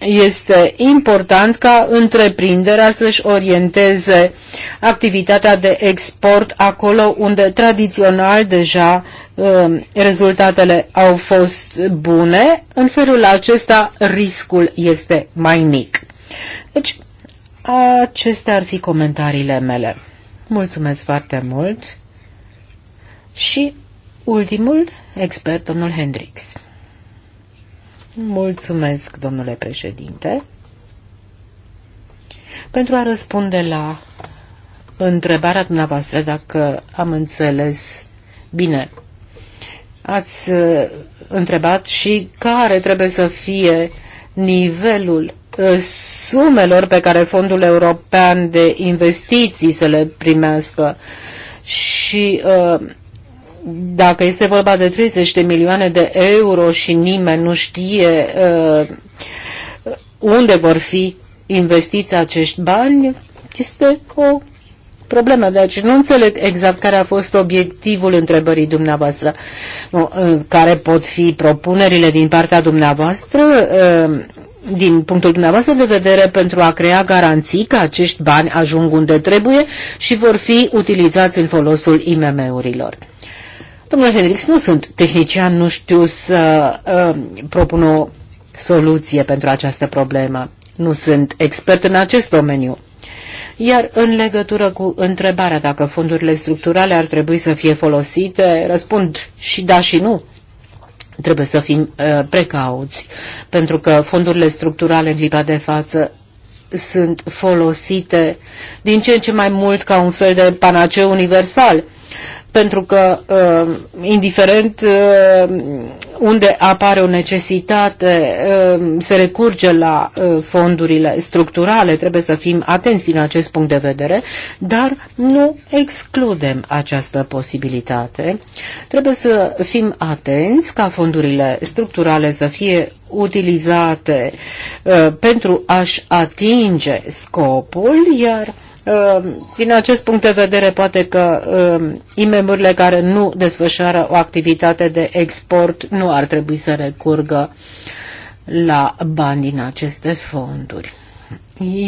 este important ca întreprinderea să-și orienteze activitatea de export acolo unde tradițional deja um, rezultatele au fost bune. În felul acesta riscul este mai mic. Deci, acestea ar fi comentariile mele. Mulțumesc foarte mult și ultimul expert, domnul Hendrix. Mulțumesc, domnule președinte. Pentru a răspunde la întrebarea dumneavoastră, dacă am înțeles bine, ați uh, întrebat și care trebuie să fie nivelul uh, sumelor pe care Fondul European de Investiții să le primească și uh, dacă este vorba de 30 de milioane de euro și nimeni nu știe uh, unde vor fi investiți acești bani, este o problemă. Deci nu înțeleg exact care a fost obiectivul întrebării dumneavoastră, nu, uh, care pot fi propunerile din partea dumneavoastră. Uh, din punctul dumneavoastră de vedere pentru a crea garanții că acești bani ajung unde trebuie și vor fi utilizați în folosul IMM-urilor. Domnule Hendrix, nu sunt tehnician, nu știu să uh, propun o soluție pentru această problemă. Nu sunt expert în acest domeniu. Iar în legătură cu întrebarea dacă fondurile structurale ar trebui să fie folosite, răspund și da și nu. Trebuie să fim uh, precauți, pentru că fondurile structurale în clipa de față sunt folosite din ce în ce mai mult ca un fel de panaceu universal pentru că, uh, indiferent uh, unde apare o necesitate, uh, se recurge la fondurile structurale, trebuie să fim atenți din acest punct de vedere, dar nu excludem această posibilitate. Trebuie să fim atenți ca fondurile structurale să fie utilizate pentru a-și atinge scopul, iar Um, din acest punct de vedere, poate că um, imemurile care nu desfășoară o activitate de export nu ar trebui să recurgă la bani din aceste fonduri.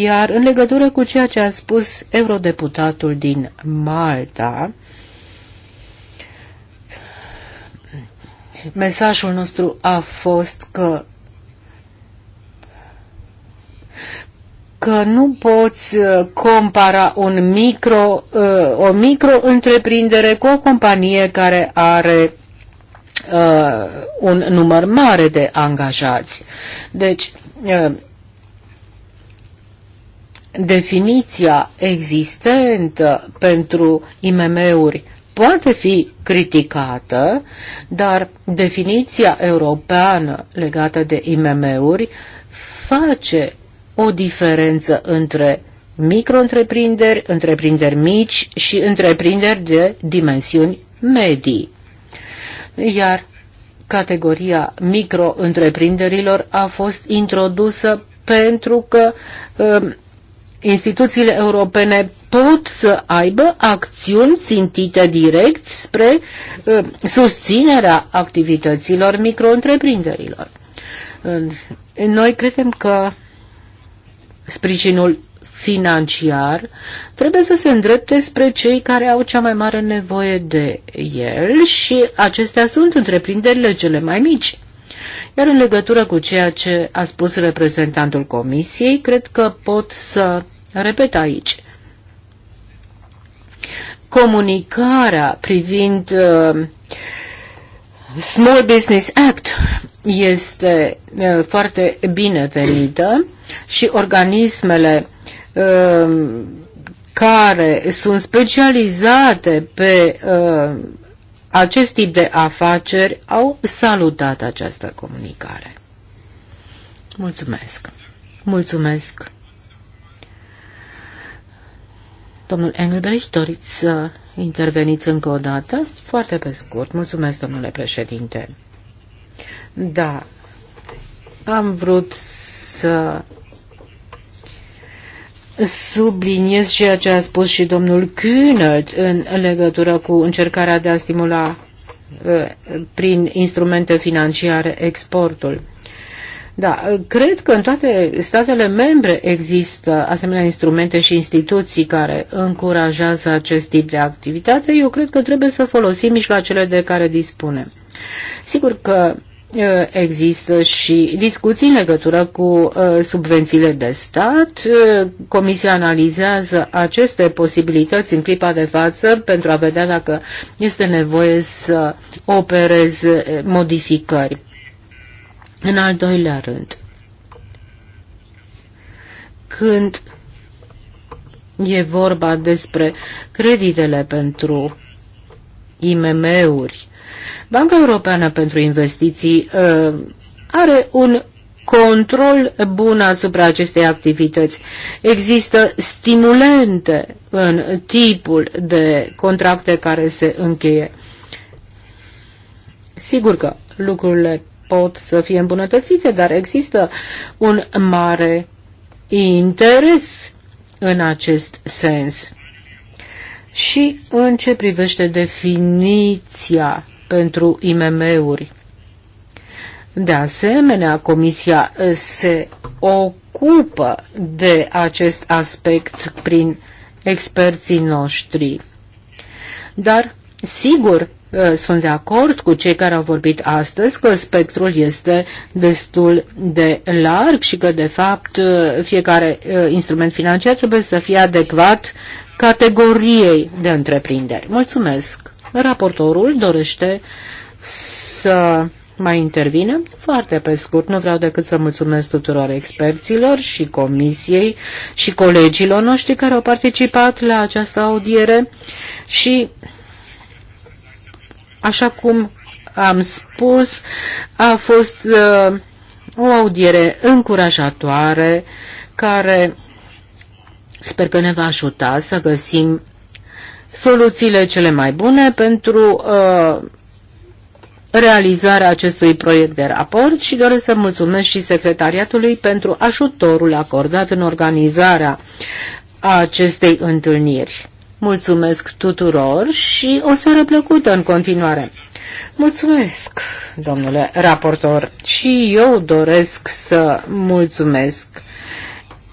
Iar în legătură cu ceea ce a spus eurodeputatul din Malta, mesajul nostru a fost că că nu poți uh, compara un micro, uh, o micro-întreprindere cu o companie care are uh, un număr mare de angajați. Deci, definiția existentă pentru IMM-uri poate fi criticată, dar definiția europeană legată de IMM-uri face o diferență între micro-întreprinderi, întreprinderi mici și întreprinderi de dimensiuni medii. Iar categoria micro-întreprinderilor a fost introdusă pentru că uh, instituțiile europene pot să aibă acțiuni țintite direct spre uh, susținerea activităților micro-întreprinderilor. Uh, noi credem că sprijinul financiar trebuie să se îndrepte spre cei care au cea mai mare nevoie de el și acestea sunt întreprinderile cele mai mici. Iar în legătură cu ceea ce a spus reprezentantul Comisiei, cred că pot să repet aici. Comunicarea privind uh, Small Business Act este foarte binevenită și organismele care sunt specializate pe acest tip de afaceri au salutat această comunicare. Mulțumesc! Mulțumesc! Domnul Engelbrecht, doriți să interveniți încă o dată? Foarte pe scurt. Mulțumesc, domnule președinte. Da, am vrut să subliniez ceea ce a spus și domnul Kühnert în legătură cu încercarea de a stimula uh, prin instrumente financiare exportul. Da, cred că în toate statele membre există asemenea instrumente și instituții care încurajează acest tip de activitate. Eu cred că trebuie să folosim mijloacele de care dispunem. Sigur că există și discuții în legătură cu subvențiile de stat. Comisia analizează aceste posibilități în clipa de față pentru a vedea dacă este nevoie să opereze modificări. În al doilea rând, când e vorba despre creditele pentru IMM-uri, Banca Europeană pentru Investiții uh, are un control bun asupra acestei activități. Există stimulente în tipul de contracte care se încheie. Sigur că lucrurile pot să fie îmbunătățite, dar există un mare interes în acest sens. Și în ce privește definiția pentru IMM-uri. De asemenea, Comisia se ocupă de acest aspect prin experții noștri. Dar, sigur, ă, sunt de acord cu cei care au vorbit astăzi că spectrul este destul de larg și că, de fapt, ă, fiecare ă, instrument financiar trebuie să fie adecvat categoriei de întreprinderi. Mulțumesc! Raportorul dorește să mai intervine? Foarte pe scurt, nu vreau decât să mulțumesc tuturor experților și comisiei și colegilor noștri care au participat la această audiere și, așa cum am spus, a fost uh, o audiere încurajatoare care sper că ne va ajuta să găsim soluțiile cele mai bune pentru uh, realizarea acestui proiect de raport și doresc să mulțumesc și secretariatului pentru ajutorul acordat în organizarea acestei întâlniri. Mulțumesc tuturor și o seară plăcută în continuare. Mulțumesc, domnule raportor, și eu doresc să mulțumesc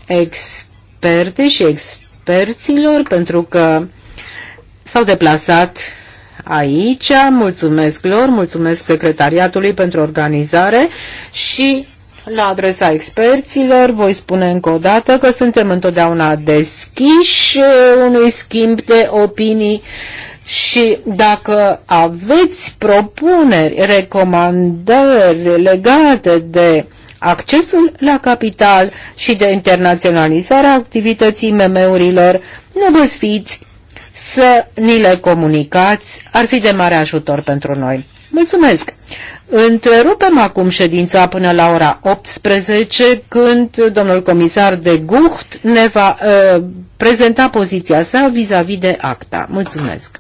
experte și experților pentru că s-au deplasat aici. Mulțumesc lor, mulțumesc secretariatului pentru organizare și la adresa experților voi spune încă o dată că suntem întotdeauna deschiși unui schimb de opinii și dacă aveți propuneri, recomandări legate de accesul la capital și de internaționalizarea activității MM-urilor, nu vă sfiți să ni le comunicați, ar fi de mare ajutor pentru noi. Mulțumesc! Întrerupem acum ședința până la ora 18, când domnul comisar de Gucht ne va uh, prezenta poziția sa vis-a-vis -vis de acta. Mulțumesc!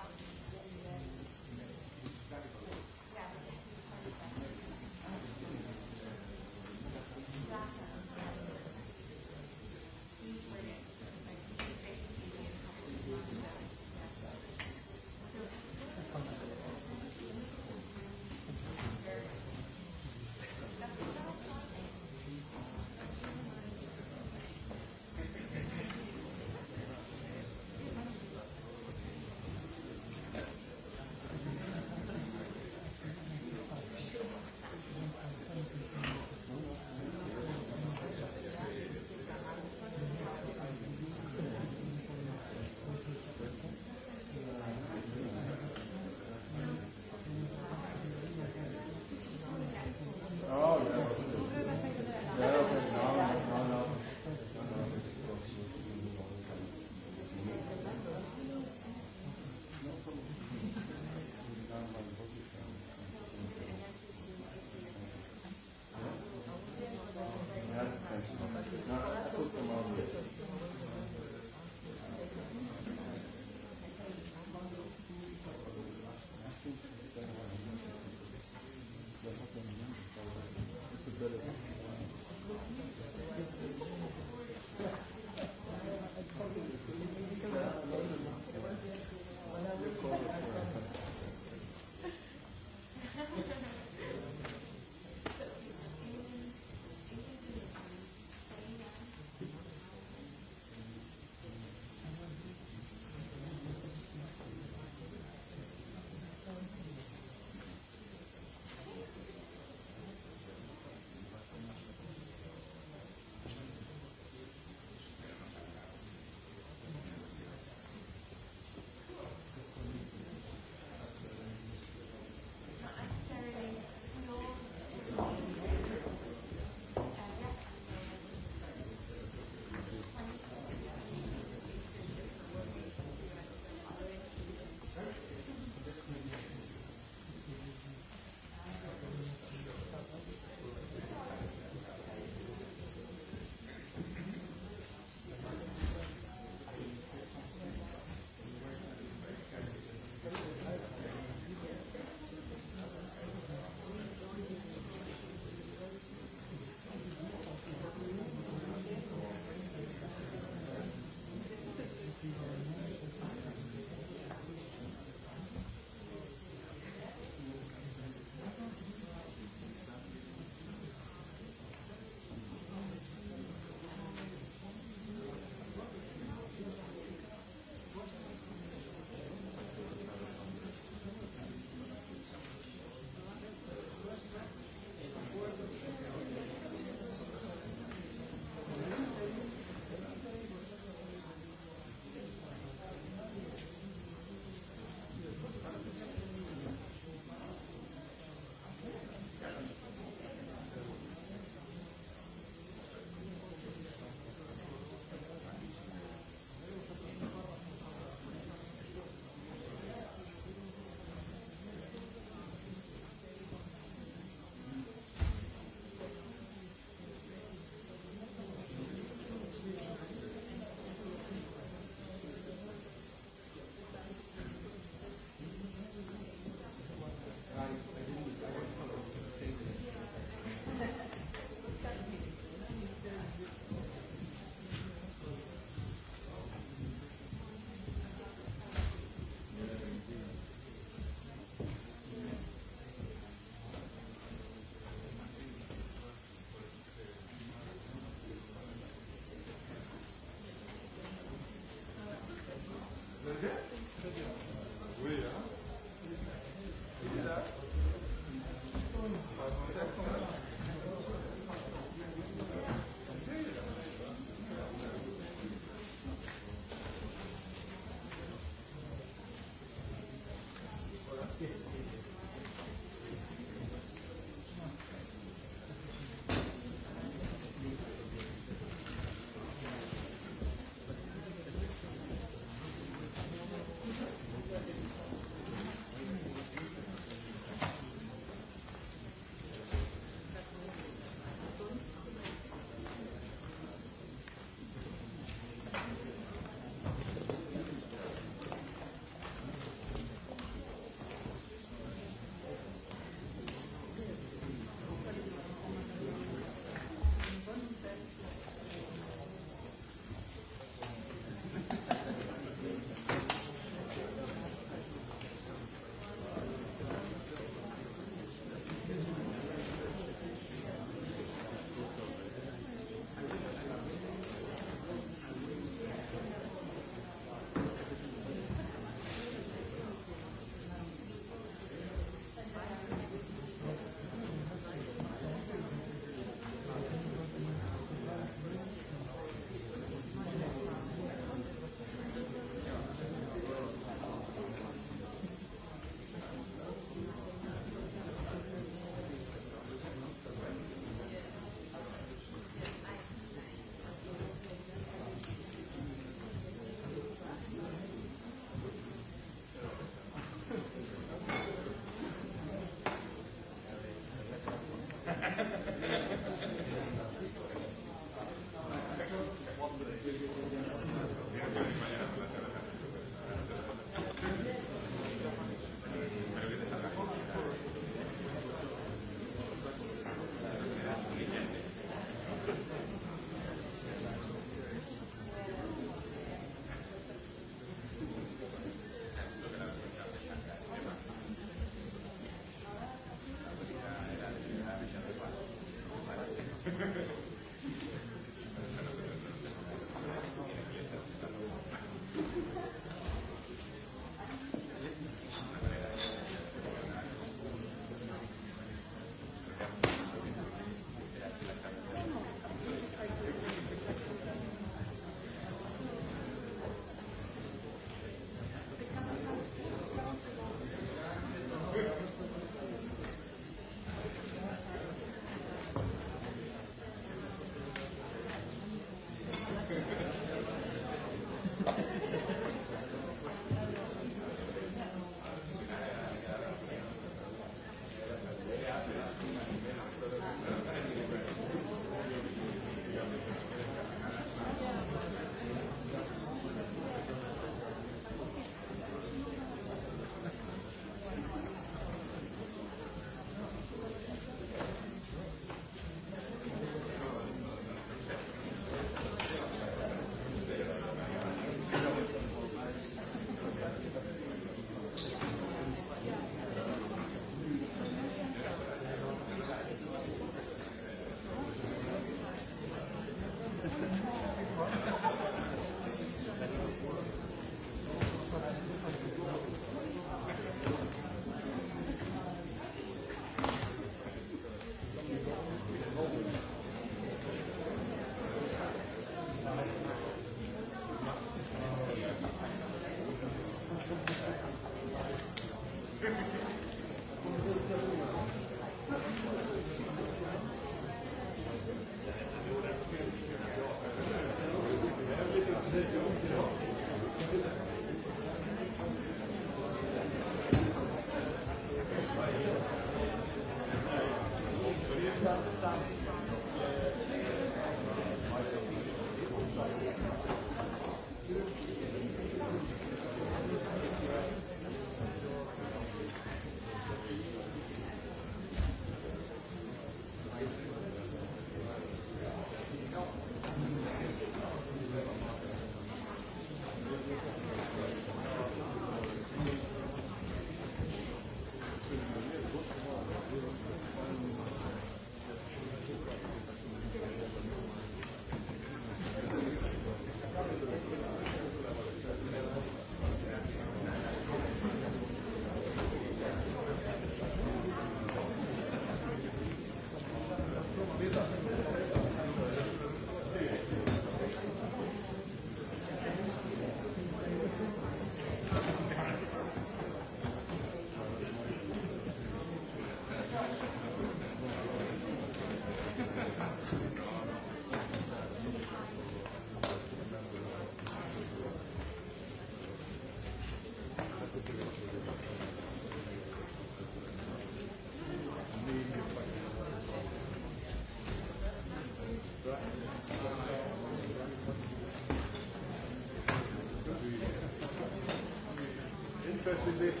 President.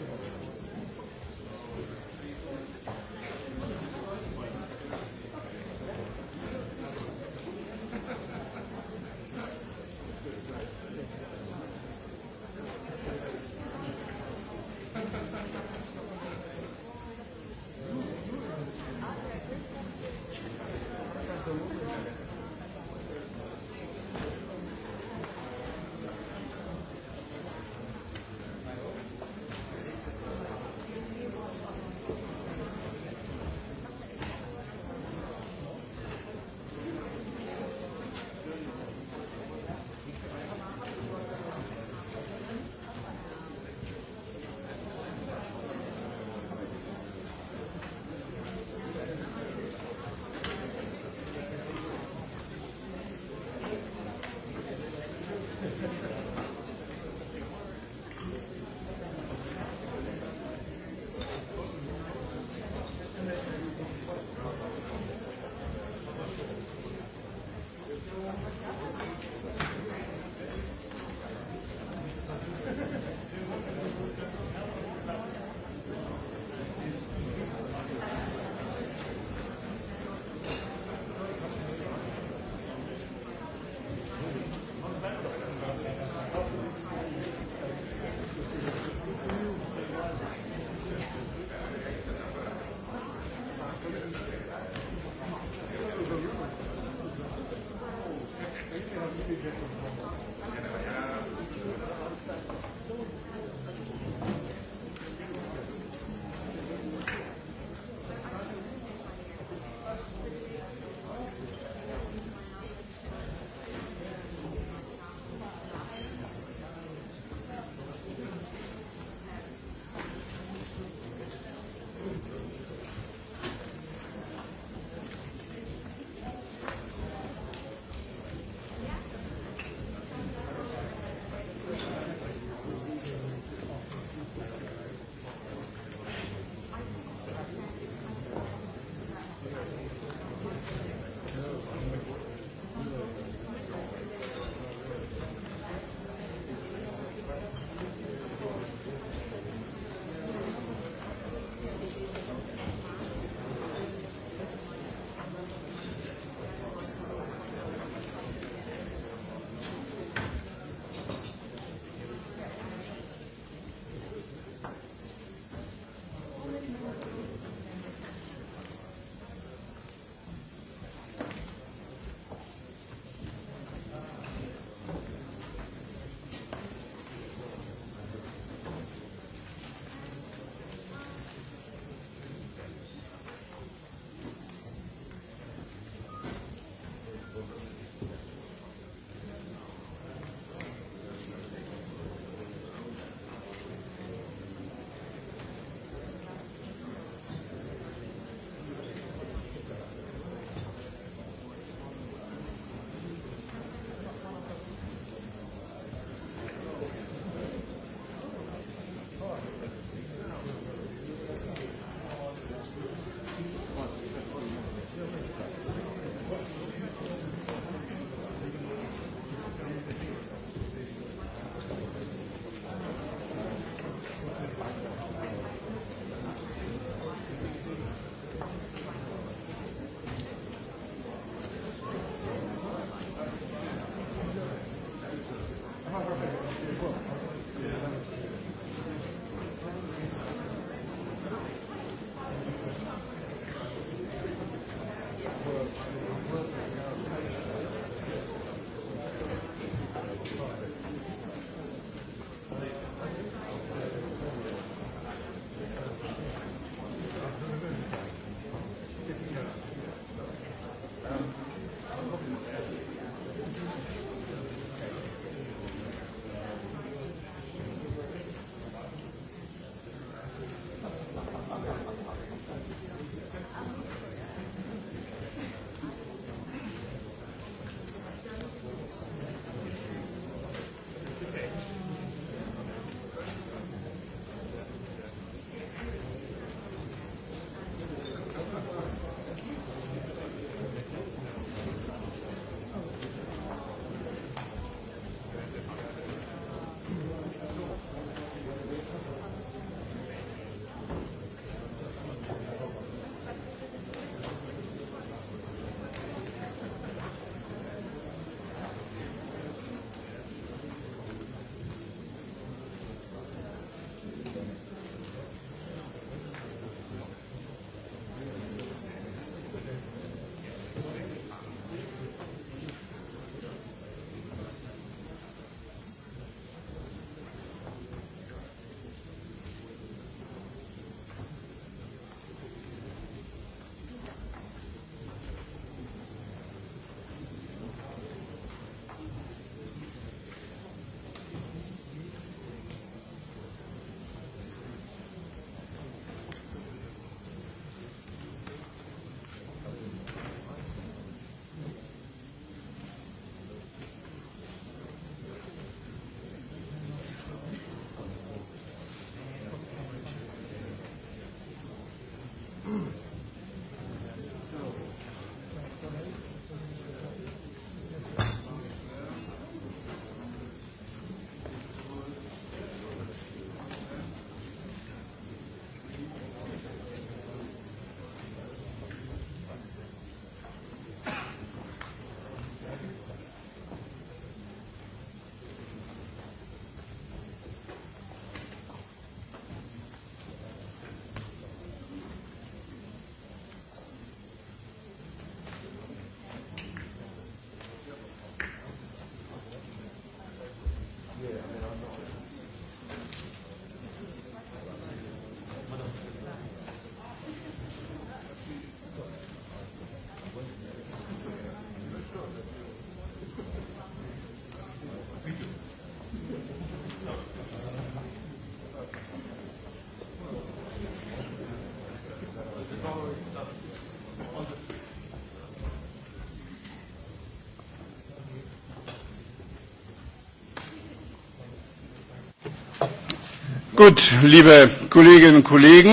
Gut, liebe Kolleginnen und Kollegen.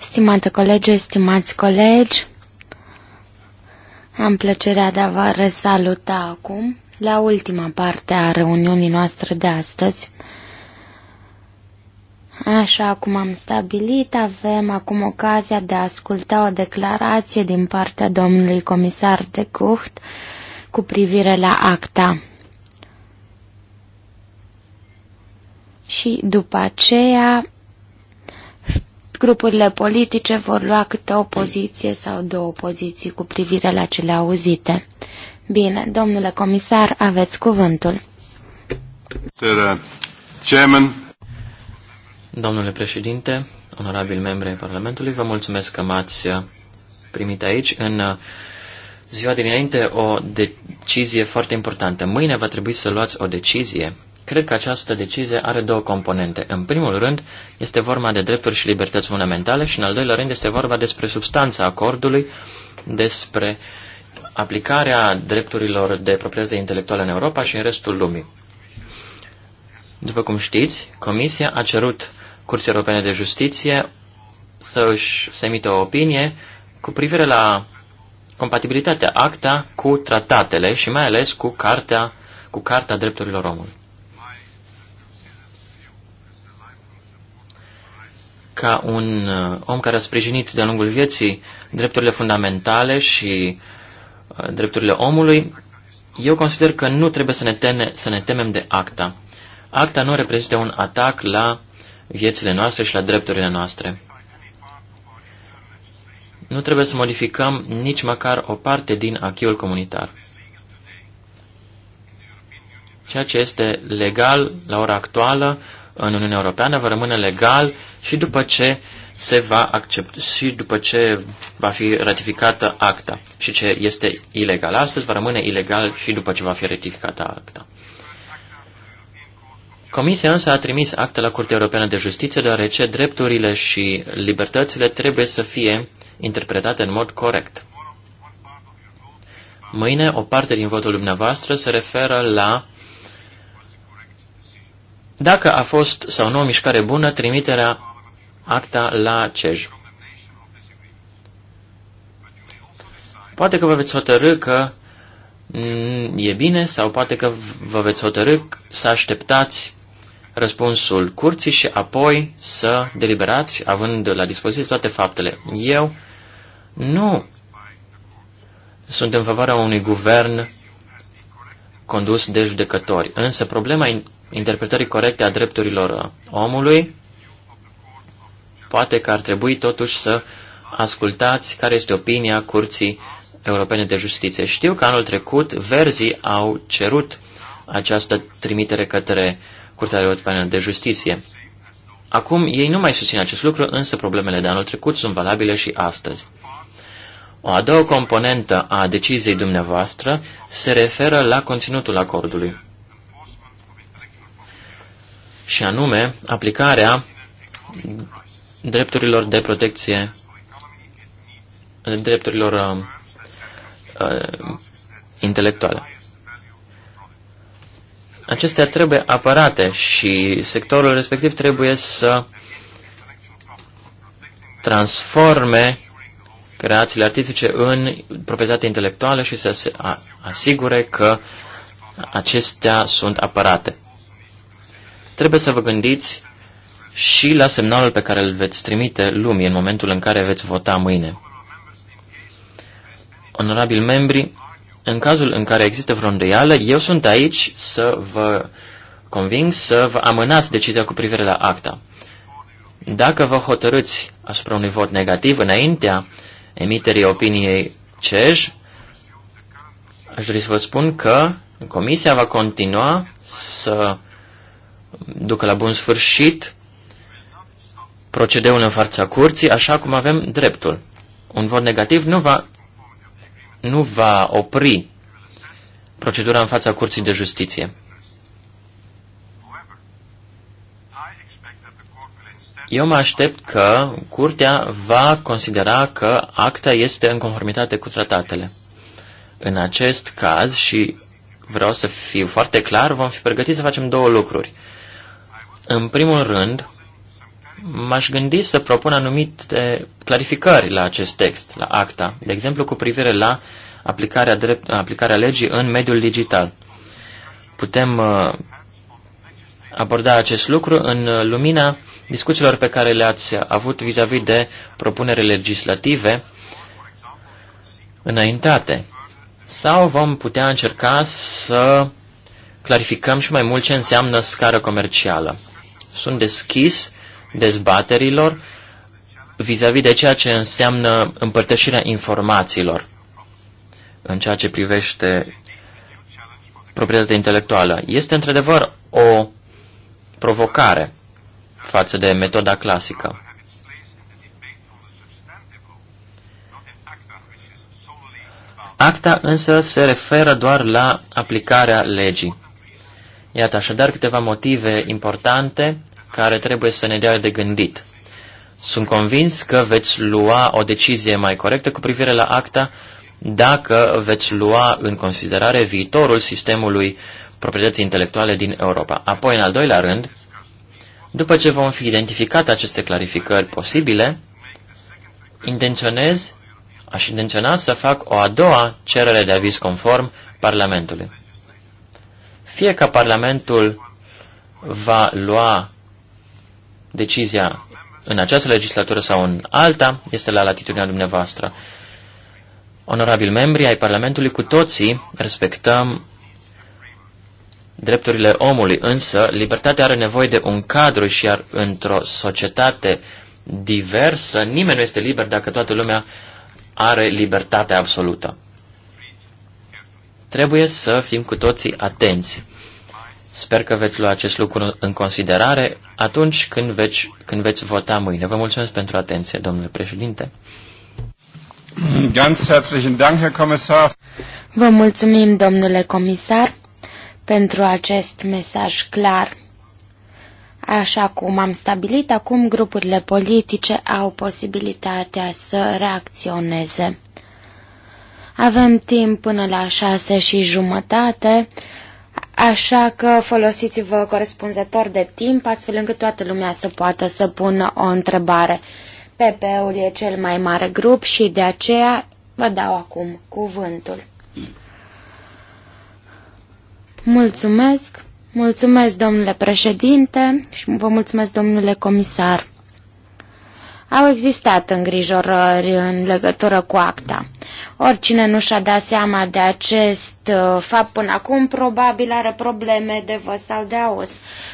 Stimate colegi, stimați colegi, am plăcerea de a vă resaluta acum la ultima parte a reuniunii noastre de astăzi. Așa cum am stabilit, avem acum ocazia de a asculta o declarație din partea domnului comisar de Cucht cu privire la acta. și după aceea grupurile politice vor lua câte o poziție sau două poziții cu privire la cele auzite. Bine, domnule comisar, aveți cuvântul. Uh, domnule președinte, onorabil membri ai Parlamentului, vă mulțumesc că m-ați uh, primit aici. În uh, ziua dinainte o decizie foarte importantă. Mâine va trebui să luați o decizie Cred că această decizie are două componente. În primul rând, este vorba de drepturi și libertăți fundamentale și, în al doilea rând, este vorba despre substanța acordului, despre aplicarea drepturilor de proprietate intelectuală în Europa și în restul lumii. După cum știți, Comisia a cerut Curții Europene de Justiție să își să emită o opinie cu privire la compatibilitatea acta cu tratatele și mai ales cu Cartea, cu Carta Drepturilor Omului. ca un uh, om care a sprijinit de-a lungul vieții drepturile fundamentale și uh, drepturile omului, eu consider că nu trebuie să ne, teme, să ne temem de acta. Acta nu reprezintă un atac la viețile noastre și la drepturile noastre. Nu trebuie să modificăm nici măcar o parte din achiul comunitar. Ceea ce este legal la ora actuală în Uniunea Europeană va rămâne legal și după ce se va accepta și după ce va fi ratificată acta și ce este ilegal astăzi va rămâne ilegal și după ce va fi ratificată acta. Comisia însă a trimis acta la Curtea Europeană de Justiție deoarece drepturile și libertățile trebuie să fie interpretate în mod corect. Mâine, o parte din votul dumneavoastră se referă la dacă a fost sau nu o mișcare bună trimiterea acta la CEJ. Poate că vă veți hotărâ că mm, e bine sau poate că vă veți hotărâ să așteptați răspunsul curții și apoi să deliberați, având la dispoziție toate faptele. Eu nu sunt în favoarea unui guvern condus de judecători, însă problema interpretării corecte a drepturilor omului Poate că ar trebui totuși să ascultați care este opinia Curții Europene de Justiție. Știu că anul trecut verzii au cerut această trimitere către Curtea Europeană de Justiție. Acum ei nu mai susțin acest lucru, însă problemele de anul trecut sunt valabile și astăzi. O a doua componentă a deciziei dumneavoastră se referă la conținutul acordului, și anume aplicarea drepturilor de protecție, drepturilor uh, uh, intelectuale. Acestea trebuie apărate și sectorul respectiv trebuie să transforme creațiile artistice în proprietate intelectuală și să se asigure că acestea sunt apărate. Trebuie să vă gândiți și la semnalul pe care îl veți trimite lumii în momentul în care veți vota mâine. Onorabil membri, în cazul în care există vreo îndoială, eu sunt aici să vă conving să vă amânați decizia cu privire la acta. Dacă vă hotărâți asupra unui vot negativ înaintea emiterii opiniei CEJ, aș dori să vă spun că Comisia va continua să ducă la bun sfârșit procedeul în fața curții așa cum avem dreptul. Un vot negativ nu va, nu va opri procedura în fața curții de justiție. Eu mă aștept că curtea va considera că acta este în conformitate cu tratatele. În acest caz, și vreau să fiu foarte clar, vom fi pregătiți să facem două lucruri. În primul rând, m-aș gândi să propun anumite clarificări la acest text, la acta, de exemplu cu privire la aplicarea, drept, aplicarea legii în mediul digital. Putem uh, aborda acest lucru în uh, lumina discuțiilor pe care le-ați avut vis-a-vis -vis de propunere legislative înaintate. Sau vom putea încerca să clarificăm și mai mult ce înseamnă scară comercială. Sunt deschis dezbaterilor vis-a-vis -vis de ceea ce înseamnă împărtășirea informațiilor în ceea ce privește proprietatea intelectuală. Este într-adevăr o provocare față de metoda clasică. Acta însă se referă doar la aplicarea legii. Iată așadar câteva motive importante care trebuie să ne dea de gândit. Sunt convins că veți lua o decizie mai corectă cu privire la acta dacă veți lua în considerare viitorul sistemului proprietății intelectuale din Europa. Apoi, în al doilea rând, după ce vom fi identificat aceste clarificări posibile, intenționez, aș intenționa să fac o a doua cerere de aviz conform Parlamentului. Fie că Parlamentul va lua Decizia în această legislatură sau în alta este la latitudinea dumneavoastră. Onorabili membri ai Parlamentului, cu toții respectăm drepturile omului, însă libertatea are nevoie de un cadru și iar într-o societate diversă, nimeni nu este liber dacă toată lumea are libertate absolută. Trebuie să fim cu toții atenți. Sper că veți lua acest lucru în considerare atunci când veți, când veți vota mâine. Vă mulțumesc pentru atenție, domnule președinte. Ganz herzlichen Dank, Herr Kommissar. Vă mulțumim, domnule comisar, pentru acest mesaj clar. Așa cum am stabilit, acum grupurile politice au posibilitatea să reacționeze. Avem timp până la șase și jumătate Așa că folosiți-vă corespunzător de timp, astfel încât toată lumea să poată să pună o întrebare. PP-ul e cel mai mare grup și de aceea vă dau acum cuvântul. Mulțumesc, mulțumesc domnule președinte și vă mulțumesc domnule comisar. Au existat îngrijorări în legătură cu acta. Oricine nu și-a dat seama de acest uh, fapt până acum, probabil are probleme de văz sau de aus.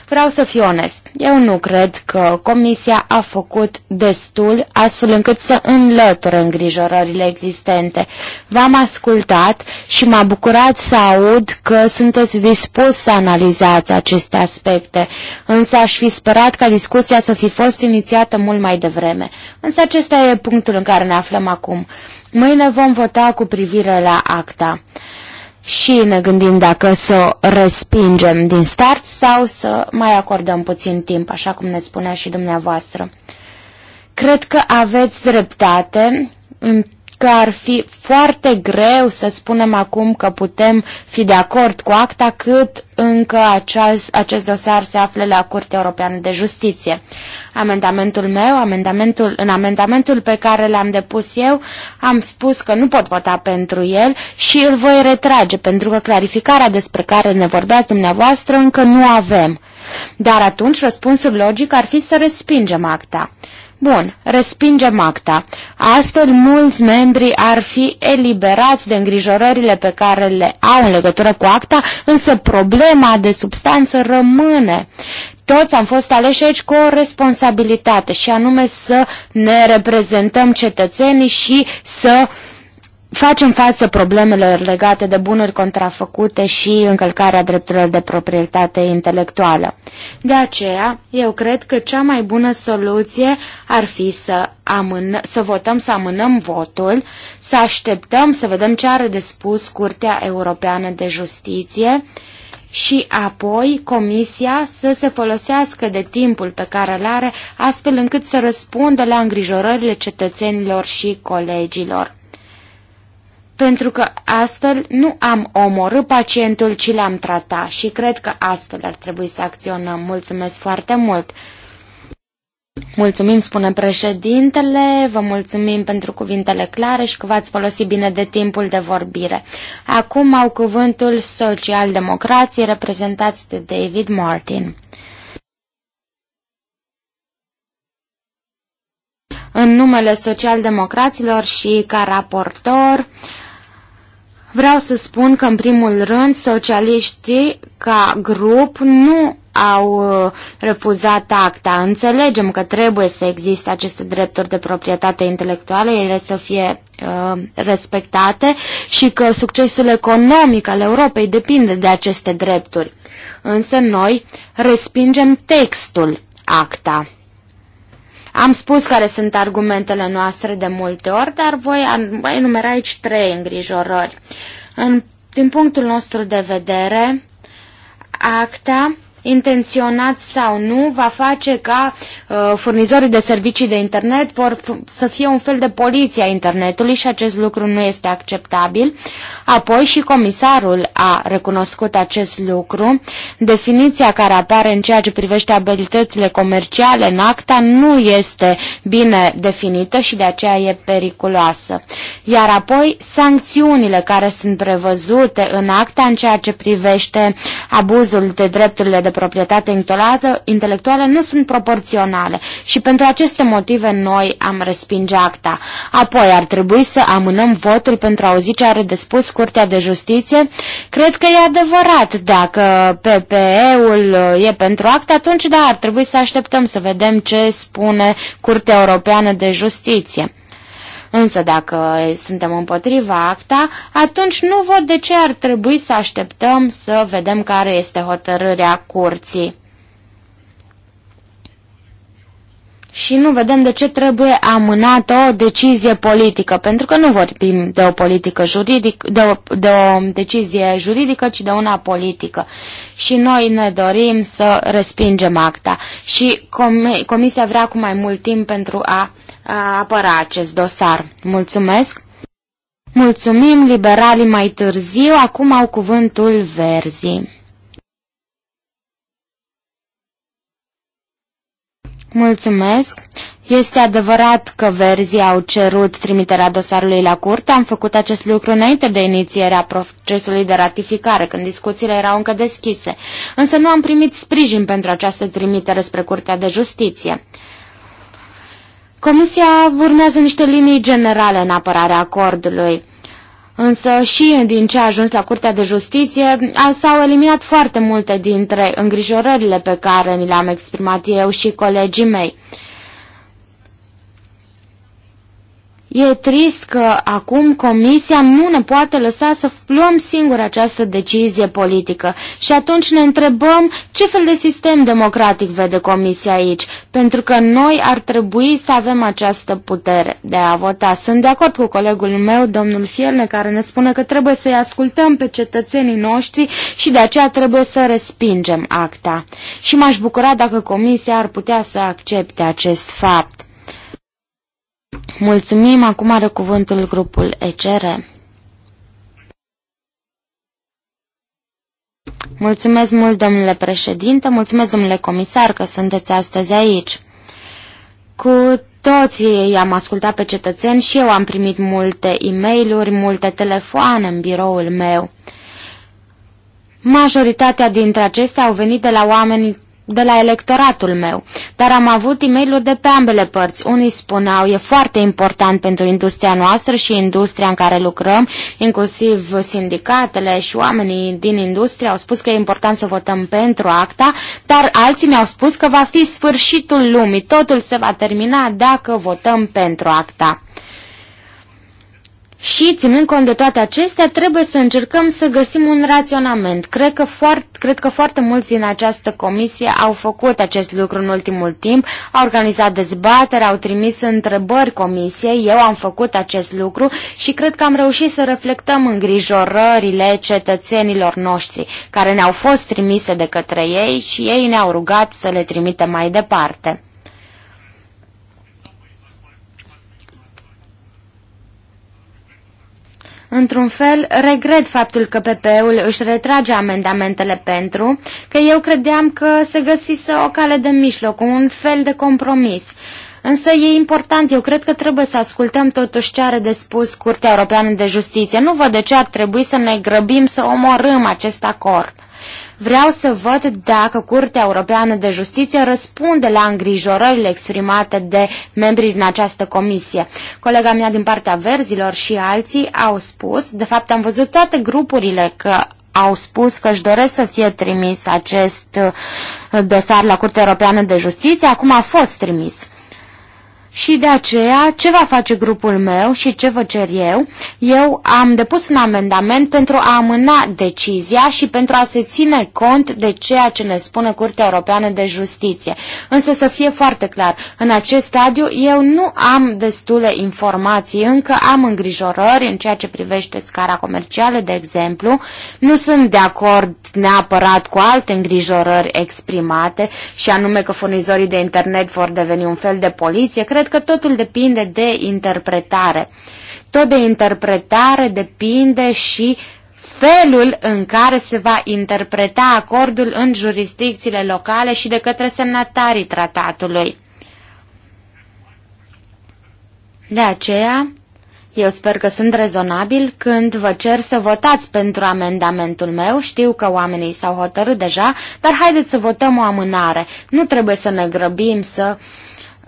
Vreau să fiu onest. Eu nu cred că Comisia a făcut destul astfel încât să înlăture îngrijorările existente. V-am ascultat și m-a bucurat să aud că sunteți dispus să analizați aceste aspecte, însă aș fi sperat ca discuția să fi fost inițiată mult mai devreme. Însă acesta e punctul în care ne aflăm acum. Mâine vom vota ta cu privire la acta. Și ne gândim dacă să o respingem din start sau să mai acordăm puțin timp, așa cum ne spunea și dumneavoastră. Cred că aveți dreptate în că ar fi foarte greu să spunem acum că putem fi de acord cu acta cât încă acest, acest dosar se află la Curtea Europeană de Justiție amendamentul meu, amendamentul, în amendamentul pe care l-am depus eu, am spus că nu pot vota pentru el și îl voi retrage, pentru că clarificarea despre care ne vorbeați dumneavoastră încă nu avem. Dar atunci răspunsul logic ar fi să respingem acta. Bun, respingem acta. Astfel, mulți membri ar fi eliberați de îngrijorările pe care le au în legătură cu acta, însă problema de substanță rămâne. Toți am fost aleși aici cu o responsabilitate și anume să ne reprezentăm cetățenii și să uh, facem față problemelor legate de bunuri contrafăcute și încălcarea drepturilor de proprietate intelectuală. De aceea, eu cred că cea mai bună soluție ar fi să, amână, să votăm, să amânăm votul, să așteptăm să vedem ce are de spus Curtea Europeană de Justiție și apoi Comisia să se folosească de timpul pe care îl are astfel încât să răspundă la îngrijorările cetățenilor și colegilor pentru că astfel nu am omorât pacientul, ci l-am tratat și cred că astfel ar trebui să acționăm. Mulțumesc foarte mult! Mulțumim, spune președintele, vă mulțumim pentru cuvintele clare și că v-ați folosit bine de timpul de vorbire. Acum au cuvântul socialdemocrații reprezentați de David Martin. În numele socialdemocraților și ca raportor, uh, Vreau să spun că, în primul rând, socialiștii ca grup nu au uh, refuzat acta. Înțelegem că trebuie să existe aceste drepturi de proprietate intelectuală, ele să fie uh, respectate și că succesul economic al Europei depinde de aceste drepturi. Însă noi respingem textul acta. Am spus care sunt argumentele noastre de multe ori, dar voi enumera aici trei îngrijorări. În, din punctul nostru de vedere, acta intenționat sau nu, va face ca uh, furnizorii de servicii de internet vor să fie un fel de poliție a internetului și acest lucru nu este acceptabil. Apoi și comisarul a recunoscut acest lucru. Definiția care apare în ceea ce privește abilitățile comerciale în acta nu este bine definită și de aceea e periculoasă. Iar apoi sancțiunile care sunt prevăzute în acta în ceea ce privește abuzul de drepturile de proprietate intelectuală nu sunt proporționale și pentru aceste motive noi am respinge acta. Apoi ar trebui să amânăm votul pentru a auzi ce are de spus Curtea de Justiție. Cred că e adevărat, dacă PPE-ul uh, e pentru act, atunci da, ar trebui să așteptăm să vedem ce spune Curtea Europeană de Justiție. Însă dacă suntem împotriva acta, atunci nu văd de ce ar trebui să așteptăm să vedem care este hotărârea curții. și nu vedem de ce trebuie amânată o decizie politică, pentru că nu vorbim de o politică juridică, de o, de o decizie juridică, ci de una politică. Și noi ne dorim să respingem acta și com Comisia vrea cu mai mult timp pentru a a apăra acest dosar. Mulțumesc! Mulțumim, liberalii mai târziu, acum au cuvântul verzii. Mulțumesc. Este adevărat că verzii au cerut trimiterea dosarului la curte. Am făcut acest lucru înainte de inițierea procesului de ratificare, când discuțiile erau încă deschise. Însă nu am primit sprijin pentru această trimitere spre Curtea de Justiție. Comisia urmează niște linii generale în apărarea acordului. Însă și din ce a ajuns la Curtea de Justiție s-au eliminat foarte multe dintre îngrijorările pe care ni le-am exprimat eu și colegii mei. E trist că acum Comisia nu ne poate lăsa să luăm singur această decizie politică și atunci ne întrebăm ce fel de sistem democratic vede Comisia aici, pentru că noi ar trebui să avem această putere de a vota. Sunt de acord cu colegul meu, domnul Fierne, care ne spune că trebuie să-i ascultăm pe cetățenii noștri și de aceea trebuie să respingem acta. Și m-aș bucura dacă Comisia ar putea să accepte acest fapt. Mulțumim, acum are cuvântul grupul ECR. Mulțumesc mult, domnule președinte, mulțumesc, domnule comisar, că sunteți astăzi aici. Cu toți i-am ascultat pe cetățeni și eu am primit multe e mail multe telefoane în biroul meu. Majoritatea dintre acestea au venit de la oamenii de la electoratul meu, dar am avut e mail de pe ambele părți. Unii spuneau, e foarte important pentru industria noastră și industria în care lucrăm, inclusiv sindicatele și oamenii din industrie au spus că e important să votăm pentru acta, dar alții mi-au spus că va fi sfârșitul lumii, totul se va termina dacă votăm pentru acta. Și, ținând cont de toate acestea, trebuie să încercăm să găsim un raționament. Cred că, foarte, cred că foarte mulți din această comisie au făcut acest lucru în ultimul timp, au organizat dezbateri, au trimis întrebări comisiei, eu am făcut acest lucru și cred că am reușit să reflectăm îngrijorările cetățenilor noștri, care ne-au fost trimise de către ei și ei ne-au rugat să le trimitem mai departe. Într-un fel, regret faptul că PP-ul își retrage amendamentele pentru, că eu credeam că se găsise o cale de mijloc, un fel de compromis. Însă e important, eu cred că trebuie să ascultăm totuși ce are de spus Curtea Europeană de Justiție. Nu văd de ce ar trebui să ne grăbim să omorâm acest acord. Vreau să văd dacă Curtea Europeană de Justiție răspunde la îngrijorările exprimate de membrii din această comisie. Colega mea din partea verzilor și alții au spus, de fapt am văzut toate grupurile că au spus că își doresc să fie trimis acest uh, dosar la Curtea Europeană de Justiție, acum a fost trimis. Și de aceea, ce va face grupul meu și ce vă cer eu? Eu am depus un amendament pentru a amâna decizia și pentru a se ține cont de ceea ce ne spune Curtea Europeană de Justiție. Însă să fie foarte clar, în acest stadiu eu nu am destule informații, încă am îngrijorări în ceea ce privește scara comercială, de exemplu. Nu sunt de acord neapărat cu alte îngrijorări exprimate și anume că furnizorii de internet vor deveni un fel de poliție. Cred cred că totul depinde de interpretare. Tot de interpretare depinde și felul în care se va interpreta acordul în jurisdicțiile locale și de către semnatarii tratatului. De aceea, eu sper că sunt rezonabil când vă cer să votați pentru amendamentul meu. Știu că oamenii s-au hotărât deja, dar haideți să votăm o amânare. Nu trebuie să ne grăbim să uh,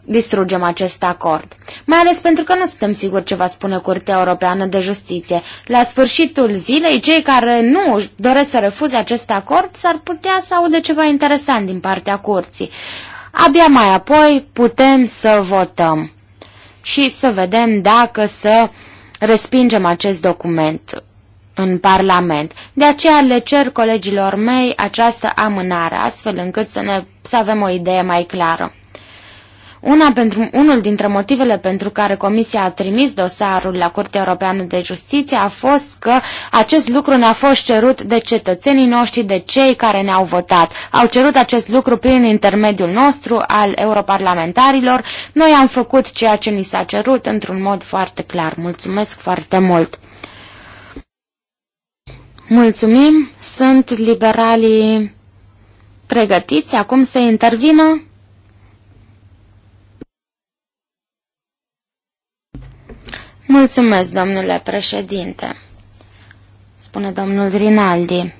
distrugem acest acord. Mai ales pentru că nu suntem siguri ce va spune Curtea Europeană de Justiție. La sfârșitul zilei, cei care nu doresc să refuze acest acord s-ar putea să audă ceva interesant din partea Curții. Abia mai apoi putem să votăm și să vedem dacă să respingem acest document în Parlament. De aceea le cer colegilor mei această amânare, astfel încât să, ne, să avem o idee mai clară. Una pentru, unul dintre motivele pentru care Comisia a trimis dosarul la Curtea Europeană de Justiție a fost că acest lucru ne-a fost cerut de cetățenii noștri, de cei care ne-au votat. Au cerut acest lucru prin intermediul nostru al europarlamentarilor. Noi am făcut ceea ce ni s-a cerut într-un mod foarte clar. Mulțumesc foarte mult! Mulțumim! Sunt liberalii pregătiți acum să intervină? Mulțumesc, domnule președinte, spune domnul Rinaldi.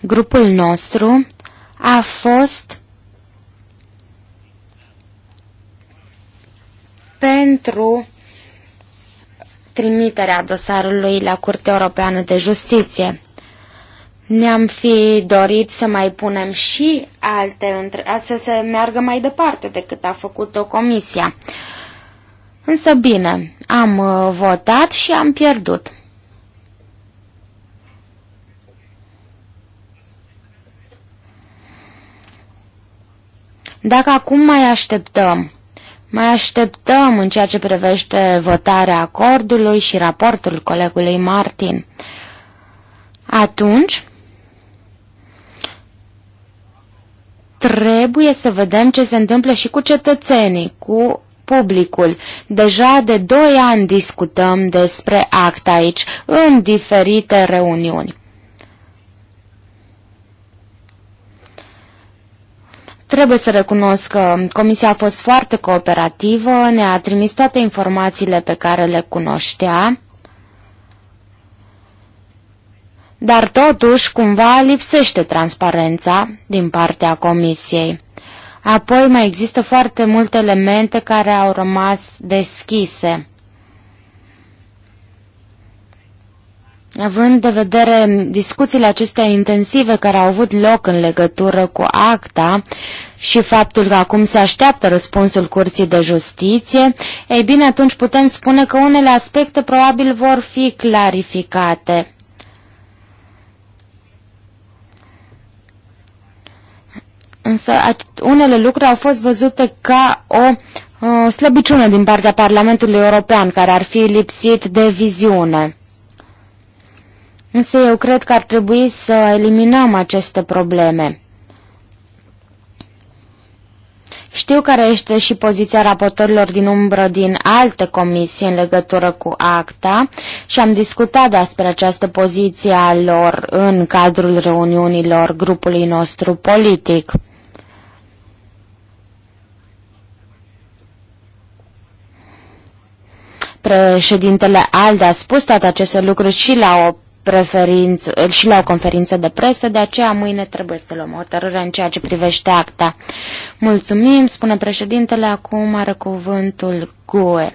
Grupul nostru a fost pentru trimiterea dosarului la Curtea Europeană de Justiție. Ne-am fi dorit să mai punem și alte, să se meargă mai departe decât a făcut-o comisia. Uh, Însă bine, am uh, votat și am pierdut. Dacă acum mai așteptăm, mai așteptăm în ceea ce privește votarea acordului și raportul colegului Martin, atunci trebuie să vedem ce se întâmplă și cu cetățenii, cu publicul. Deja de doi ani discutăm despre act aici, în diferite reuniuni. Trebuie să recunosc că comisia a fost foarte cooperativă, ne-a trimis toate informațiile pe care le cunoștea, dar totuși cumva lipsește transparența din partea comisiei. Apoi mai există foarte multe elemente care au rămas deschise. Având de vedere discuțiile acestea intensive care au avut loc în legătură cu acta și faptul că acum se așteaptă răspunsul Curții de Justiție, ei bine, atunci putem spune că unele aspecte probabil vor fi clarificate. Însă unele lucruri au fost văzute ca o o slăbiciune din partea Parlamentului European care ar fi lipsit de viziune. Însă eu cred că ar trebui să eliminăm aceste probleme. Știu care este și poziția raportorilor din umbră din alte comisii în legătură cu acta și am discutat despre această poziție a lor în cadrul reuniunilor grupului nostru politic. Președintele Alde a spus toate aceste lucruri și la o preferință, și la o conferință de presă, de aceea mâine trebuie să luăm o hotărâre în ceea ce privește acta. Mulțumim, spune președintele, acum are cuvântul GUE.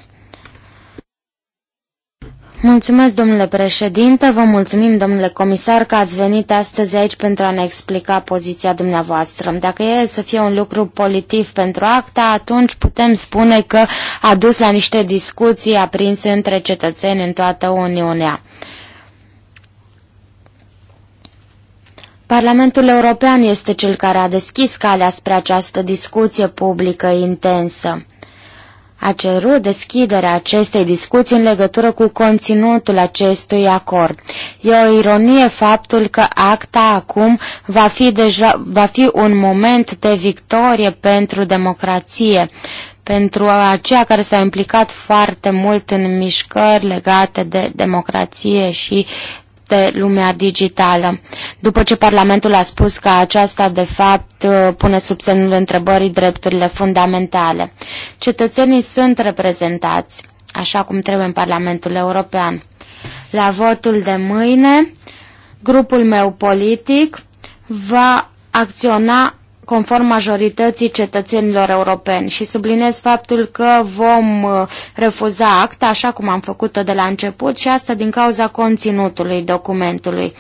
Mulțumesc, domnule președinte, vă mulțumim, domnule comisar, că ați venit astăzi aici pentru a ne explica poziția dumneavoastră. Dacă e să fie un lucru politiv pentru acta, atunci putem spune că a dus la niște discuții aprinse între cetățeni în toată Uniunea. Parlamentul European este cel care a deschis calea spre această discuție publică intensă a cerut deschiderea acestei discuții în legătură cu conținutul acestui acord. E o ironie faptul că acta acum va fi, deja, va fi un moment de victorie pentru democrație, pentru aceea care s a implicat foarte mult în mișcări legate de democrație și de lumea digitală. După ce Parlamentul a spus că aceasta, de fapt, uh, pune sub semnul întrebării drepturile fundamentale. Cetățenii sunt reprezentați, așa cum trebuie în Parlamentul European. La votul de mâine, grupul meu politic va acționa conform majorității cetățenilor europeni și subliniez faptul că vom uh, refuza acta așa cum am făcut-o de la început și asta din cauza conținutului documentului.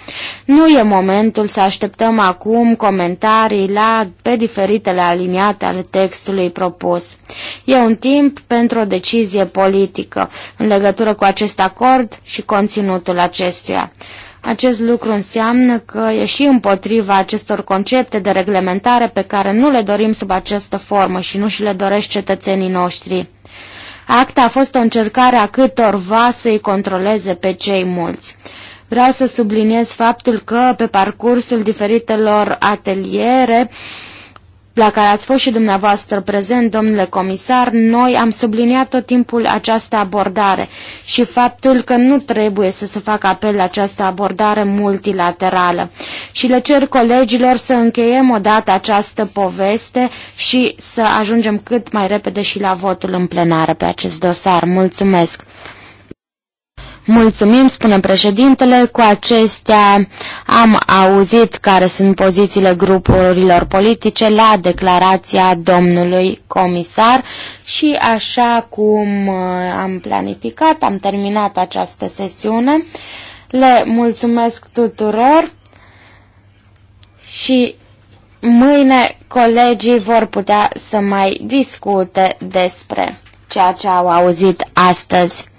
Nu e momentul să așteptăm acum comentarii la, pe diferitele aliniate ale textului propus. E un timp pentru o decizie politică în legătură cu acest acord și conținutul acestuia. Acest lucru înseamnă că e și împotriva acestor concepte de reglementare pe care nu le dorim sub această formă și nu și le doresc cetățenii noștri. Acta a fost o încercare a câtorva să-i controleze pe cei mulți. Vreau să subliniez faptul că pe parcursul diferitelor ateliere uh, la care ați fost și dumneavoastră prezent, domnule comisar, noi am subliniat tot timpul această abordare și faptul că nu trebuie să se facă apel la această abordare multilaterală. Și le cer colegilor să încheiem odată această poveste și să ajungem cât mai repede și la votul în plenară pe acest dosar. Mulțumesc! Mulțumim, spune președintele, cu acestea am auzit care sunt pozițiile grupurilor politice la declarația domnului comisar și așa cum uh, am planificat, am terminat această sesiune. Le mulțumesc tuturor și mâine colegii vor putea să mai discute despre ceea ce au auzit astăzi.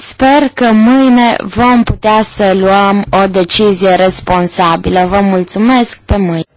Sper că mâine vom putea să luăm o decizie responsabilă. Vă mulțumesc pe mâine.